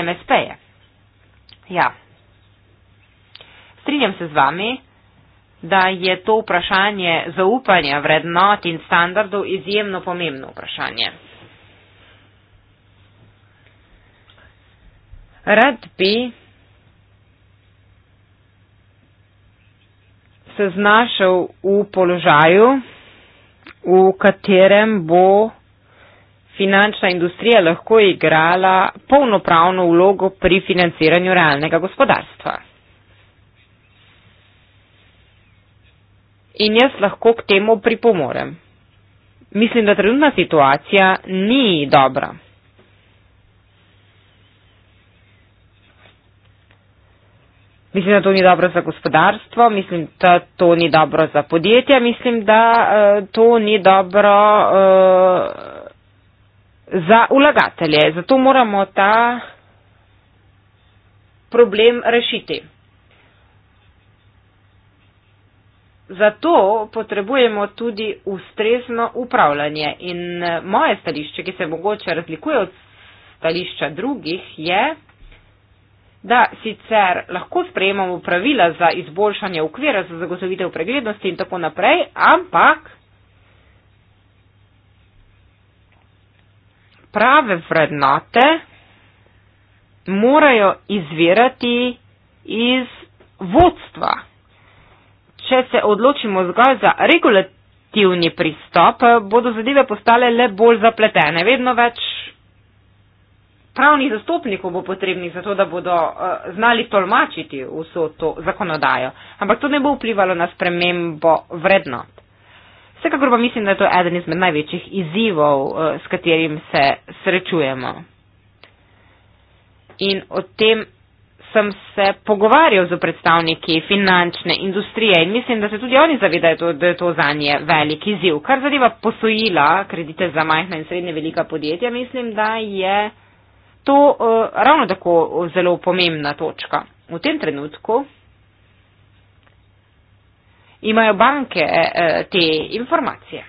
MSP-je? Ja. Strinjam se z vami, da je to vprašanje zaupanja vrednot in standardov izjemno pomembno vprašanje. Rad bi se znašel v položaju, v katerem bo finančna industrija lahko igrala polnopravno vlogo pri financiranju realnega gospodarstva. In jaz lahko k temu pripomorem. Mislim, da trenutna situacija ni dobra. Mislim, da to ni dobro za gospodarstvo, mislim, da to ni dobro za podjetja, mislim, da uh, to ni dobro uh, za ulagatelje. Zato moramo ta problem rešiti. Zato potrebujemo tudi ustrezno upravljanje in eh, moje stališče, ki se mogoče razlikuje od stališča drugih, je, da sicer lahko sprejemamo pravila za izboljšanje okvira za zagotovitev preglednosti in tako naprej, ampak prave vrednote morajo izvirati iz vodstva. Če se odločimo zgolj za regulativni pristop, bodo zadeve postale le bolj zapletene. Vedno več pravnih zastopnikov bo potrebnih za to, da bodo uh, znali tolmačiti vso to zakonodajo, ampak to ne bo vplivalo na spremembo vrednot. Vsekakor pa mislim, da je to eden izmed največjih izzivov, uh, s katerim se srečujemo. In o tem sem se pogovarjal z predstavniki finančne industrije in mislim, da se tudi oni zavedajo, da je to za nje velik izziv. Kar zadeva posojila, kredite za majhna in srednje velika podjetja, mislim, da je to eh, ravno tako zelo pomembna točka. V tem trenutku imajo banke eh, eh, te informacije.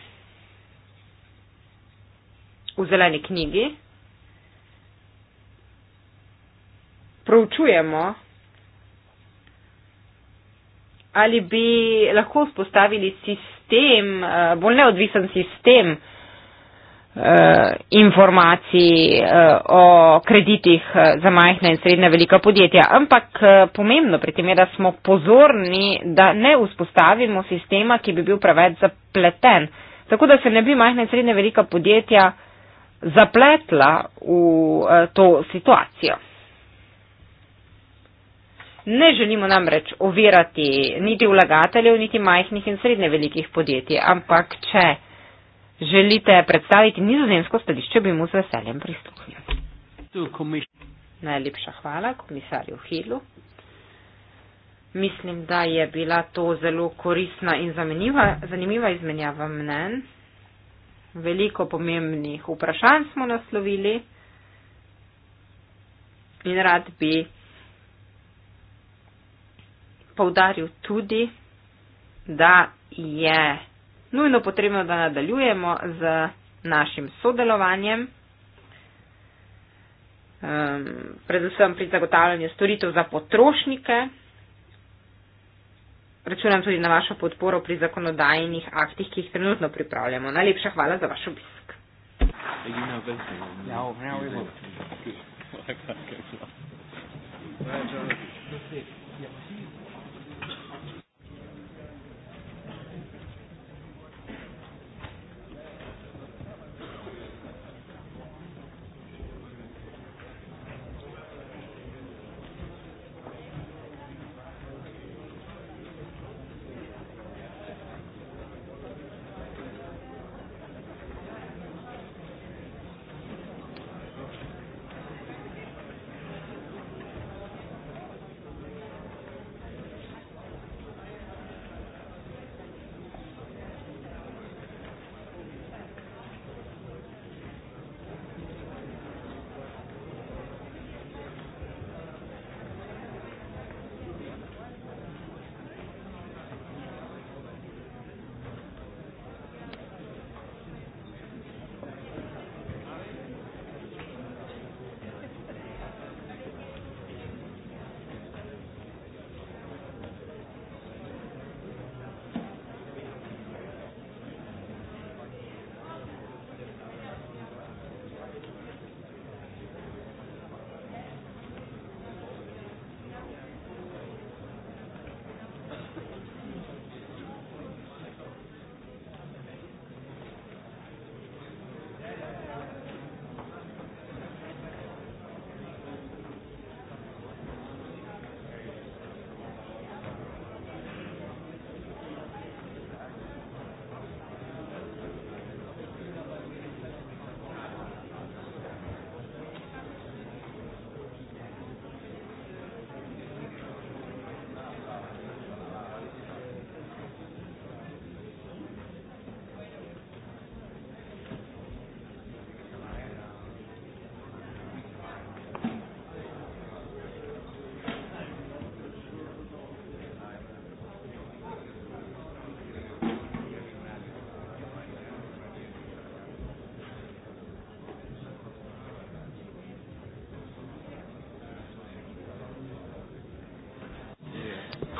V zeleni knjigi proučujemo, ali bi lahko vzpostavili sistem, bolj neodvisen sistem, Eh, informacij eh, o kreditih eh, za majhna in srednja velika podjetja. Ampak pomembno pri tem je, da smo pozorni, da ne vzpostavimo sistema, ki bi bil preveč zapleten. Tako da se ne bi majhna in srednja velika podjetja zapletla v to situacijo. Ne želimo namreč ovirati niti vlagateljev, niti majhnih in srednje velikih podjetij, ampak če želite predstaviti nizozemsko stališče, bi mu z veseljem prisluhnil. Najlepša hvala komisarju Hilu. Mislim, da je bila to zelo koristna in zamenjiva, zanimiva izmenjava mnen. Veliko pomembnih vprašanj smo naslovili in rad bi poudaril tudi, da je nujno potrebno, da nadaljujemo z našim sodelovanjem, um, predvsem pri zagotavljanju storitev za potrošnike. Računam tudi na vašo podporo pri zakonodajnih aktih, ki jih trenutno pripravljamo. Najlepša hvala za vaš obisk. Yeah. Ja, ja,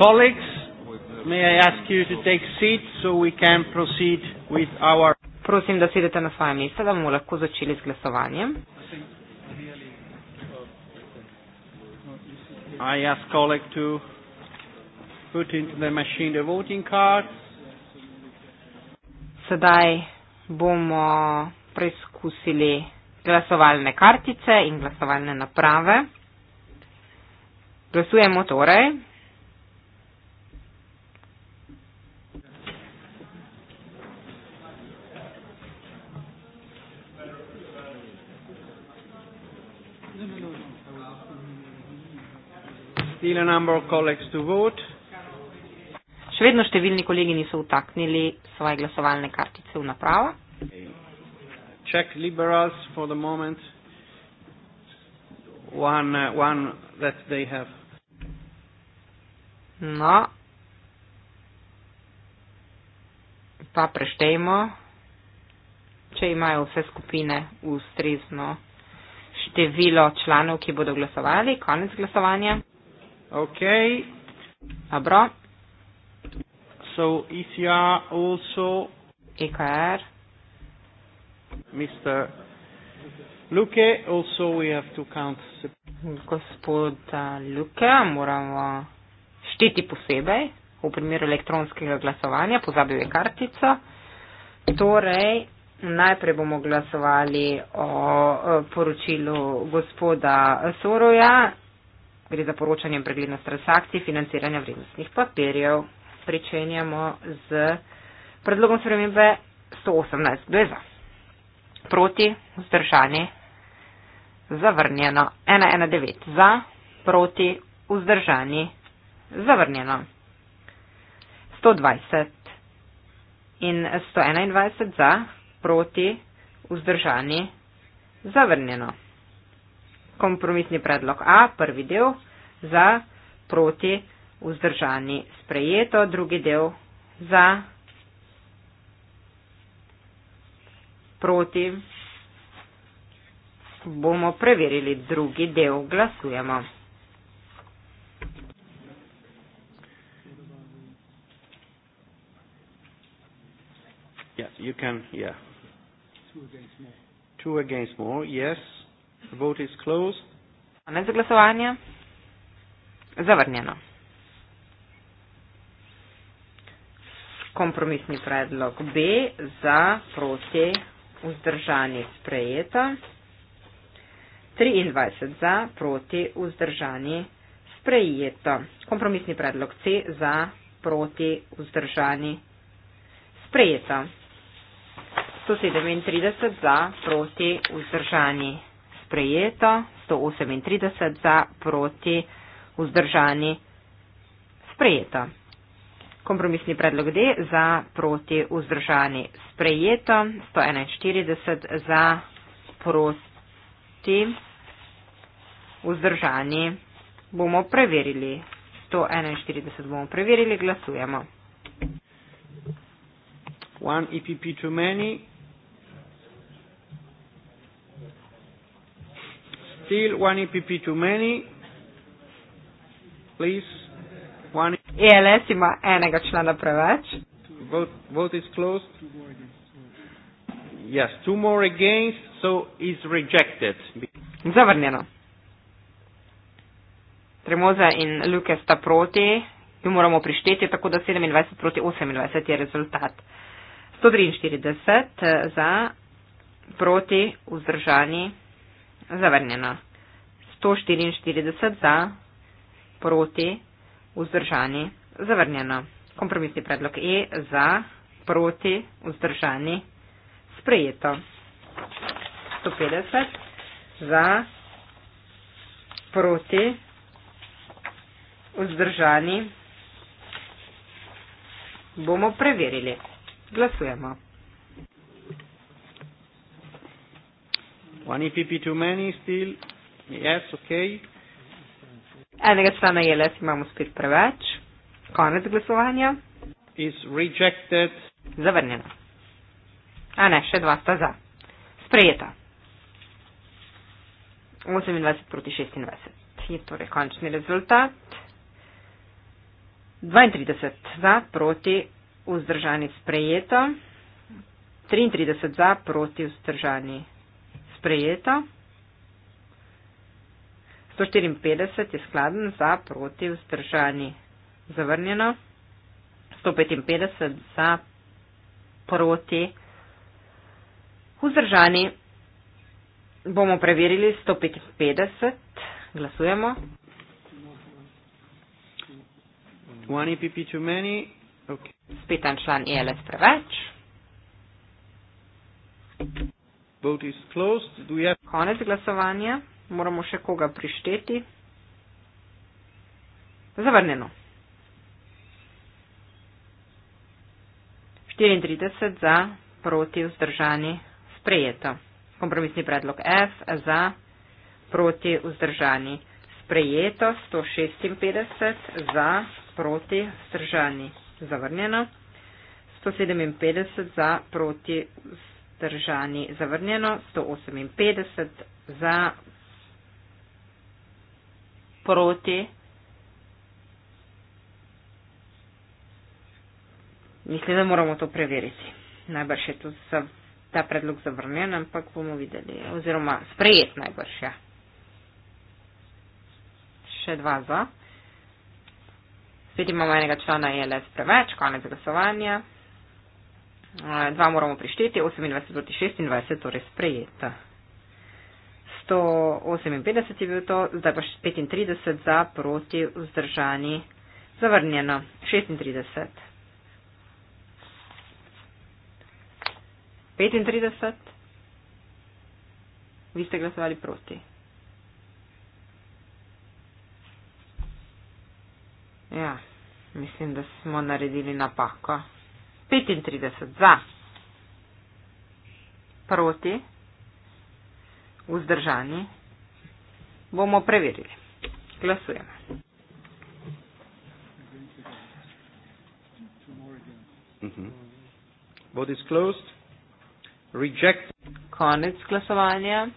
colleagues, may I ask you to take seat so we can proceed with our. Prosim, da sedete na svoje mesto, da bomo lahko začeli z glasovanjem. I ask colleague to put into the machine the voting card. Sedaj bomo preizkusili glasovalne kartice in glasovalne naprave. Glasujemo torej. Še vedno številni kolegi niso utaknili svoje glasovalne kartice v napravo. Czech liberals for the moment, one, uh, one that they have. No, pa preštejmo, če imajo vse skupine ustrezno število članov, ki bodo glasovali, konec glasovanja. Okay. Abra. ECR also. EQR. Mr. Lucche, also we have to count. Gospod Lucche, moramo šteti posebej v primeru elektronskega glasovanja. Pozabil je kartico. Torej, najprej bomo glasovali o eh, poročilu gospoda Soroja. Gre za poročanje in preglednost transakcij financiranja vrednostnih papirjev. Pričenjamo z predlogom spremembe 118. Kdo je za? Proti? Vzdržani? Zavrnjeno. 119. Za? Proti? Vzdržani? Zavrnjeno. 120 in 121 za, proti, vzdržani, zavrnjeno kompromisni predlog A, prvi del, za, proti, vzdržani, sprejeto, drugi del, za, proti. Bomo preverili drugi del, glasujemo. Yeah, you can, yeah. Two against more, Two against more yes. The vote is closed. Konec glasovanja. Zavrnjeno. Kompromisni predlog B za proti vzdržani sprejeta. 23 za proti vzdržani sprejeta. Kompromisni predlog C za proti vzdržani sprejeta. 137 za proti vzdržani sprejeta sprejeto, 138 za, proti, vzdržani, sprejeto. Kompromisni predlog D za, proti, vzdržani, sprejeto, 141 za, proti, vzdržani, bomo preverili. 141 bomo preverili, glasujemo. One EPP too many, still one EPP too many? Please. One ELS e ima enega člana preveč. Vote, vote is closed. Yes, two more against, so is rejected. Zavrnjeno. Tremoza in Luke sta proti. Mi moramo prišteti, tako da 27 proti 28 je rezultat. 143 eh, za proti vzdržani zavrnjeno. 144 za, proti, vzdržani, zavrnjeno. Kompromisni predlog E za, proti, vzdržani, sprejeto. 150 za, proti, vzdržani, bomo preverili. Glasujemo. One EPP too many still? Yes, okay. Enega člana ILS e imamo spet preveč. Konec glasovanja. Is rejected. Zavrnjeno. A ne, še dva sta za. Sprejeta. 28 proti 26. Je torej končni rezultat. 32 za proti vzdržani sprejeto. 33 za proti vzdržani sprejeta. 154 je skladen za proti vzdržani. Zavrnjeno. 155 za proti vzdržani. Bomo preverili 155. Glasujemo. 20 pp too many. Okay. Spet en član je le preveč. Konec glasovanja. Moramo še koga prišteti. Zavrnjeno. 34 za, proti, vzdržani, sprejeto. Kompromisni predlog F za, proti, vzdržani, sprejeto. 156 za, proti, vzdržani, zavrnjeno. 157 za, proti, vzdržani vzdržani. Zavrnjeno 158 za proti. Mislim, da moramo to preveriti. Najbrž je tudi ta predlog zavrnjen, ampak bomo videli. Oziroma sprejet najbrž je. Ja. Še dva za. Spet imamo enega člana ELS preveč, konec glasovanja. Eh, dva moramo prišteti, 28 proti 26, torej sprejeta. 158 je bil to, zdaj pa 35 za proti vzdržani, zavrnjeno 36. 35. Vi ste glasovali proti. Ja, mislim, da smo naredili napako. 35 za, proti, vzdržani, bomo preverili. Glasujemo. Mhm. Vote is closed. Reject. Konec glasovanja.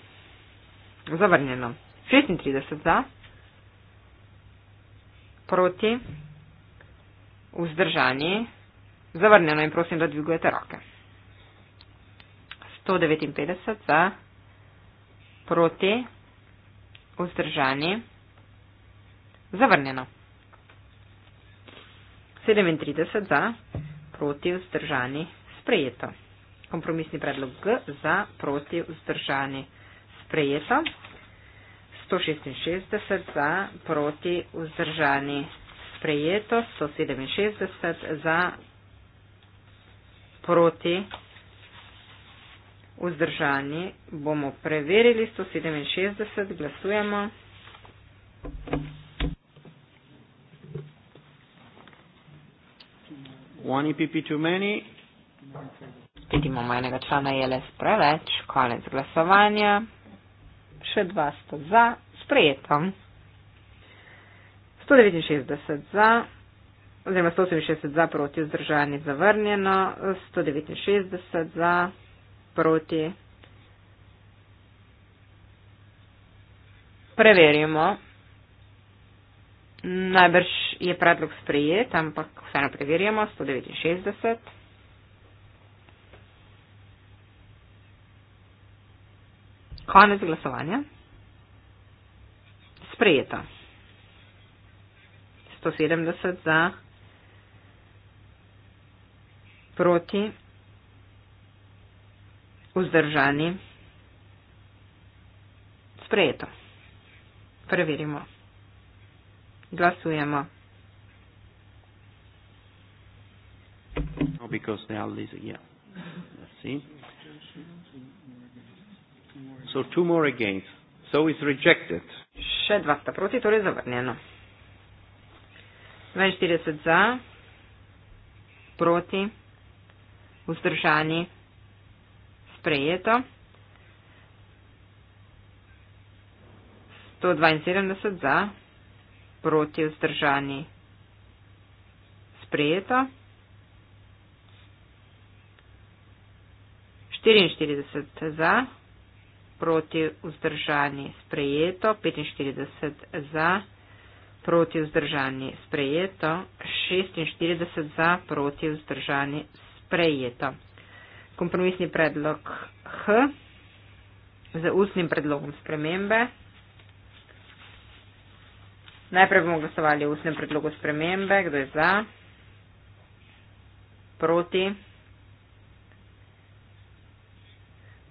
Zavrnjeno. 36 za, proti, vzdržani, proti, Zavrnjeno in prosim, da dvigujete roke. 159 za, proti, vzdržani, zavrnjeno. 37 za, proti, vzdržani, sprejeto. Kompromisni predlog G za, proti, vzdržani, sprejeto. 166 za, proti, vzdržani, sprejeto. 167 za, proti vzdržani bomo preverili 167, glasujemo. One EPP too many. Vidimo, majnega člana je les preveč, konec glasovanja, še dva sto za, sprejeto. 169 za oziroma 168 za proti vzdržani zavrnjeno, 169 za proti. Preverimo. Najbrž je predlog sprejet, ampak vseeno preverjamo. 169. Konec glasovanja. Sprejeto. 170 za proti, vzdržani, sprejeto. Preverimo. Glasujemo. No, Še dva sta proti, torej zavrnjeno. 42 za, proti vzdržani, sprejeto. 172 za, proti vzdržani, sprejeto. 44 za, proti vzdržani, sprejeto. 45 za, proti vzdržani, sprejeto. 46 za, proti vzdržani, sprejeta. Kompromisni predlog H z ustnim predlogom spremembe. Najprej bomo glasovali o ustnem predlogu spremembe. Kdo je za? Proti?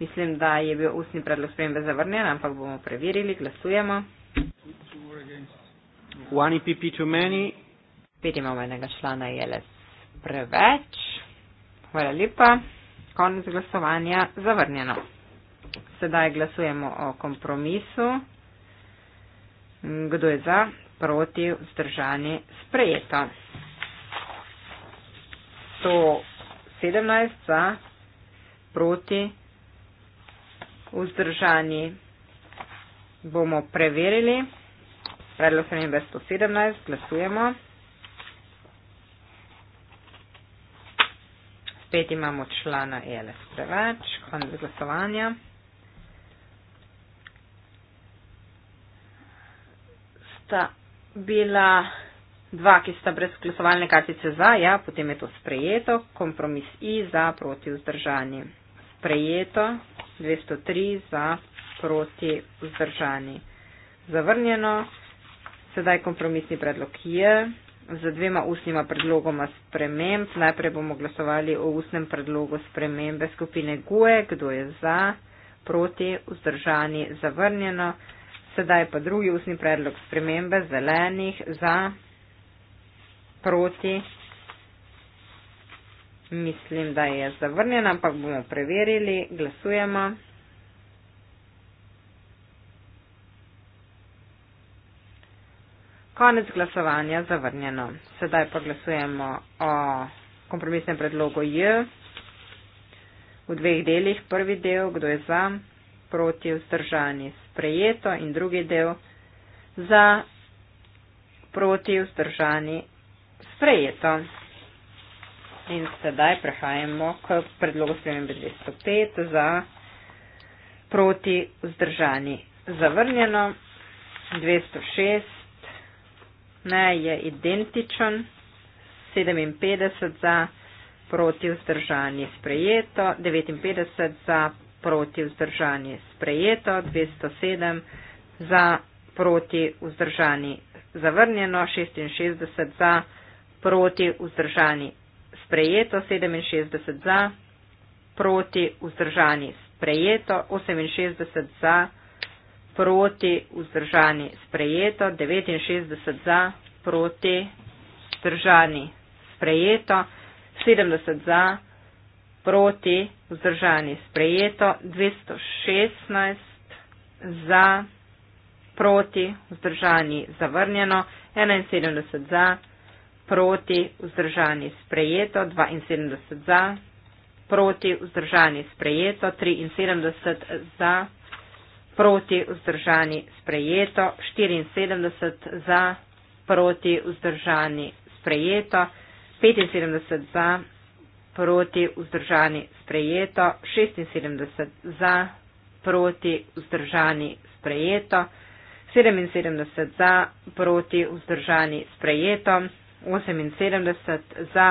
Mislim, da je bil ustni predlog spremembe zavrnjen, ampak bomo preverili. Glasujemo. One EPP too many. Petimo enega člana je le preveč. Hvala lepa. Konec glasovanja zavrnjeno. Sedaj glasujemo o kompromisu. Kdo je za, proti, vzdržani, sprejeto. 117 za, proti, vzdržani. Bomo preverili. Predlog 117, glasujemo. spet imamo člana ELS preveč, konec glasovanja. Sta bila dva, ki sta brez glasovalne kartice za, ja, potem je to sprejeto, kompromis I za proti vzdržani. Sprejeto, 203 za proti vzdržani. Zavrnjeno, sedaj kompromisni predlog je z dvema ustnima predlogoma sprememb. Najprej bomo glasovali o ustnem predlogu spremembe skupine GUE, kdo je za, proti, vzdržani, zavrnjeno. Sedaj pa drugi ustni predlog spremembe zelenih za, proti. Mislim, da je zavrnjena, ampak bomo preverili. Glasujemo. Konec glasovanja zavrnjeno. Sedaj pa glasujemo o kompromisnem predlogu J v dveh delih. Prvi del, kdo je za, proti, vzdržani, sprejeto in drugi del za, proti, vzdržani, sprejeto. In sedaj prehajamo k predlogu spremembe 205 za, proti, vzdržani, zavrnjeno, 206 ne, je identičen, 57 za proti vzdržanje sprejeto, 59 za proti vzdržanje sprejeto, 207 za proti vzdržanje zavrnjeno, 66 za proti vzdržanje sprejeto, 67 za proti vzdržanje sprejeto, 68 za proti vzdržanje sprejeto proti, vzdržani, sprejeto, 69 za, proti, vzdržani, sprejeto, 70 za, proti, vzdržani, sprejeto, 216 za, proti, vzdržani, zavrnjeno, 71 za, proti, vzdržani, sprejeto, 72 za, proti, vzdržani, sprejeto, 73 za, proti, vzdržani, sprejeto, 73 za, proti vzdržani sprejeto, 74 za, proti vzdržani sprejeto, 75 za, proti vzdržani sprejeto, 76 za, proti vzdržani sprejeto, 77 za, proti vzdržani sprejeto, 78 za,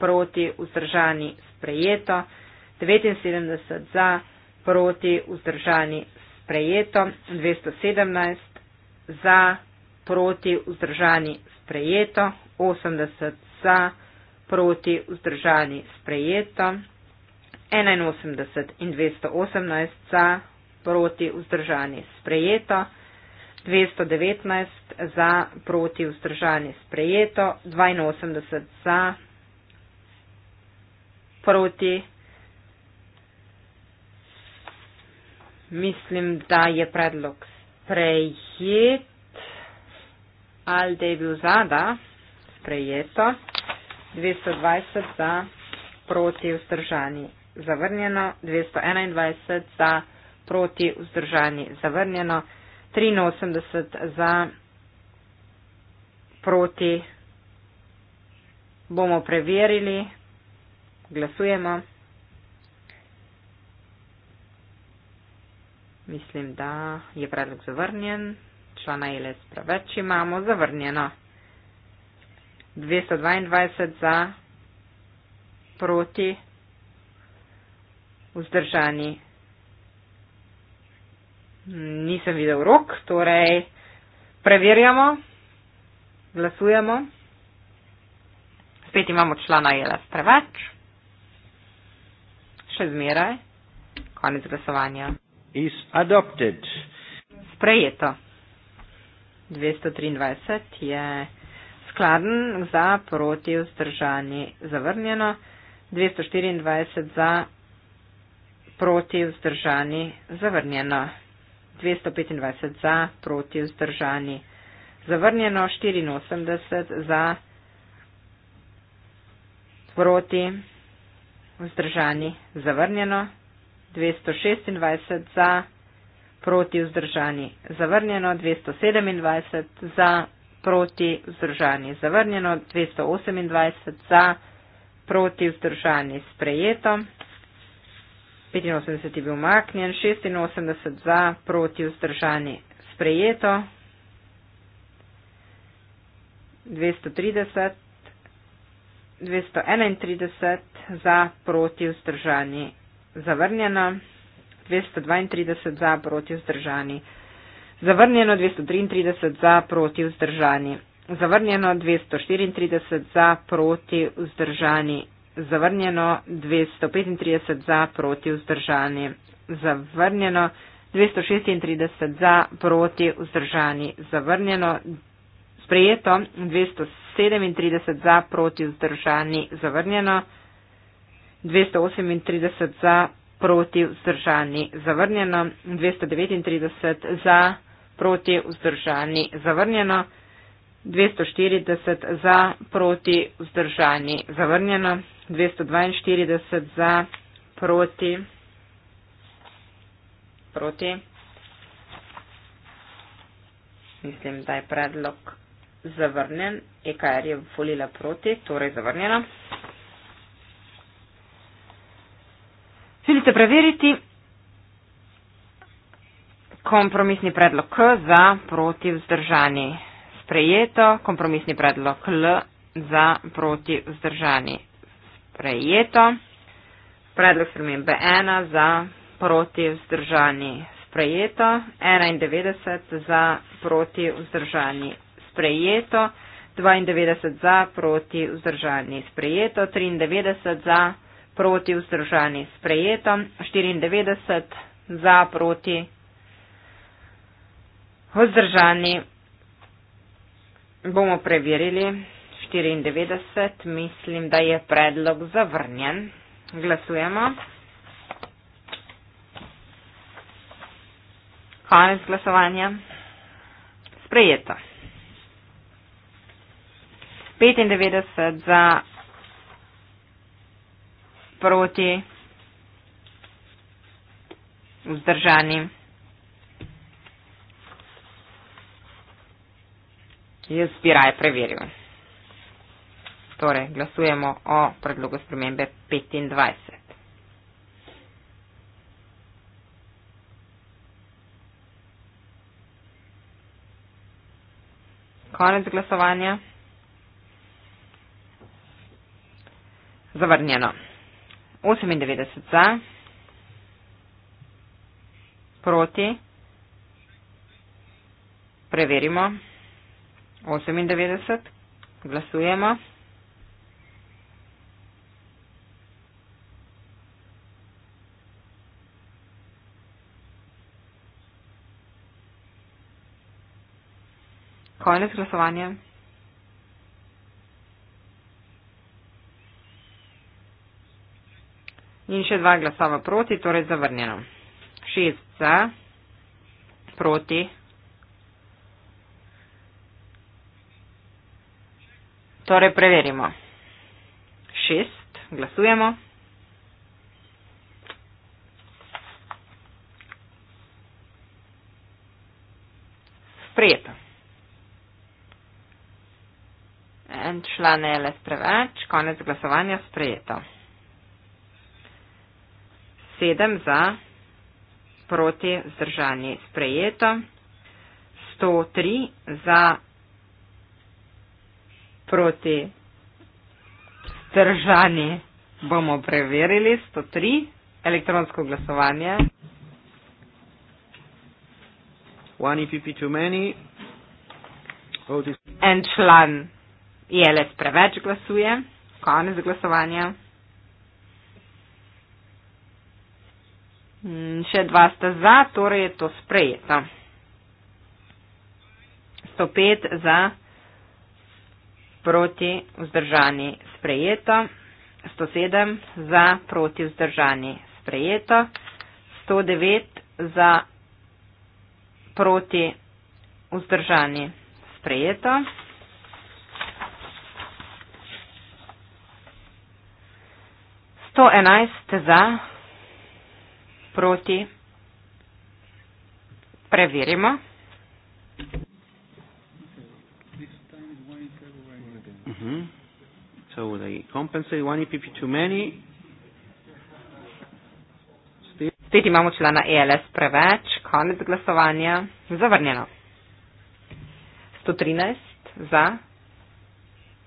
proti vzdržani sprejeto, 79 za, proti vzdržani sprejeto sprejeto, 217 za, proti, vzdržani, sprejeto, 80 za, proti, vzdržani, sprejeto, 81 in 218 za, proti, vzdržani, sprejeto, 219 za, proti, vzdržani, sprejeto, 82 za, proti, vzdržani, sprejeto. mislim, da je predlog sprejet, ali da je bil zada sprejeto, 220 za proti vzdržani zavrnjeno, 221 za proti vzdržani zavrnjeno, 83 za proti bomo preverili, glasujemo. Mislim, da je predlog zavrnjen. Člana ELS preveč imamo zavrnjeno. 222 za, proti, vzdržani. Nisem videl rok, torej preverjamo, glasujemo. Spet imamo člana ELS preveč. Še zmeraj. Konec glasovanja is adopted. Sprejeto. 223 je skladen za proti vzdržani zavrnjeno, 224 za proti vzdržani zavrnjeno, 225 za proti vzdržani zavrnjeno, 84 za proti vzdržani zavrnjeno, 226 za, proti vzdržani, zavrnjeno 227 za, proti vzdržani, zavrnjeno 228 za, proti vzdržani, sprejeto. 85 je bil umaknjen, 86 za, proti vzdržani, sprejeto. 230, 231 za, proti vzdržani, zavrnjeno, 232 za, proti vzdržani. Zavrnjeno 233 za, proti vzdržani. Zavrnjeno 234 za, proti vzdržani. Zavrnjeno 235 za, proti vzdržani. Zavrnjeno 236 za, proti vzdržani. Zavrnjeno sprejeto 237 za, proti vzdržani. Zavrnjeno 238 za, proti, vzdržani, zavrnjeno, 239 za, proti, vzdržani, zavrnjeno, 240 za, proti, vzdržani, zavrnjeno, 242 za, proti, proti. Mislim, da je predlog zavrnjen, EKR er je volila proti, torej zavrnjeno. Izvolite preveriti kompromisni predlog K za proti vzdržani. Sprejeto kompromisni predlog L za proti vzdržani. Sprejeto. Predlog spremembe 1 za proti vzdržani. Sprejeto. 91 za proti vzdržani. Sprejeto. 92 za proti vzdržani. Sprejeto. 93 za proti vzdržani proti vzdržani sprejeto, 94 za proti vzdržani. Bomo preverili 94, mislim, da je predlog zavrnjen. Glasujemo. Konec glasovanja. Sprejeto. 95 za proti vzdržanim. Jaz bi raje preveril. Torej, glasujemo o predlogu spremembe 25. Konec glasovanja. Zavrnjeno. 98 za, proti, preverimo, 98, glasujemo. Konec glasovanja. in še dva glasova proti, torej zavrnjeno. Šest za, proti. Torej preverimo. Šest, glasujemo. Sprejeto. En član je le preveč, konec glasovanja sprejeto. 7 za, proti zdržani sprejeto, 103 za, proti zdržani bomo preverili, 103 elektronsko glasovanje. 152 e many. En član ILS e preveč glasuje. Konec glasovanja. Mm, še dva sta za, torej je to sprejeta. 105 za, proti vzdržani sprejeta. 107 za, proti vzdržani sprejeta. 109 za, proti vzdržani sprejeta. 111 za, proti. Preverimo. Mhm. E Spet imamo člana ELS preveč, konec glasovanja, zavrnjeno. 113 za,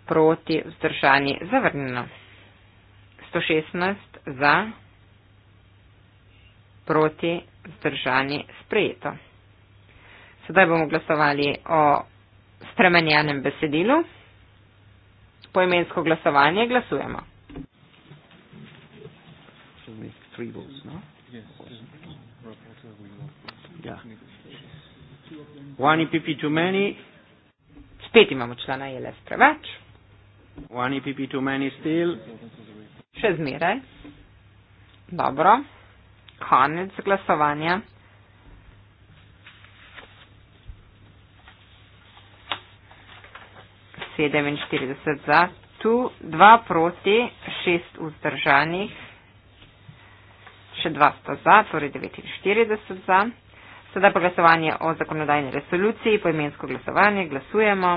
proti, vzdržani, zavrnjeno. 116 za proti, vzdržani, sprejeto. Sedaj bomo glasovali o spremenjenem besedilu. Poimensko glasovanje glasujemo. No? One EPP too many. Spet imamo člana ILS preveč. One EPP too many still. Še zmeraj. Dobro konec glasovanja. Sedeminštirideset za, tu dva proti, šest vzdržanih, še dva sta za, torej devetinštirideset za. Sedaj pa glasovanje o zakonodajni resoluciji, poimensko glasovanje, glasujemo.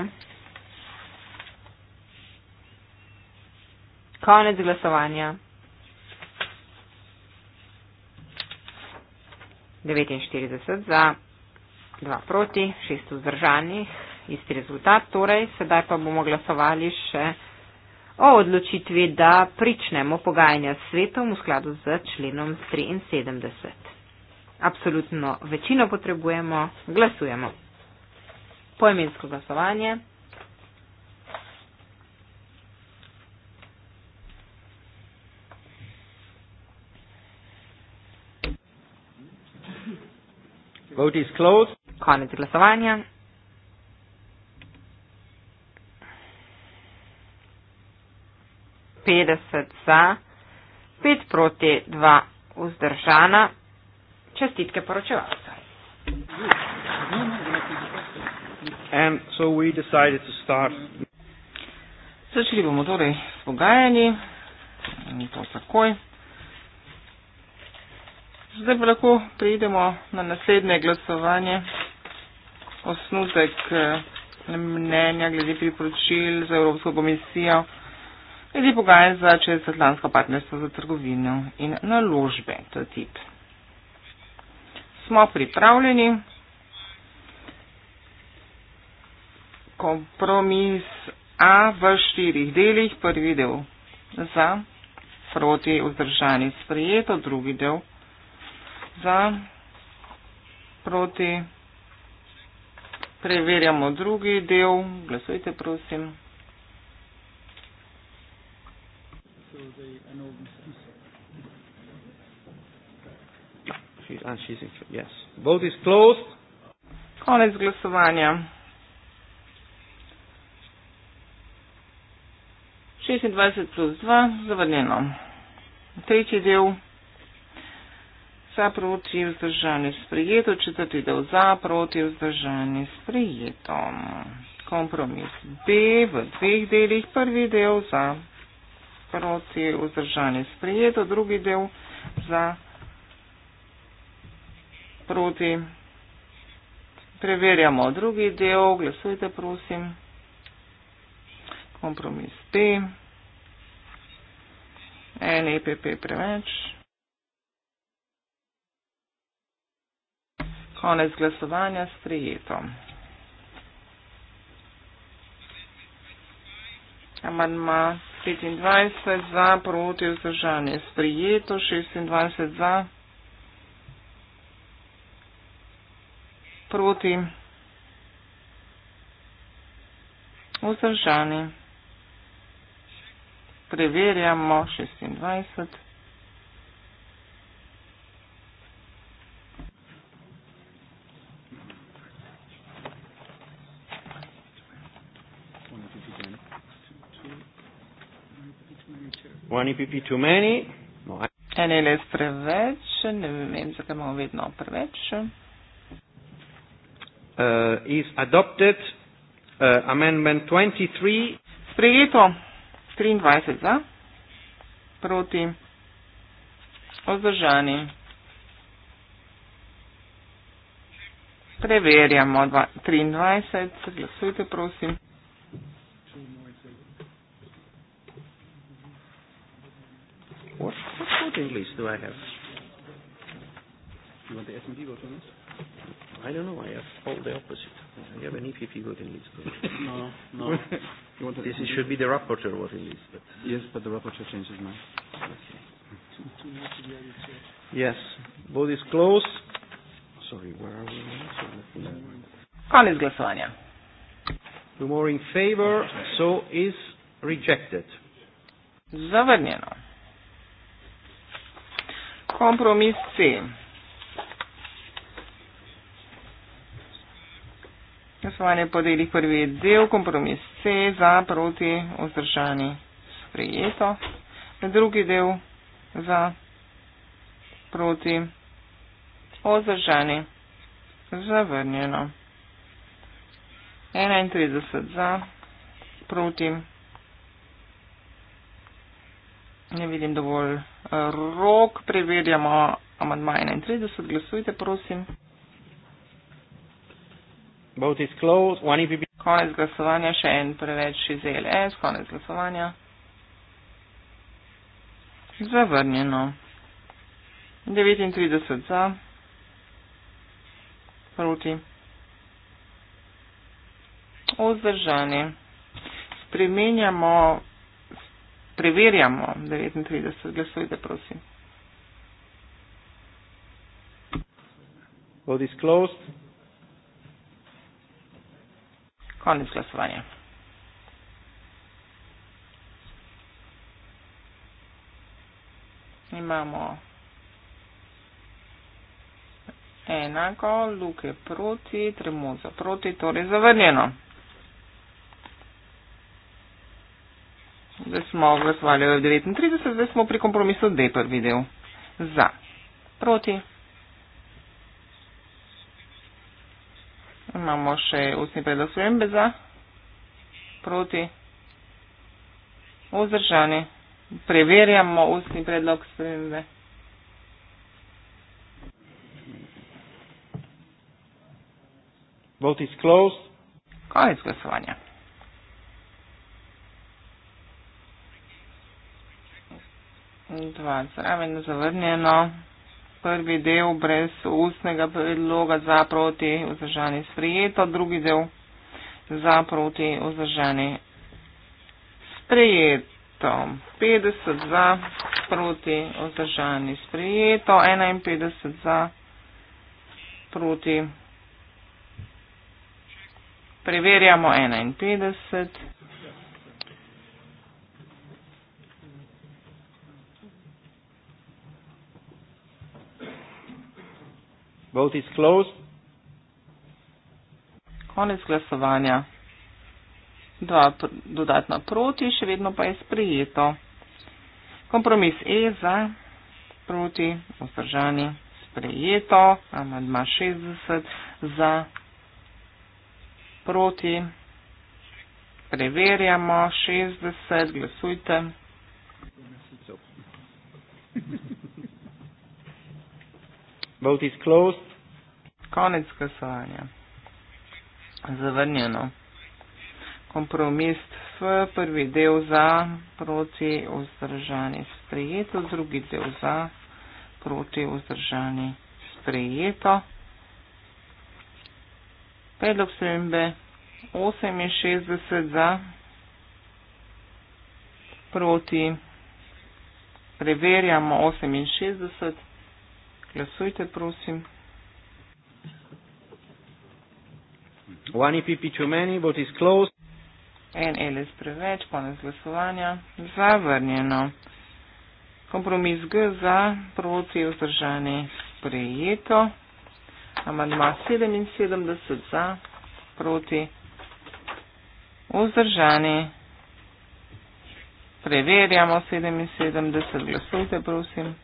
Konec glasovanja. 49 za, 2 proti, 6 vzdržanih, isti rezultat. Torej, sedaj pa bomo glasovali še o odločitvi, da pričnemo pogajanja s svetom v skladu z členom 73. Absolutno večino potrebujemo, glasujemo. Poimensko glasovanje. Vote is closed. Konec glasovanja. Petdeset za, pet proti, dva vzdržana. Čestitke poročevalcu. And so we decided to start. Začeli bomo torej s pogajanji in to takoj. Zdaj pa lahko prejdemo na naslednje glasovanje. Osnutek eh, mnenja glede priporočil za Evropsko komisijo, glede pogajanj za čezatlantsko partnerstvo za trgovino in naložbe, to tip. Smo pripravljeni. Kompromis A v štirih delih, prvi del za, proti, vzdržani, sprejeto, drugi del za, proti. Preverjamo drugi del. Glasujte, prosim. Ah, Konec glasovanja. 26 plus 2, zavrnjeno. Tretji del za, proti, vzdržani, sprijeto, četrti del za, proti, vzdržani, sprijeto. Kompromis B v dveh delih, prvi del za, proti, vzdržani, sprijeto, drugi del za, proti. Preverjamo drugi del, glasujte prosim. Kompromis B. En EPP preveč. konec glasovanja sprejeto. Amandma 25 za, proti vzdržanje sprejeto, 26 za, proti vzdržanje. Preverjamo 26. No, Eni les preveč, ne vem, zakaj imamo vedno preveč. Uh, is adopted uh, amendment 23. Sprejeto 23 za, proti, ozdržani. Preverjamo 23, glasujte prosim. English do I have? You want the SMD version? I don't know. I have all the opposite. I have an EPP word in this. Book. no, no. you want this should be the rapporteur word in this. But yes, but the rapporteur changes now. Okay. yes, both is close. Sorry, where are we? On is Glasovania. Two more in favor, so is rejected. Zavrnjeno kompromis C. Glasovanje po delih prvi je del, kompromis C za proti vzdržani sprejeto. Drugi del za proti vzdržani zavrnjeno. 31 za proti vzdržani. Ne vidim dovolj eh, rok, preverjamo amantmaj 31, glasujte prosim. Both is closed, one EPP. Konec glasovanja, še en preveč iz e LS, konec glasovanja. Zavrnjeno. 39 za. Proti. Ozdržani. Spremenjamo preverjamo. 39 glasujte, prosim. Vote is closed. Konec glasovanja. Imamo enako, Luke proti, Tremoza proti, torej zavrnjeno. zdaj smo glasovali v 39, zdaj smo pri kompromisu, da je prvi del. Za. Proti. Imamo še ustni predlog spremembe za. Proti. Vzdržani. Preverjamo ustni predlog spremembe. Vote is closed. Konec glasovanja. dva zraven zavrnjeno. Prvi del brez ustnega predloga za proti vzdržani sprejeto, drugi del za proti vzdržani sprejeto. 50 za proti vzdržani sprejeto, 51 za proti. Preverjamo 51. Vote is closed. Konec glasovanja. Dva dodatna proti, še vedno pa je sprejeto. Kompromis E za proti, vzdržani, sprejeto, amadma 60 za proti, preverjamo 60, glasujte. Vote is closed. Konec glasovanja. Zavrnjeno. Kompromis v prvi del za, proti vzdržani sprejeto, drugi del za, proti vzdržani sprejeto. Predlog spremembe 68 za, proti preverjamo 68. Glasujte, prosim. One EPP too many, vote is closed. En LS preveč, konec glasovanja. Zavrnjeno. Kompromis G za proti vzdržanje sprejeto. Amandma 77 za proti vzdržanje. Preverjamo 77. Glasujte, prosim.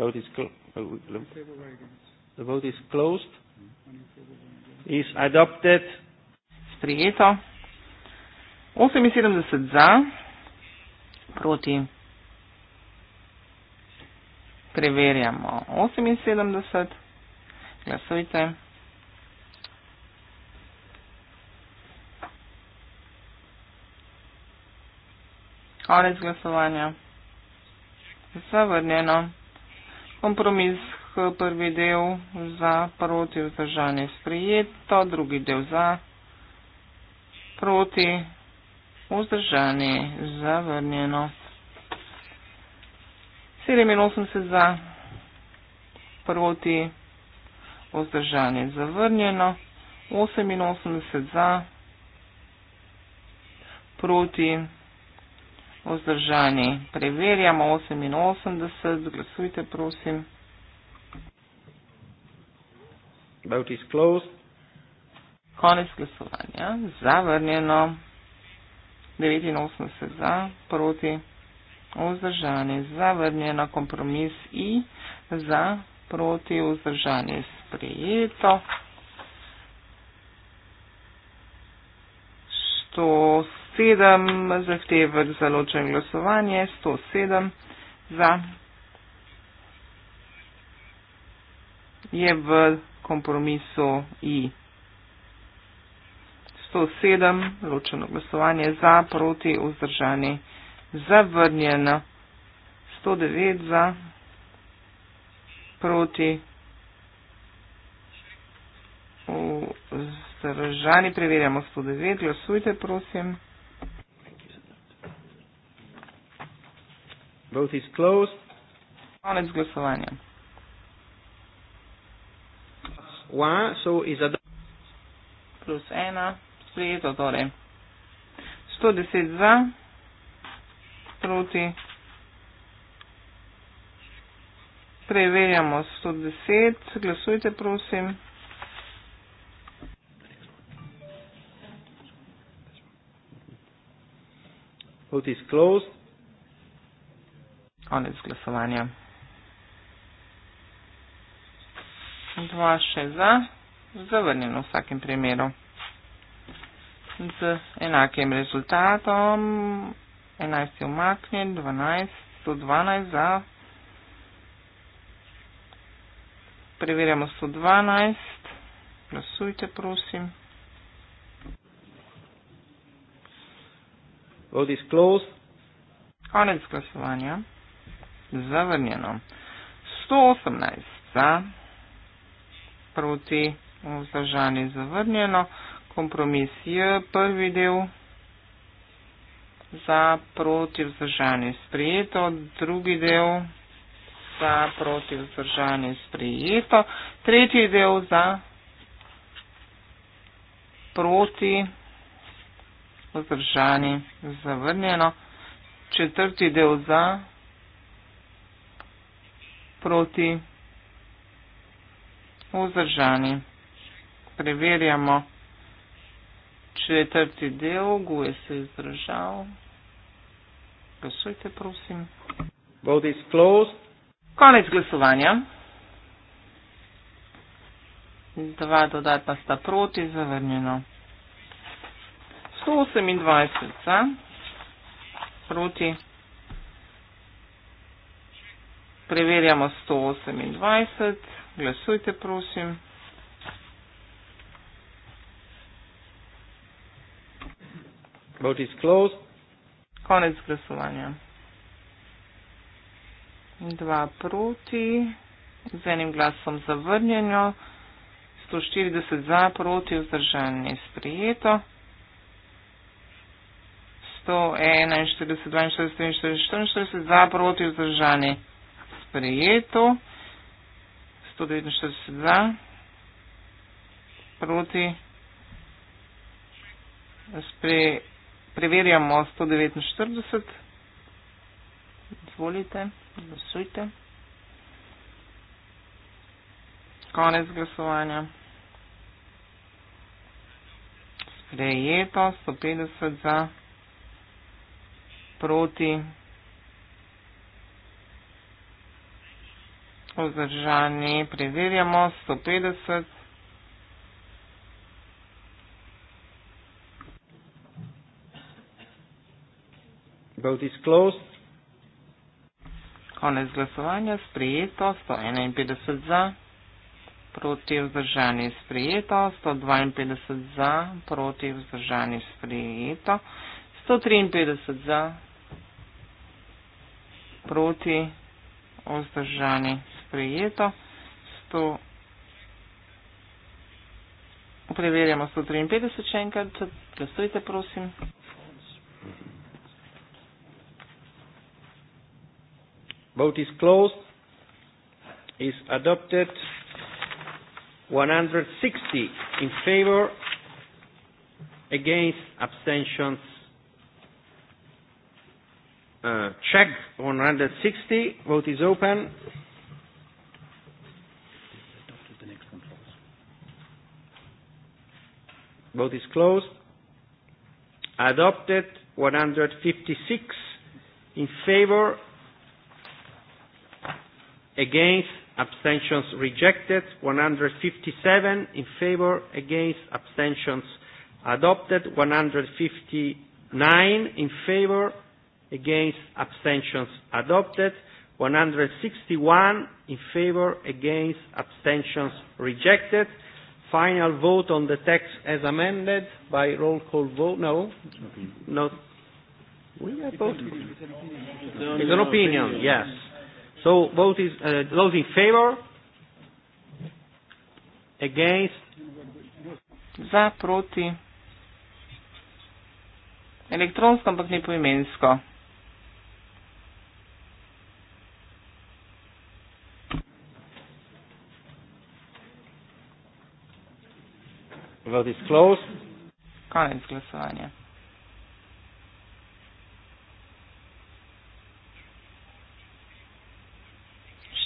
vote is closed. Uh, the vote is closed. Is adopted. Sprijeto. 78 za. Proti. Preverjamo. 78. Glasujte. Konec glasovanja. Zavrnjeno kompromis prvi del za proti vzdržanje sprijeto, drugi del za proti vzdržanje zavrnjeno. 87 za proti vzdržanje zavrnjeno, 88 za proti vzdržanje zavrnjeno vzdržani. Preverjamo 88, zglasujte prosim. Vote is closed. Konec glasovanja. Zavrnjeno. 89 za, proti, vzdržani. Zavrnjeno kompromis I za, proti, vzdržani. Sprejeto. 100. 107, zahtevek za ločen glasovanje 107 za. Je v kompromisu I. 107, ločeno glasovanje za, proti, vzdržani, zavrnjeno. 109 za, proti, vzdržani. Preverjamo 109, glasujte, prosim. Vote is closed. Konec glasovanja. Plus 1, sprejeto torej. 110 za, proti. Preverjamo 110, glasujte prosim. Vote is closed. Konec glasovanja. 2 še za, zavrnjeno v vsakem primeru. Z enakim rezultatom, 11 je umaknjen, 12, 112 za. Preverjamo 112, glasujte prosim. Vote is closed. Konec glasovanja zavrnjeno. 118 za, proti vzdržanje zavrnjeno, kompromis je prvi del, za proti vzdržanje sprijeto, drugi del za proti vzdržanje sprijeto, tretji del za proti vzdržanje zavrnjeno, četrti del za proti vzdržani. Preverjamo četrti del, guje se izdržal. Glasujte, prosim. Vote is closed. Konec glasovanja. Dva dodatna sta proti, zavrnjeno. 128 za, proti Preverjamo 128. Glasujte, prosim. Vote is closed. Konec glasovanja. Dva proti, z enim glasom zavrnjeno, 140 za, proti, vzdržanje sprijeto, 141, 142, 144 za, proti, vzdržanje sprejeto. 149 za, proti. Spre, preverjamo 149. Izvolite, glasujte. Konec glasovanja. Sprejeto 150 za, proti. smo zdržani, preverjamo 150. Vote is closed. Konec glasovanja, sprijeto, 151 za, proti vzdržani sprijeto, 152 za, proti vzdržani sprijeto, 153 za, proti vzdržani sprijeto sprejeto. 100, preverjamo 153 še enkrat, prestojte prosim. Vote is closed. Is adopted 160 in favor against abstentions. Uh, check 160. Vote is open. vote is closed. Adopted 156 in favor, against, abstentions rejected, 157 in favor, against, abstentions adopted, 159 in favor, against, abstentions adopted, 161 in favor, against, abstentions rejected final vote on the text as amended by roll call vote. No, no. We are voting. It's an opinion. Yes. So vote is uh, those in favor. Against. Za proti. Elektronsko, ampak ne poimensko. Vote is closed. Konec glasovanja.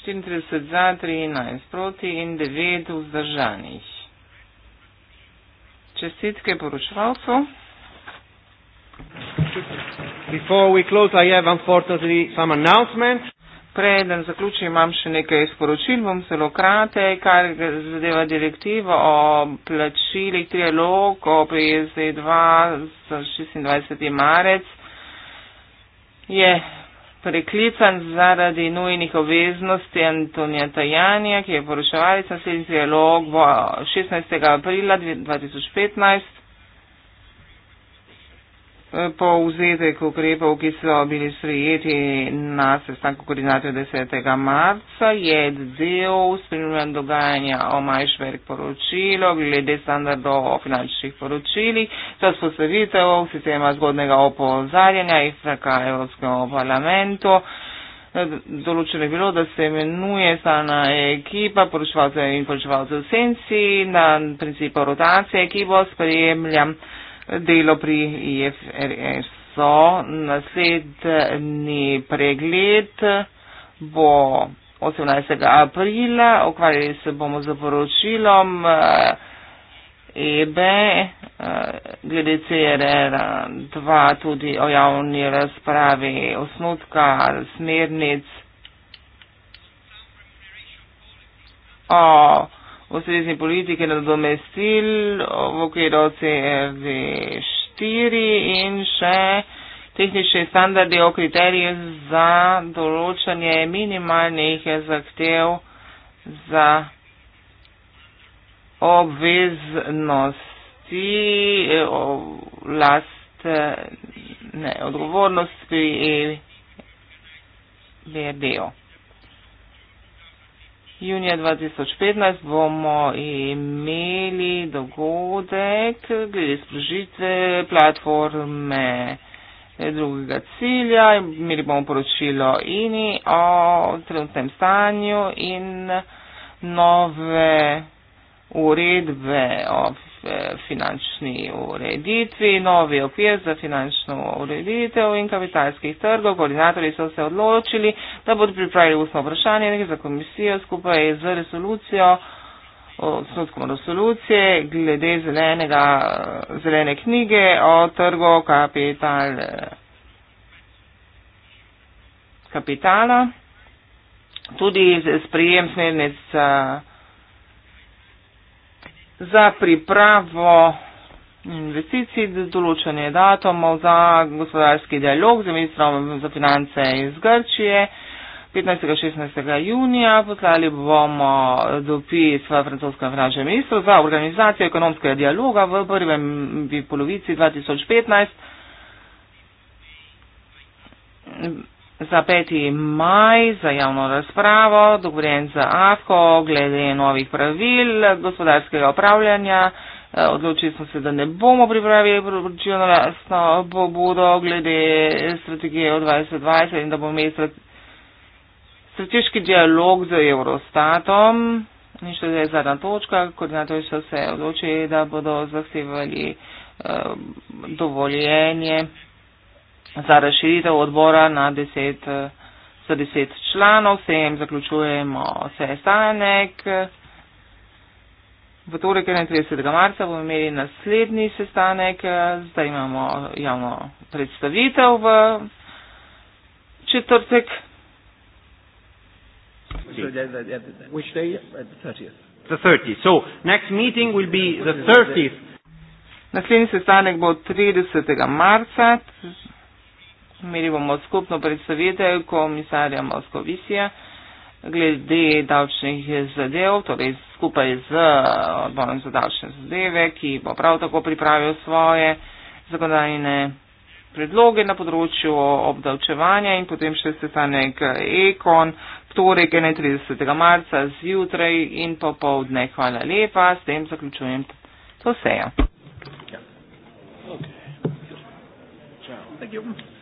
Štirideset za, trinajst proti in devet vzdržanih. Čestitke poročevalcu. Before we close, I have unfortunately some announcements. Preden zaključim, imam še nekaj sporočil, bom zelo krate, kar zadeva direktivo o plačilih trialog, o PSD2 e za 26. marec, je preklican zaradi nujnih obveznosti Antonija Tajanja, ki je poročevalec na sedmi trialog 16. aprila 2015. Eh, povzetek ukrepov, ki so bili sprejeti na sestanku koordinatorja 10. marca, je del spremljanja dogajanja o majšverk poročilo, glede standardov o finančnih poročilih, to spostavitev sistema zgodnega opozarjanja iz straka Evropskemu parlamentu. Eh, določeno je bilo, da se imenuje stana ekipa poročevalcev in poročevalcev v senci na principu rotacije, ki bo spremljala delo pri IFRS-u. E Naslednji pregled bo 18. aprila. Okvarjali se bomo z poročilom EBE, eh, eh, glede CRR-2, tudi o javni razpravi osnutka smernic. O ustrezni politiki nadomestil v okviru CRD4 in še tehnični standardi o kriteriju za določanje minimalnih zahtev za obveznosti, eh, last, ne, odgovornost pri BRD-u junija 2015 bomo imeli dogodek glede sprožitve platforme drugega cilja. Imeli bomo poročilo INI o trenutnem stanju in nove uredbe o finančni ureditvi, novi okvir za finančno ureditev in kapitalskih trgov. Koordinatorji so se odločili, da bodo pripravili ustno vprašanje za komisijo skupaj z resolucijo osnutkom resolucije glede zelenega, zelene knjige o trgu kapital, kapitala. Tudi sprejem smernic uh, za pripravo investicij, za določanje datumov, za gospodarski dialog z ministrom za finance iz Grčije. 15.16. junija poslali bomo dopis v francoskem finančnem ministru za organizacijo ekonomskega dialoga v prvem polovici 2015. Za 5. maj za javno razpravo, dogovorjen za AFKO, glede novih pravil gospodarskega upravljanja, e, odločili smo se, da ne bomo pripravili proračuna na lastno pobudo glede strategije od 2020 in da bomo imeli strateški dialog z Eurostatom. In še zdaj zadnja točka, koordinatorji so se odločili, da bodo zahtevali eh, dovoljenje za razširitev odbora na 10, eh, za 10 članov. S tem zaključujemo sestanek. V torek 31. marca bomo imeli naslednji sestanek. Zdaj imamo javno predstavitev v četrtek. Naslednji sestanek bo 30. marca. Imeli bomo skupno predstavitev komisarja Moskovisija glede davčnih zadev, torej skupaj z odborom za davčne zadeve, ki bo prav tako pripravil svoje zakonodajne predloge na področju obdavčevanja in potem še sestanek Ekon, torej 31. marca zjutraj in popovdne. Hvala lepa, s tem zaključujem to sejo. Ja. Okay. Thank you.